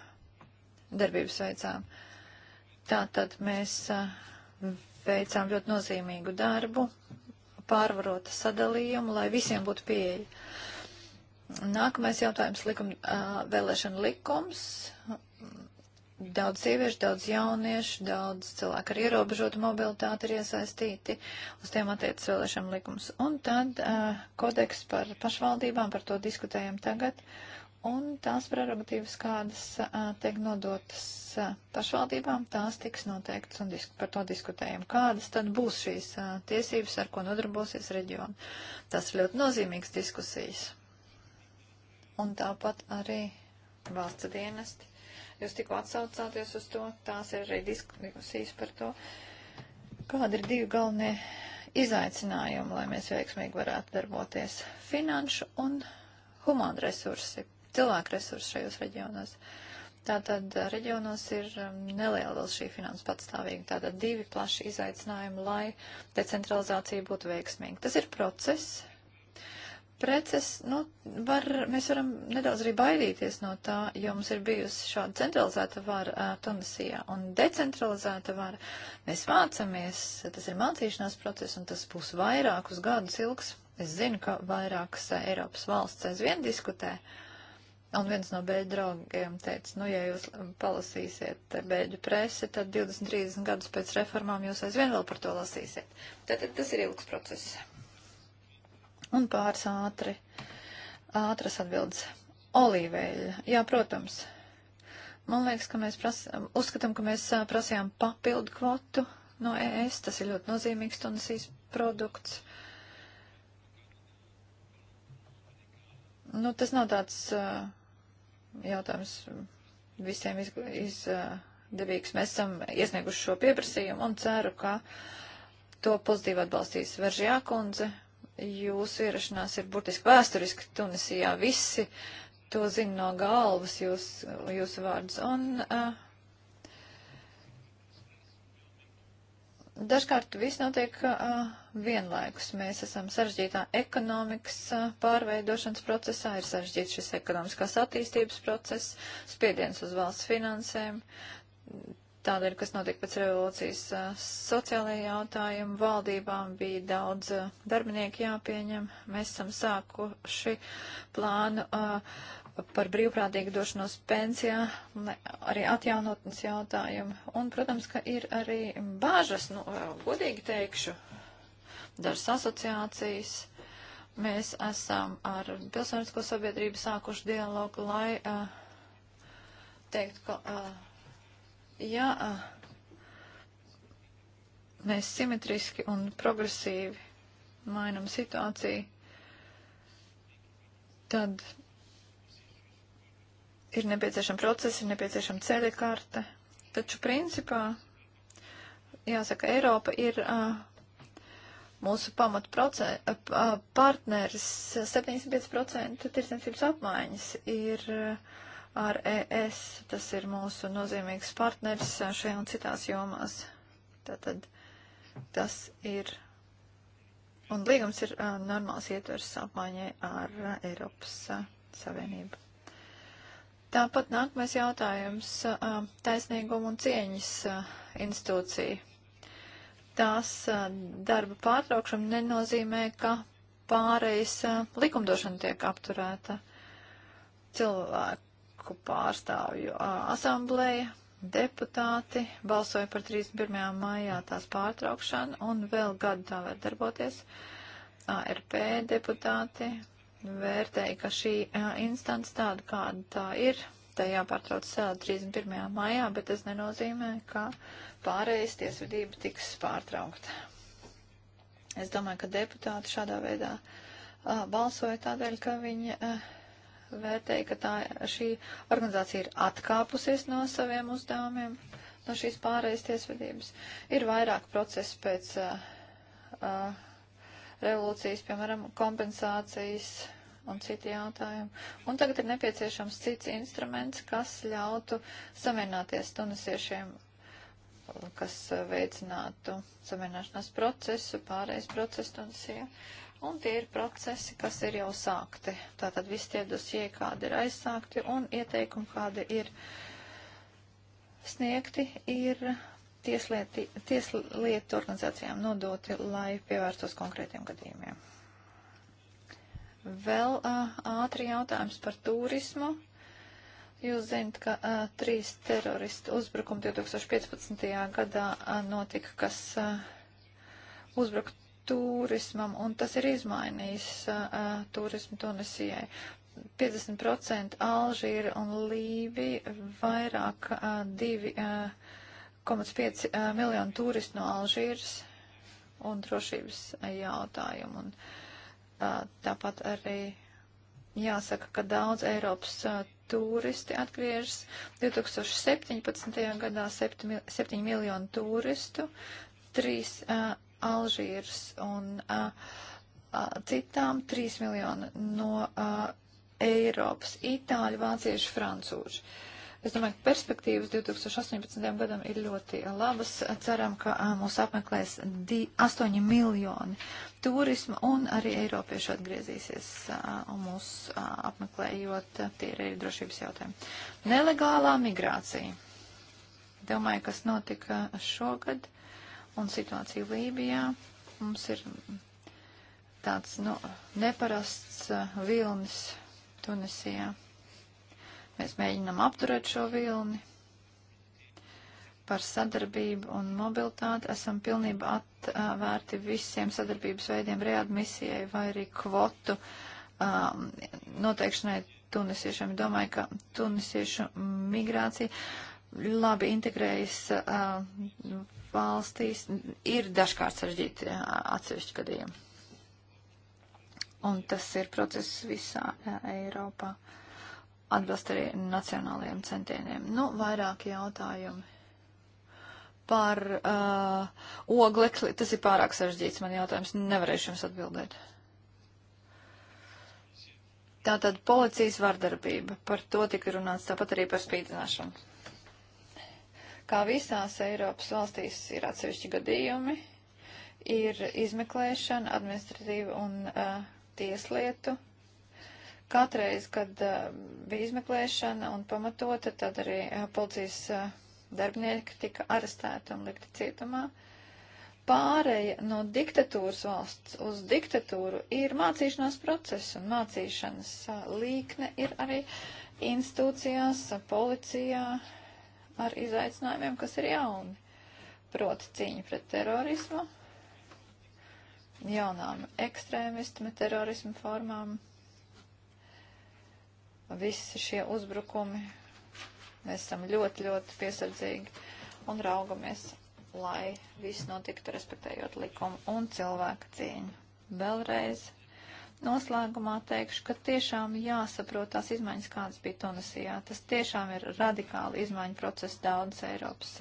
darbības veicām. Tātad mēs uh, veicām ļoti nozīmīgu darbu, pārvarota sadalījumu, lai visiem būtu pieeja. Uh, Nākamais jautājums likuma, uh, vēlēšana likums. Daudz sieviešu, daudz jauniešu, daudz cilvēku ar ierobežotu mobilitāti ir iesaistīti, uz tiem attiecas vēlēšana likums. Un tad uh, kodeks par pašvaldībām, par to diskutējam tagad, un tās prerogatīvas, kādas uh, tiek nodotas uh, pašvaldībām, tās tiks noteiktas un disk par to diskutējam. Kādas tad būs šīs uh, tiesības, ar ko nodarbosies reģionu? Tas ir ļoti nozīmīgs diskusijas un tāpat arī valsts dienesti. Jūs tikko atsaucāties uz to, tās ir arī diskusijas par to, kāda ir divi galvenie izaicinājumi, lai mēs veiksmīgi varētu darboties - finanšu un humāna resursi, cilvēku resursi šajos reģionos. Tātad eh, reģionos ir um, neliela vēl šī finanses patstāvīga. Tātad divi plaši izaicinājumi, lai decentralizācija būtu veiksmīga. Tas ir process, preces, nu, var, mēs varam nedaudz arī baidīties no tā, jo mums ir bijusi šāda centralizēta vara uh, Tunisijā un decentralizēta vara. Mēs mācāmies, tas ir mācīšanās process, un tas būs vairākus gadus ilgs. Es zinu, ka vairākas uh, Eiropas valsts aizvien diskutē. Un viens no bēļu draugiem teica, nu, ja jūs palasīsiet bēļu presi, tad 20-30 gadus pēc reformām jūs aizvien vēl par to lasīsiet. Tātad tas ir ilgs process. Un pāris ātri, ātras atbildes. Olīveļa, jā, protams. Man liekas, ka mēs pras, uzskatām, ka mēs prasījām papildu kvotu no ES, tas ir ļoti nozīmīgs Tunisijas produkts. Nu, tas nav tāds uh, jautājums visiem iz, izdevīgs. Mēs esam iesnieguši šo pieprasījumu un ceru, ka to pozitīvi atbalstīs Veržjā kundze jūsu ierašanās ir burtiski vēsturiski Tunisijā. Visi to zina no galvas jūs, jūsu vārdus. Un uh, dažkārt viss notiek uh, vienlaikus. Mēs esam sarežģītā ekonomikas uh, pārveidošanas procesā, ir sarežģīts šis ekonomiskās attīstības process, spiediens uz valsts finansēm Tādēļ, kas notika pēc revolūcijas sociālajā jautājumā, valdībām bija daudz darbinieku jāpieņem. Mēs esam sākuši plānu par brīvprātīgu došanos pensijā, arī atjaunotnes jautājumu. Un, protams, ka ir arī bāžas, nu, godīgi teikšu, dažas asociācijas. Mēs esam ar pilsonisko sabiedrību sākuši dialogu, lai uh, teikt, ka. Uh, ja mēs simetriski un progresīvi mainam situāciju, tad ir nepieciešama procesa, ir nepieciešama ceļa karte. Taču principā, jāsaka, Eiropa ir uh, mūsu pamat uh, partneris. 75% tirdzniecības apmaiņas ir uh, ar ES. Tas ir mūsu nozīmīgs partners šajā un citās jomās. Tātad tas ir. Un līgums ir uh, normāls ietvers apmaiņai ar uh, Eiropas uh, Savienību. Tāpat nākamais jautājums - taisnīguma un cieņas institūcija. Tās darba pārtraukšana nenozīmē, ka pārejas likumdošana tiek apturēta. Cilvēku, Banku pārstāvju asambleja, deputāti balsoja par 31. maijā tās pārtraukšanu un vēl gadu tā var darboties. ARP deputāti vērtēja, ka šī instance tāda, kāda tā ir, tajā pārtrauc sēdu 31. maijā, bet tas nenozīmē, ka pārējais tiesvedība tiks pārtraukta. Es domāju, ka deputāti šādā veidā a, balsoja tādēļ, ka viņi a, vērtēja, ka tā, šī organizācija ir atkāpusies no saviem uzdevumiem, no šīs pārējais tiesvedības. Ir vairāk procesu pēc uh, uh, revolūcijas, piemēram, kompensācijas un citi jautājumi. Un tagad ir nepieciešams cits instruments, kas ļautu samierināties tunisiešiem, uh, kas uh, veicinātu samierināšanās procesu, pārējais procesu Tunisijā. Uh, Un tie ir procesi, kas ir jau sākti. Tātad visi tie dosie, kādi ir aizsākti un ieteikumi, kādi ir sniegti, ir tieslieti, tieslietu organizācijām nodoti, lai pievērstos konkrētiem gadījumiem. Vēl uh, ātri jautājums par turismu. Jūs zināt, ka uh, trīs teroristu uzbrukumi 2015. gadā uh, notika, kas uh, uzbruka turismam, un tas ir izmainījis uh, turismu Tunisijai. 50% Alžīra un Lībija, vairāk uh, 2,5 uh, miljonu turistu no Alžīras un drošības jautājumu. Un, uh, tāpat arī jāsaka, ka daudz Eiropas uh, turisti atgriežas. 2017. gadā 7, 7 miljonu turistu, 3 uh, Alžīras un uh, uh, citām 3 miljoni no uh, Eiropas, Itāļu, Vācieši, Francūži. Es domāju, ka perspektīvas 2018. gadam ir ļoti labas. Ceram, ka uh, mūs apmeklēs 8 miljoni turisma un arī Eiropieši atgriezīsies uh, un mūs uh, apmeklējot. Tie ir arī drošības jautājumi. Nelegālā migrācija. Domāju, kas notika šogad un situācija Lībijā. Mums ir tāds nu, neparasts uh, vilnis Tunisijā. Mēs mēģinam apturēt šo vilni par sadarbību un mobilitāti. Esam pilnībā atvērti visiem sadarbības veidiem readmisijai vai arī kvotu um, noteikšanai tunisiešiem. Domāju, ka tunisiešu migrācija labi integrējas uh, valstīs ir dažkārt sarežģīti atsevišķi gadījumi. Un tas ir process visā Eiropā. Atbilst arī nacionālajiem centieniem. Nu, vairāki jautājumi par uh, oglekli. Tas ir pārāk sarežģīts man jautājums. Nevarēšu jums atbildēt. Tātad policijas vardarbība. Par to tika runāts. Tāpat arī par spīdzināšanu. Kā visās Eiropas valstīs ir atsevišķi gadījumi, ir izmeklēšana, administratīva un uh, tieslietu. Katreiz, kad uh, bija izmeklēšana un pamatota, tad arī uh, policijas uh, darbinieki tika arestēti un likti cietumā. Pāreja no diktatūras valsts uz diktatūru ir mācīšanās process, un mācīšanas līkne ir arī institūcijās, policijā, ar izaicinājumiem, kas ir jauni. Proti cīņa pret terorismu, jaunām ekstrēmismu, terorismu formām, visi šie uzbrukumi. Mēs esam ļoti, ļoti piesardzīgi un raugamies, lai viss notiktu respektējot likumu un cilvēku cieņu. Vēlreiz Noslēgumā teikšu, ka tiešām jāsaprot tās izmaiņas, kādas bija Tunisijā. Tas tiešām ir radikāli izmaiņu process daudzas Eiropas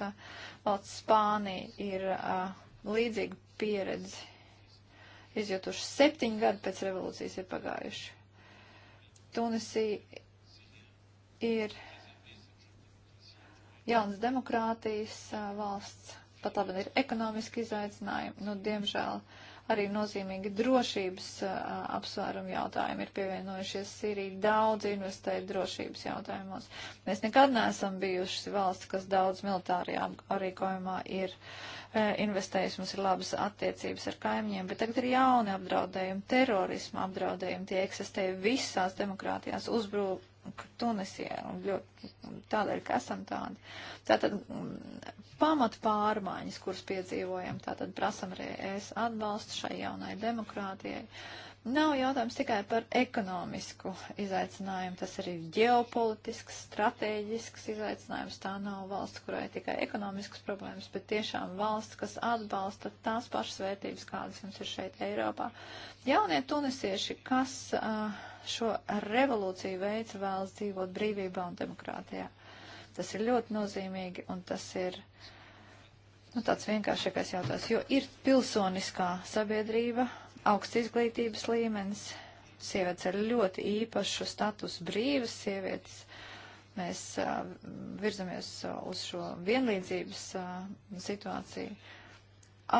valsts. Spānija ir uh, līdzīga pieredze. Izjutuši septiņi gadi pēc revolūcijas ir pagājuši. Tunisija ir jauns demokrātijas uh, valsts, pat labi ir ekonomiski izaicinājumi. Nu, diemžēl uh, Arī nozīmīgi drošības apsvērumu jautājumi ir pievienojušies Sīrija. Daudz investē drošības jautājumos. Mēs nekad neesam bijuši valsts, kas daudz militārajā arīkojumā ir e, investējusi. Mums ir labas attiecības ar kaimiņiem, bet tagad ir jauni apdraudējumi, terorisma apdraudējumi. Tie eksistē visās demokrātijās uzbrūk Tunisijai un ļoti tādēļ, ka esam tādi. Tātad mm, pamat pārmaiņas, kuras piedzīvojam, tātad prasam arī es atbalstu šai jaunai demokrātijai, Nav jautājums tikai par ekonomisku izaicinājumu, tas arī ģeopolitisks, strateģisks izaicinājums. Tā nav valsts, kurai tikai ekonomiskas problēmas, bet tiešām valsts, kas atbalsta tās pašas vērtības, kādas jums ir šeit Eiropā. Jaunie tunisieši, kas uh, šo revolūciju veica, vēlas dzīvot brīvībā un demokrātijā. Tas ir ļoti nozīmīgi un tas ir. Nu, tāds vienkāršākais jautājums, jo ir pilsoniskā sabiedrība, augsts izglītības līmenis, sievietes ar ļoti īpašu statusu brīvas sievietes. Mēs uh, virzamies uz šo vienlīdzības uh, situāciju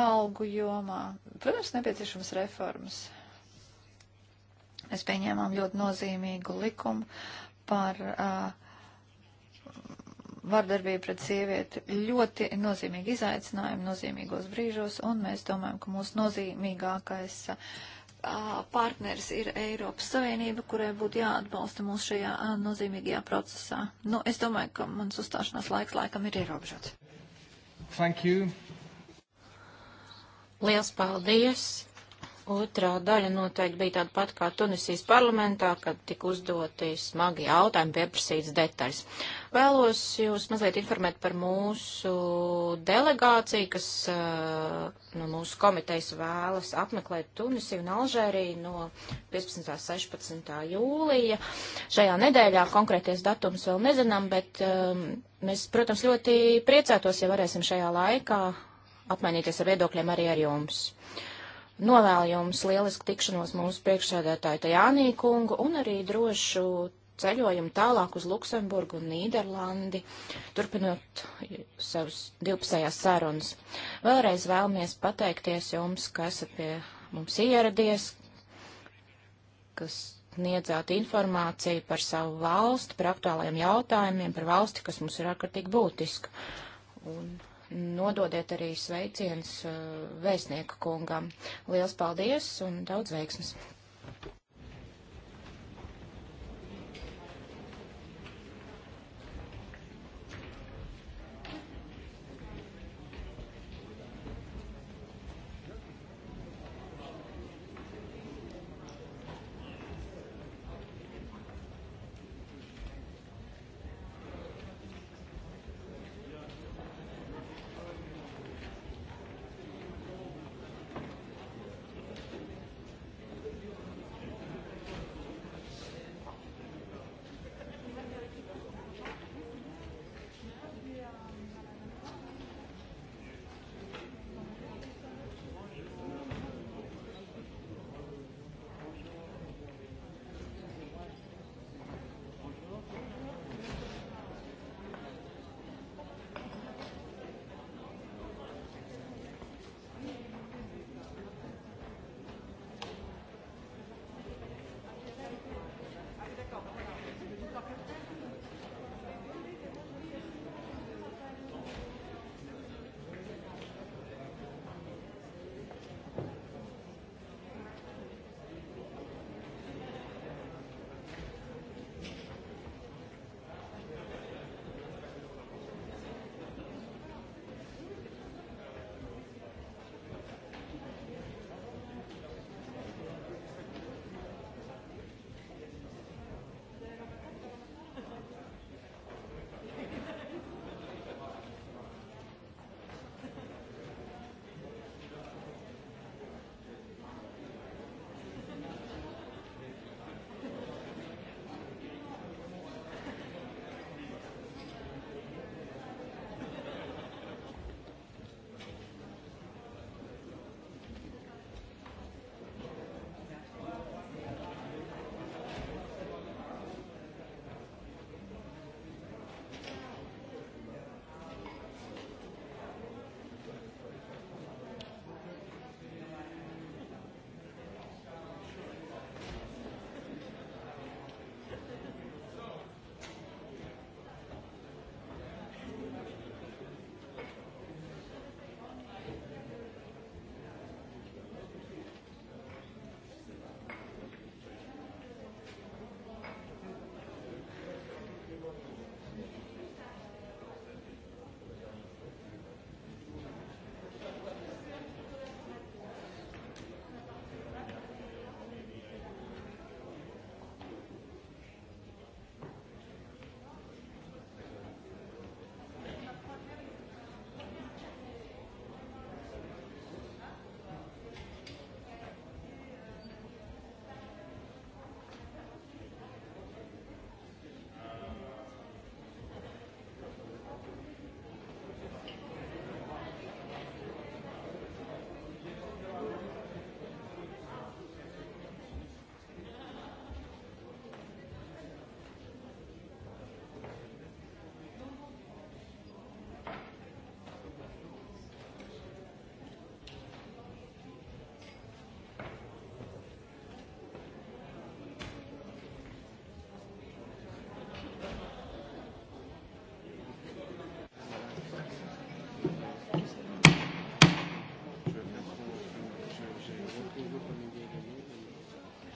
algu jomā. Protams, nepieciešams reformas. Mēs pieņēmām ļoti nozīmīgu likumu par uh, vardarbība pret sievieti ļoti nozīmīgi izaicinājumi nozīmīgos brīžos, un mēs domājam, ka mūsu nozīmīgākais a, partneris ir Eiropas Savienība, kurai būtu jāatbalsta mūs šajā a, nozīmīgajā procesā. Nu, es domāju, ka mans uzstāšanās laiks laikam ir ierobežots. Thank you. Liels paldies! Otrā daļa noteikti bija tāda pat kā Tunisijas parlamentā, kad tika uzdoti smagi jautājumi, pieprasīts detaļas. Vēlos jūs mazliet informēt par mūsu delegāciju, kas eh, no mūsu komitejas vēlas apmeklēt Tunisiju un Alžēriju no 15. 16. jūlija. Šajā nedēļā konkrēties datums vēl nezinām, bet um, mēs, protams, ļoti priecētos, ja varēsim šajā laikā apmainīties ar viedokļiem arī ar jums. Novēlu jums lielisku tikšanos mūsu priekšsēdētāju Tajānī kungu un arī drošu ceļojumu tālāk uz Luksemburgu un Nīderlandi, turpinot savus divpusējās sarunas. Vēlreiz vēlamies pateikties jums, ka esat pie mums ieradies, kas niedzāt informāciju par savu valstu, par aktuālajiem jautājumiem, par valsti, kas mums ir ārkārtīgi būtiska. Un nododiet arī sveiciens uh, vēstnieku kungam. Liels paldies un daudz veiksmes!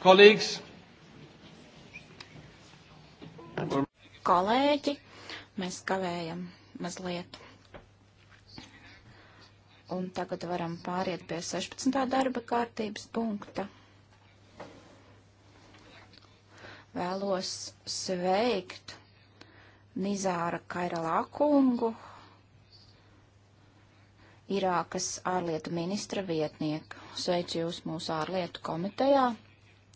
Kolēģis. Kolēģi, mēs kavējam mazliet. Un tagad varam pāriet pie 16. darba kārtības punkta. Vēlos sveikt Nizāra Kairalā kungu, Irākas ārlietu ministra vietnieku. Sveicu jūs mūsu ārlietu komitejā.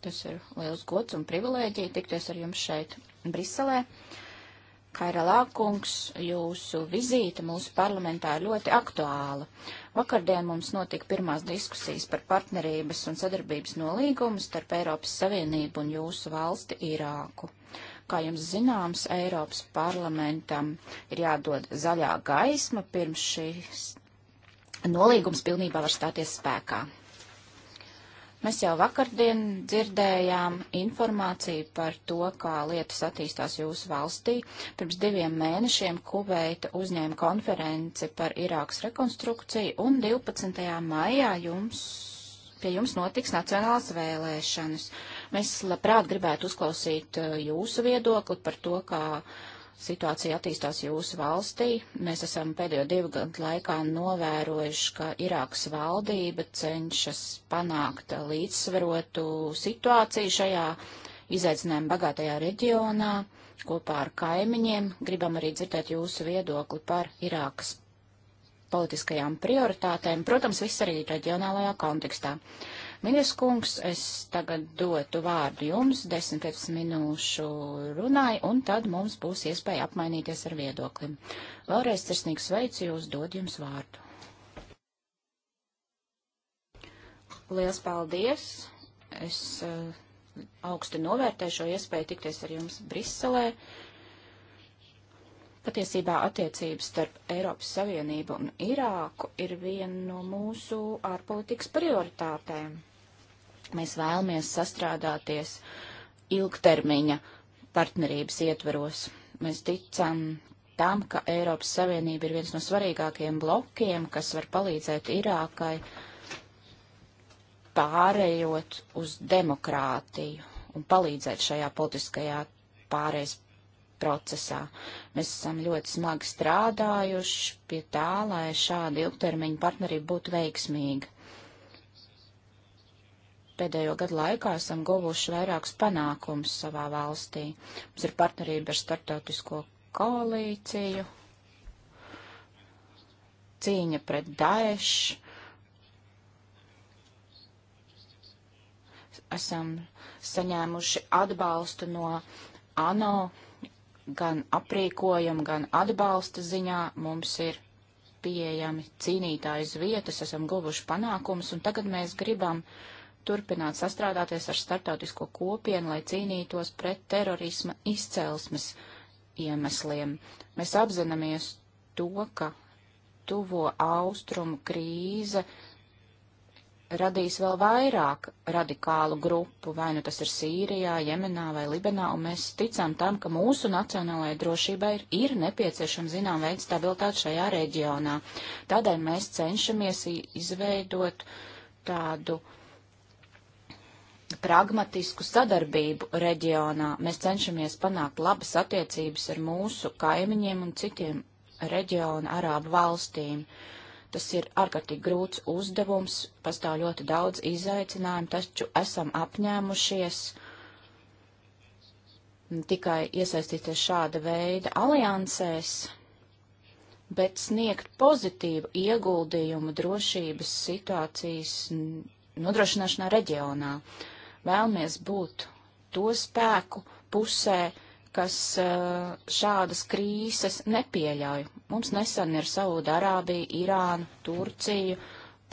Tas ir liels gods un privilēģija tikties ar jums šeit, Briselē. Kairalā kungs, jūsu vizīte mūsu parlamentā ir ļoti aktuāla. Vakardien mums notika pirmās diskusijas par partnerības un sadarbības nolīgumu starp Eiropas Savienību un jūsu valsti Irāku. Kā jums zināms, Eiropas parlamentam ir jādod zaļā gaisma pirms šīs nolīgums pilnībā var stāties spēkā. Mēs jau vakardien dzirdējām informāciju par to, kā lietas attīstās jūsu valstī. Pirms diviem mēnešiem Kuveita uzņēma konferenci par Irākas rekonstrukciju un 12. maijā jums, pie jums notiks nacionālas vēlēšanas. Mēs labprāt gribētu uzklausīt uh, jūsu viedokli par to, kā situācija attīstās jūsu valstī. Mēs esam pēdējo divu gadu laikā novērojuši, ka Irākas valdība cenšas panākt līdzsvarotu situāciju šajā izaicinājuma bagātajā reģionā kopā ar kaimiņiem. Gribam arī dzirdēt jūsu viedokli par Irākas politiskajām prioritātēm, protams, viss arī reģionālajā kontekstā. Uh, Miļas kungs, es tagad dotu vārdu jums 10-15 minūšu runai, un tad mums būs iespēja apmainīties ar viedoklim. Vēlreiz sirsnīgi sveicu jūs, dod jums vārdu. Liels paldies! Es uh, eh, augsti novērtēju šo iespēju tikties ar jums Briselē. Patiesībā attiecības starp Eiropas Savienību un Irāku ir viena no mūsu ārpolitikas prioritātēm mēs vēlamies sastrādāties ilgtermiņa partnerības ietveros. Mēs ticam tam, ka Eiropas Savienība ir viens no svarīgākajiem blokiem, kas var palīdzēt Irākai pārējot uz demokrātiju un palīdzēt šajā politiskajā pārējais procesā. Mēs esam ļoti smagi strādājuši pie tā, lai šāda ilgtermiņa partnerība būtu veiksmīga pēdējo gadu laikā esam guvuši vairākus panākumus savā valstī. Mums ir partnerība ar startautisko koalīciju, cīņa pret Daešu. Esam saņēmuši atbalstu no ANO gan aprīkojumu, gan atbalsta ziņā. Mums ir pieejami cīnītāji uz vietas, esam guvuši panākumus, un tagad mēs gribam uh, turpināt sastrādāties ar starptautisko kopienu, lai cīnītos pret terorisma izcelsmes iemesliem. Mēs apzināmies to, ka tuvo austrumu krīze radīs vēl vairāk radikālu grupu, vai nu tas ir Sīrijā, Jemenā vai Libanā, un mēs ticam tam, ka mūsu nacionālajai drošībai ir, ir nepieciešama zinām veida stabilitāte šajā reģionā. Tādēļ mēs cenšamies izveidot tādu uh, pragmatisku sadarbību reģionā. Mēs cenšamies panākt labas attiecības ar mūsu kaimiņiem un citiem reģiona arābu valstīm. Tas ir ārkārtīgi grūts uzdevums, pastāv ļoti daudz izaicinājumu, taču esam apņēmušies tikai iesaistīties šāda veida aliansēs, bet sniegt pozitīvu ieguldījumu drošības situācijas nodrošināšanā reģionā. Uh, vēlamies būt to spēku pusē, kas eh, šādas krīzes nepieļauj. Mums nesen ir Sauda Arābija, Irānu, Turciju.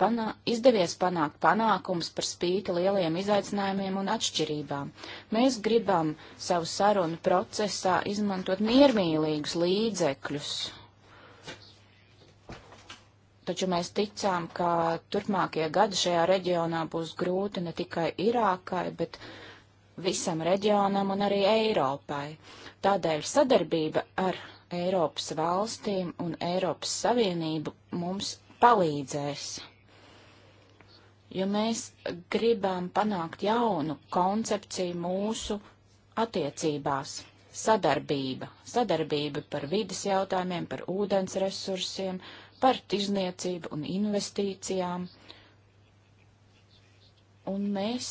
Pana, izdevies panākt panākums par spīti lieliem izaicinājumiem un atšķirībām. Mēs gribam savu sarunu procesā izmantot miermīlīgus līdzekļus, taču mēs ticām, ka turpmākie gadi šajā reģionā būs grūti ne tikai Irākai, bet visam reģionam un arī Eiropai. Tādēļ sadarbība ar Eiropas valstīm un Eiropas Savienību mums palīdzēs. Jo mēs gribam panākt jaunu koncepciju mūsu attiecībās sadarbība. Sadarbība par vidas jautājumiem, par ūdens resursiem, par tirzniecību un investīcijām. Un mēs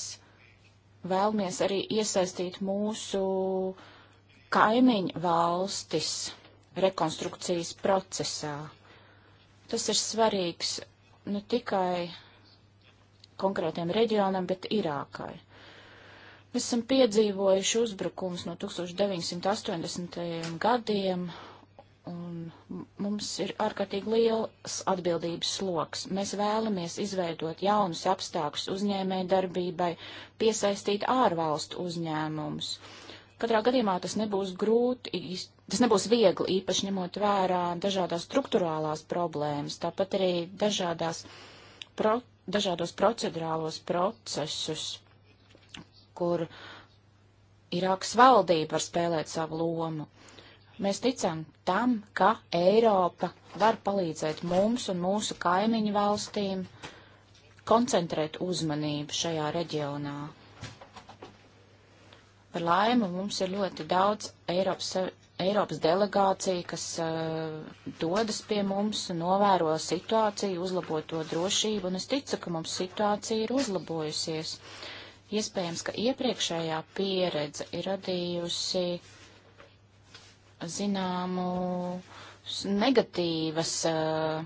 vēlamies arī iesaistīt mūsu kaimiņu valstis rekonstrukcijas procesā. Tas ir svarīgs ne tikai konkrētiem reģionam, bet Irākai. Mēs esam piedzīvojuši uzbrukums no 1980. gadiem Un mums ir ārkārtīgi liels atbildības sloks. Mēs vēlamies izveidot jaunus apstākļus uzņēmēju darbībai, piesaistīt ārvalstu uzņēmumus. Katrā gadījumā tas nebūs grūti, tas nebūs viegli, īpaši ņemot vērā dažādās struktūrālās problēmas, tāpat arī dažādās pro, dažādos procedurālos procesus, kur Irākas valdība var spēlēt savu lomu. Mēs ticam tam, ka Eiropa var palīdzēt mums un mūsu kaimiņu valstīm koncentrēt uzmanību šajā reģionā. Par laimi mums ir ļoti daudz Eiropas, Eiropas delegācija, kas uh, dodas pie mums, novēro situāciju, uzlabo to drošību, un es ticu, ka mums situācija ir uzlabojusies. Iespējams, ka iepriekšējā pieredze ir radījusi uh, zināmu negatīvas, eh,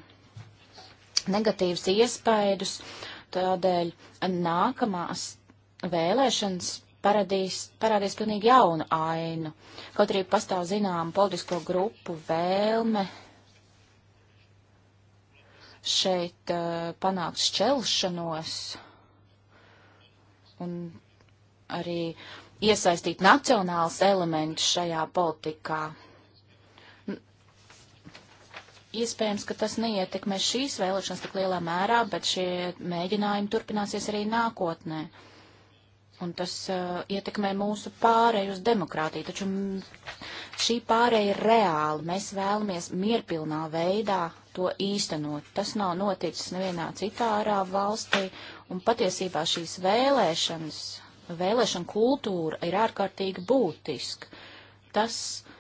negatīvas iespaidus, tādēļ nākamās vēlēšanas paradīs, parādīs pilnīgi jaunu ainu. Kaut arī pastāv zinām politisko grupu vēlme šeit uh, panākt šķelšanos un arī iesaistīt nacionāls elements šajā politikā. Iespējams, ka tas neietekmē šīs vēlēšanas tik lielā mērā, bet šie mēģinājumi turpināsies arī nākotnē. Un tas uh, ietekmē mūsu pārēju uz demokrātiju. Taču šī pārēja ir reāla. Mēs vēlamies mierpilnā veidā to īstenot. Tas nav noticis nevienā citā arābu valstī. Un patiesībā šīs vēlēšanas, vēlēšana kultūra ir ārkārtīgi būtiska. Tas uh,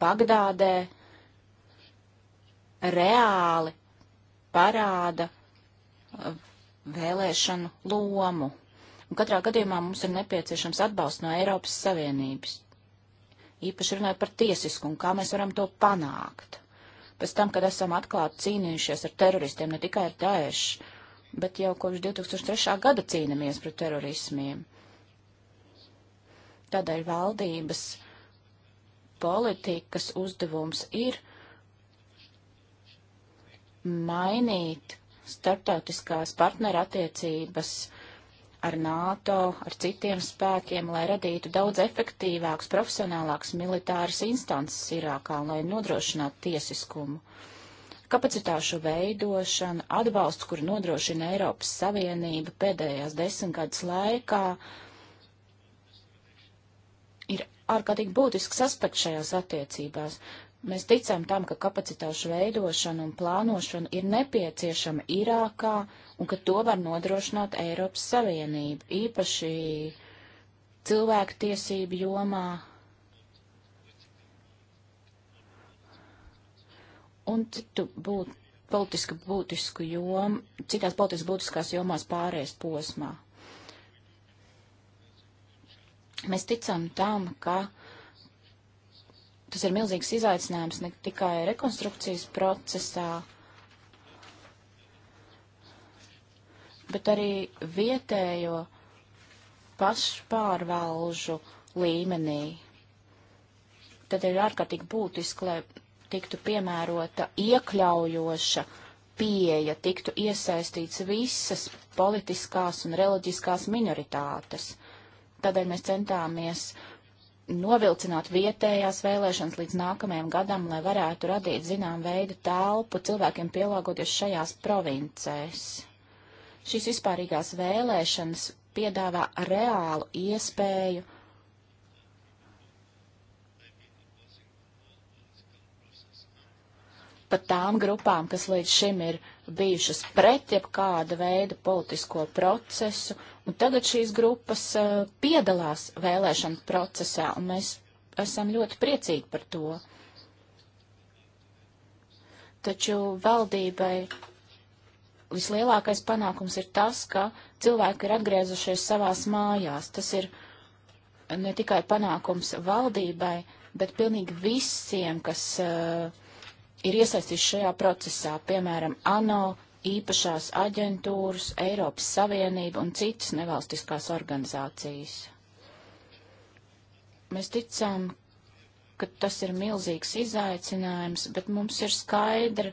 Bagdādē reāli parāda uh, vēlēšanu lomu. Un katrā gadījumā mums ir nepieciešams atbalsts no Eiropas Savienības. Īpaši runāju par tiesiskumu, kā mēs varam to panākt. Pēc tam, kad esam atklāti cīnījušies ar teroristiem, ne tikai ar Daešu, bet jau kopš 2003. gada cīnamies pret terorismiem. Tādēļ valdības uh, politikas uzdevums ir mainīt starptautiskās partnerattiecības ar NATO, ar citiem spēkiem, lai radītu daudz efektīvāks, profesionālāks militāras instances Irākā un lai nodrošinātu tiesiskumu. Kapacitāšu veidošana, atbalsts, kur nodrošina Eiropas Savienība pēdējās desmitgades laikā, uh, ārkārtīgi būtisks aspekts šajās attiecībās. Mēs ticam tam, ka kapacitāšu veidošana un plānošana ir nepieciešama Irākā un ka to var nodrošināt Eiropas Savienība, īpaši cilvēku tiesību jomā. Un citu būt, politiski būtisku jomu, citās politiski būtiskās jomās pārējais posmā. Mēs ticam tam, ka tas ir milzīgs izaicinājums ne tikai rekonstrukcijas procesā, bet arī vietējo pašpārvalžu līmenī. Tad ir ārkārtīgi būtiski, lai tiktu piemērota iekļaujoša pieeja, tiktu iesaistīts visas politiskās un reliģiskās minoritātes. Tādēļ mēs centāmies novilcināt vietējās vēlēšanas līdz nākamajam gadam, lai varētu radīt zinām veidu telpu cilvēkiem pielāgoties šajās provincēs. Šīs vispārīgās vēlēšanas piedāvā reālu iespēju pat tām grupām, kas līdz šim ir bijušas pret jebkāda veida politisko procesu, uh, Un tagad šīs grupas uh, piedalās vēlēšanu procesā, un mēs esam ļoti priecīgi par to. Taču valdībai vislielākais panākums ir tas, ka cilvēki ir atgriezušies savās mājās. Tas ir ne tikai panākums valdībai, bet pilnīgi visiem, kas uh, ir iesaistīts šajā procesā, piemēram, ANO īpašās aģentūras, Eiropas Savienība un citas nevalstiskās organizācijas. Mēs ticam, ka tas ir milzīgs izaicinājums, bet mums ir skaidra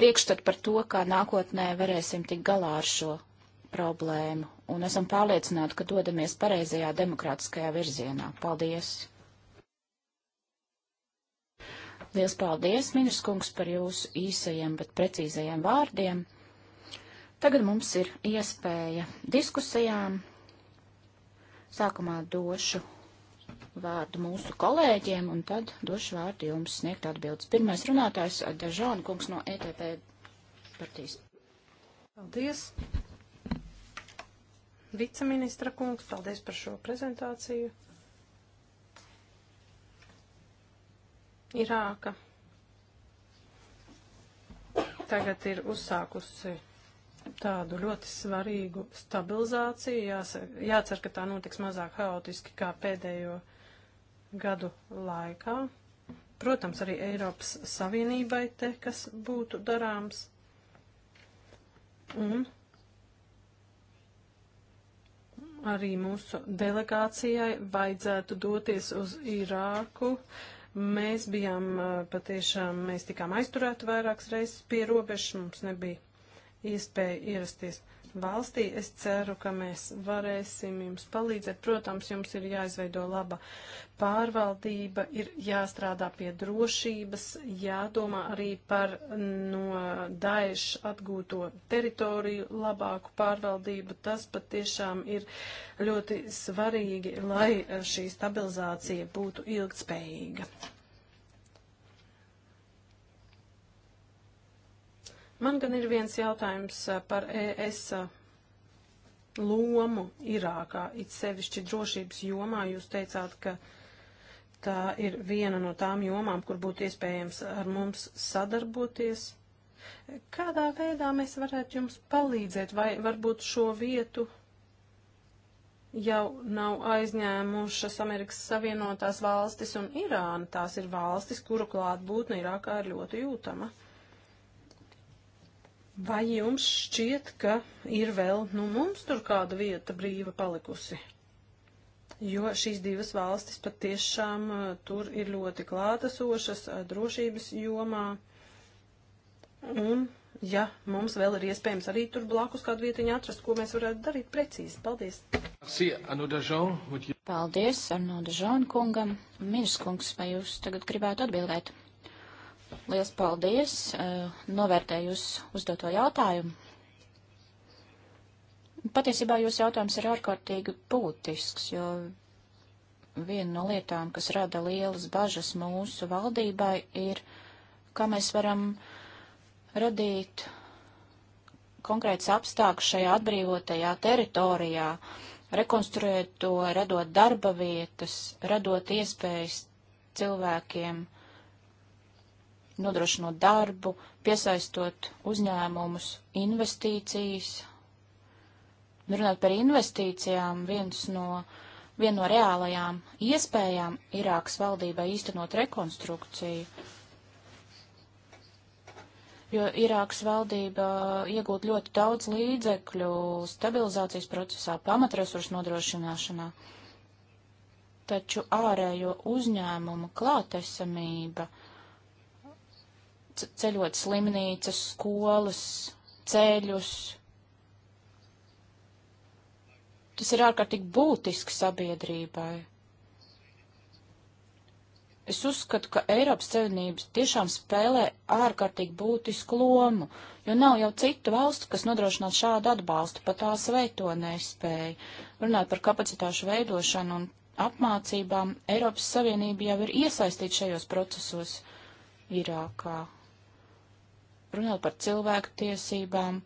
priekšstata par to, kā nākotnē varēsim tikt galā ar šo problēmu, un esam pārliecināti, ka dodamies pareizajā demokrātiskajā virzienā. Paldies! Liels paldies, ministrs kungs, par jūsu īsajiem, bet precīzajiem vārdiem! Tagad mums ir iespēja diskusijām. Sākumā došu vārdu mūsu kolēģiem, un tad došu vārdu jums sniegt atbildes. Pirmais runātājs - Dažāna kungs no ETP partijas. Paldies! Viceministra kungs, paldies par šo prezentāciju. Irāka tagad ir uzsākusi tādu ļoti svarīgu stabilizāciju. Jāsaka, jācer, ka tā notiks mazāk haotiski kā pēdējo gadu laikā. Protams, arī Eiropas Savienībai te, kas būtu darāms. Un arī mūsu delegācijai vajadzētu doties uz Irāku. Mēs bijām patiešām, mēs tikām aizturēti vairākas reizes pie robežas, mums nebija iespēju ierasties valstī. Es ceru, ka mēs varēsim jums palīdzēt. Protams, jums ir jāizveido laba pārvaldība, ir jāstrādā pie drošības, jādomā arī par no Daesh atgūto teritoriju labāku pārvaldību. Tas pat tiešām ir ļoti svarīgi, lai šī stabilizācija būtu ilgtspējīga. Man gan ir viens jautājums eh, par ES eh, lomu Irākā, it sevišķi drošības jomā. Jūs teicāt, ka tā ir viena no tām jomām, kur būtu iespējams ar mums sadarboties. Kādā veidā mēs varētu jums palīdzēt, vai varbūt šo vietu jau nav aizņēmušas Amerikas Savienotās valstis un Irāna? Tās ir valstis, kuru klātbūtne Irākā ir ļoti jūtama. Vai jums šķiet, ka ir vēl, nu, mums tur kāda vieta brīva palikusi? Jo šīs divas valstis patiešām eh, tur ir ļoti klātesošas eh, drošības jomā. Un, ja mums vēl ir iespējams arī tur blakus kādu vietiņu atrast, ko mēs varētu darīt precīzi. Paldies! Paldies, Arnolda Žona kungam. Mirs kungs, vai jūs tagad gribētu atbildēt? Liels paldies! Eh, novērtēju uz uzdoto jautājumu. Patiesībā jūsu jautājums ir ārkārtīgi būtisks, jo viena no lietām, kas rada lielas bažas mūsu valdībai, ir, kā mēs varam radīt konkrēts apstākļus šajā atbrīvotajā teritorijā, rekonstruēt to, radot darba vietas, radot iespējas cilvēkiem uh, nodrošinot darbu, piesaistot uzņēmumus, investīcijas. Nu, runāt par investīcijām, viens no, viena no reālajām iespējām Irākas valdībai īstenot rekonstrukciju. Jo Irākas valdība iegūt ļoti daudz līdzekļu stabilizācijas procesā, pamatresursu nodrošināšanā. Taču ārējo uzņēmumu klātesamība uh, ceļot slimnīcas, skolas, ceļus. Tas ir ārkārtīgi būtiski sabiedrībai. Es uzskatu, ka Eiropas Savienības tiešām spēlē ārkārtīgi būtisku lomu, jo nav jau citu valstu, kas nodrošinātu šādu atbalstu, pat tās vai to nespēja. Runāt par kapacitāšu veidošanu un apmācībām, Eiropas Savienība jau ir iesaistīta šajos procesos Irākā runāt par cilvēku tiesībām,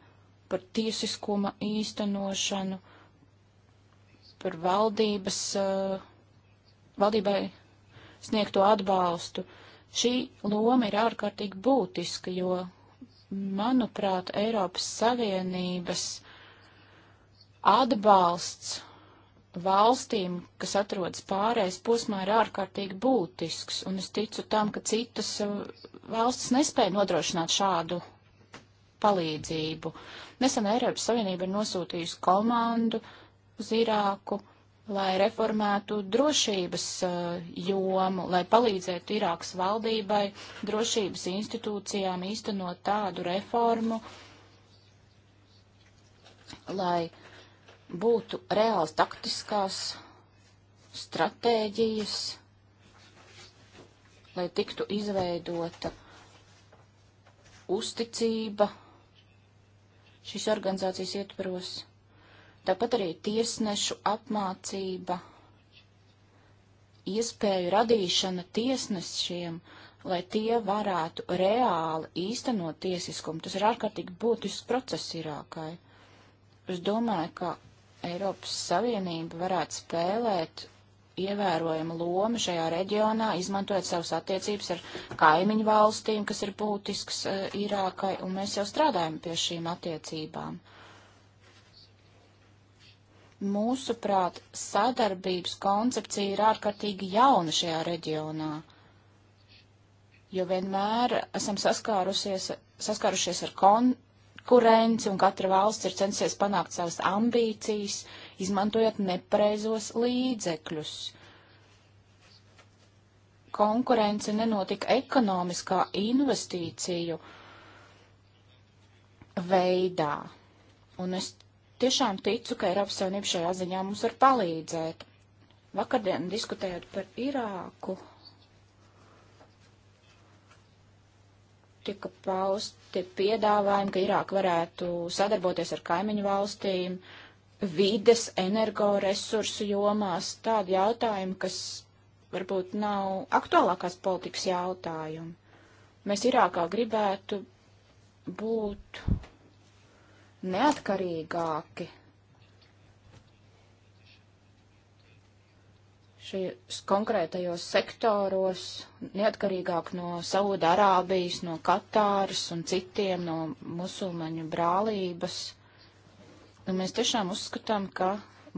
par tiesiskuma īstenošanu, par valdības, eh, valdībai sniegto atbalstu. Šī loma ir ārkārtīgi būtiska, jo, manuprāt, Eiropas Savienības atbalsts valstīm, kas atrodas pārējais posmā, ir ārkārtīgi būtisks, un es ticu tam, ka citas uh, valstis nespēja nodrošināt šādu palīdzību. Nesen Eiropas Savienība ir nosūtījusi komandu uz Irāku, lai reformētu drošības uh, jomu, lai palīdzētu Irākas valdībai, drošības institūcijām īstenot tādu reformu, lai uh, būtu reāls taktiskās stratēģijas, lai tiktu izveidota uzticība šīs organizācijas ietvaros, tāpat arī tiesnešu apmācība, iespēju radīšana tiesnešiem, lai tie varētu reāli īstenot tiesiskumu. Tas ir ārkārtīgi būtisks process Irākai. Es domāju, ka Eiropas Savienība varētu spēlēt ievērojama loma šajā reģionā, izmantojot savas attiecības ar kaimiņu valstīm, kas ir būtisks e, Irākai, un mēs jau strādājam pie šīm attiecībām. Mūsuprāt, sadarbības koncepcija ir ārkārtīgi jauna šajā reģionā, jo vienmēr esam saskārusies, saskārušies ar koncepciju konkurence, un katra valsts ir censies panākt savas ambīcijas, izmantojot nepareizos līdzekļus. Konkurence nenotika ekonomiskā investīciju veidā, un es tiešām ticu, ka Eiropas Savienība šajā ziņā mums var palīdzēt. Vakardien diskutējot par Irāku, tika pausti piedāvājumi, ka Irāka varētu sadarboties ar kaimiņu valstīm, vides, energoresursu jomās, tādi jautājumi, kas varbūt nav aktuālākās politikas jautājumi. Mēs Irākā gribētu būt neatkarīgāki šajos konkrētajos sektoros, neatkarīgāk no Saudārābijas, no Katāras un citiem, no musulmaņu brālības. Un nu, mēs tiešām uzskatām, ka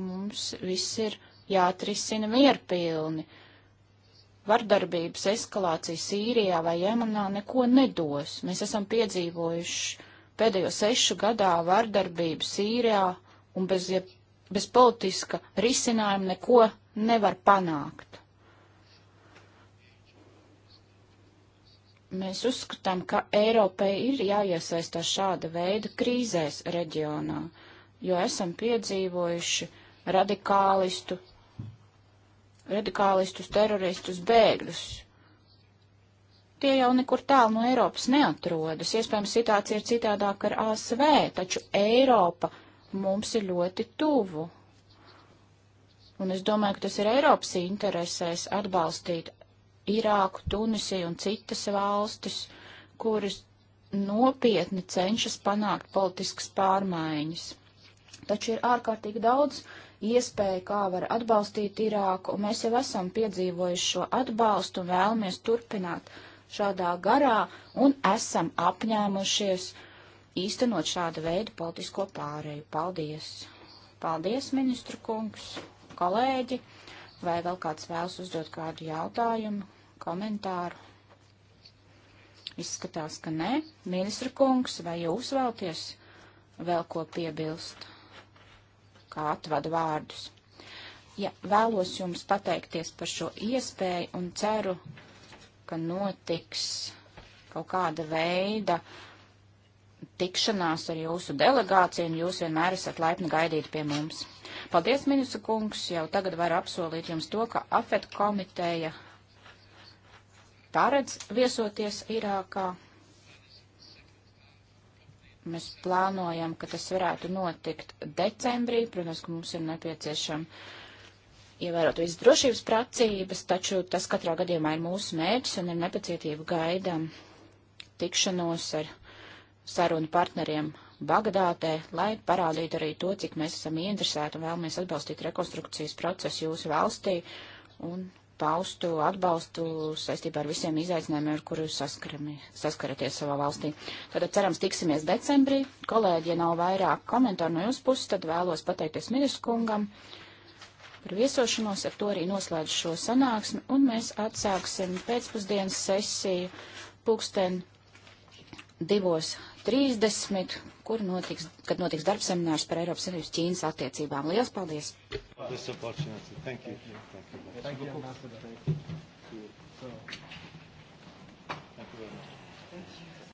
mums viss ir jāatrisina mierpilni. Vardarbības eskalācija Sīrijā vai Jemenā neko nedos. Mēs esam piedzīvojuši pēdējo sešu gadā vardarbību Sīrijā un bez, bez politiska risinājuma neko nedos nevar panākt. Mēs uzskatām, ka Eiropai ir jāiesaistās šāda veida krīzēs reģionā, jo esam piedzīvojuši radikālistu, radikālistus, teroristus, bēgļus. Tie jau nekur tālu no Eiropas neatrodas. Iespējams, situācija ir citādāka ar ASV, taču Eiropa mums ir ļoti tuvu. Un es domāju, ka tas ir Eiropas interesēs atbalstīt Irāku, Tunisiju un citas valstis, kuras nopietni cenšas panākt politiskas pārmaiņas. Taču ir ārkārtīgi daudz iespēju, kā var atbalstīt Irāku, un mēs jau esam piedzīvojuši šo atbalstu un vēlamies turpināt šādā garā un esam apņēmušies īstenot šādu veidu politisko pārēju. Paldies! Paldies, ministru kungs! kolēģi, vai vēl kāds vēlas uzdot kādu jautājumu, komentāru. Izskatās, ka nē. Ministra kungs, vai jūs vēlties vēl ko piebilst? Kā atvada vārdus? Ja vēlos jums pateikties par šo iespēju un ceru, ka notiks kaut kāda veida tikšanās ar jūsu delegāciju, un jūs vienmēr esat laipni gaidīti pie mums. Paldies, ministra kungs, jau tagad varu apsolīt jums to, ka AFET komiteja paredz viesoties Irākā. Mēs plānojam, ka tas varētu notikt decembrī. Protams, ka mums ir nepieciešama ievērot visas drošības pracības, taču tas katrā gadījumā ir mūsu mērķis un ir nepacietība gaidām tikšanos ar sarunu partneriem Bagdādē, lai parādītu arī to, cik mēs esam ieinteresēti un vēlamies atbalstīt rekonstrukcijas procesu jūsu valstī un paustu atbalstu saistībā ar visiem izaicinājumiem, ar kuru jūs saskaraties savā valstī. Tātad cerams tiksimies decembrī. Kolēģi, ja nav vairāk komentāru no jūsu puses, tad vēlos pateikties ministru kungam par viesošanos. Ar to arī noslēdz šo sanāksmi, un mēs atsāksim pēcpusdienas sesiju pulksten divos 30, kur notiks, kad notiks darbs seminārs par Eiropas Savienības Ķīnas attiecībām. Lielas paldies! Thank you. Thank you. Thank you.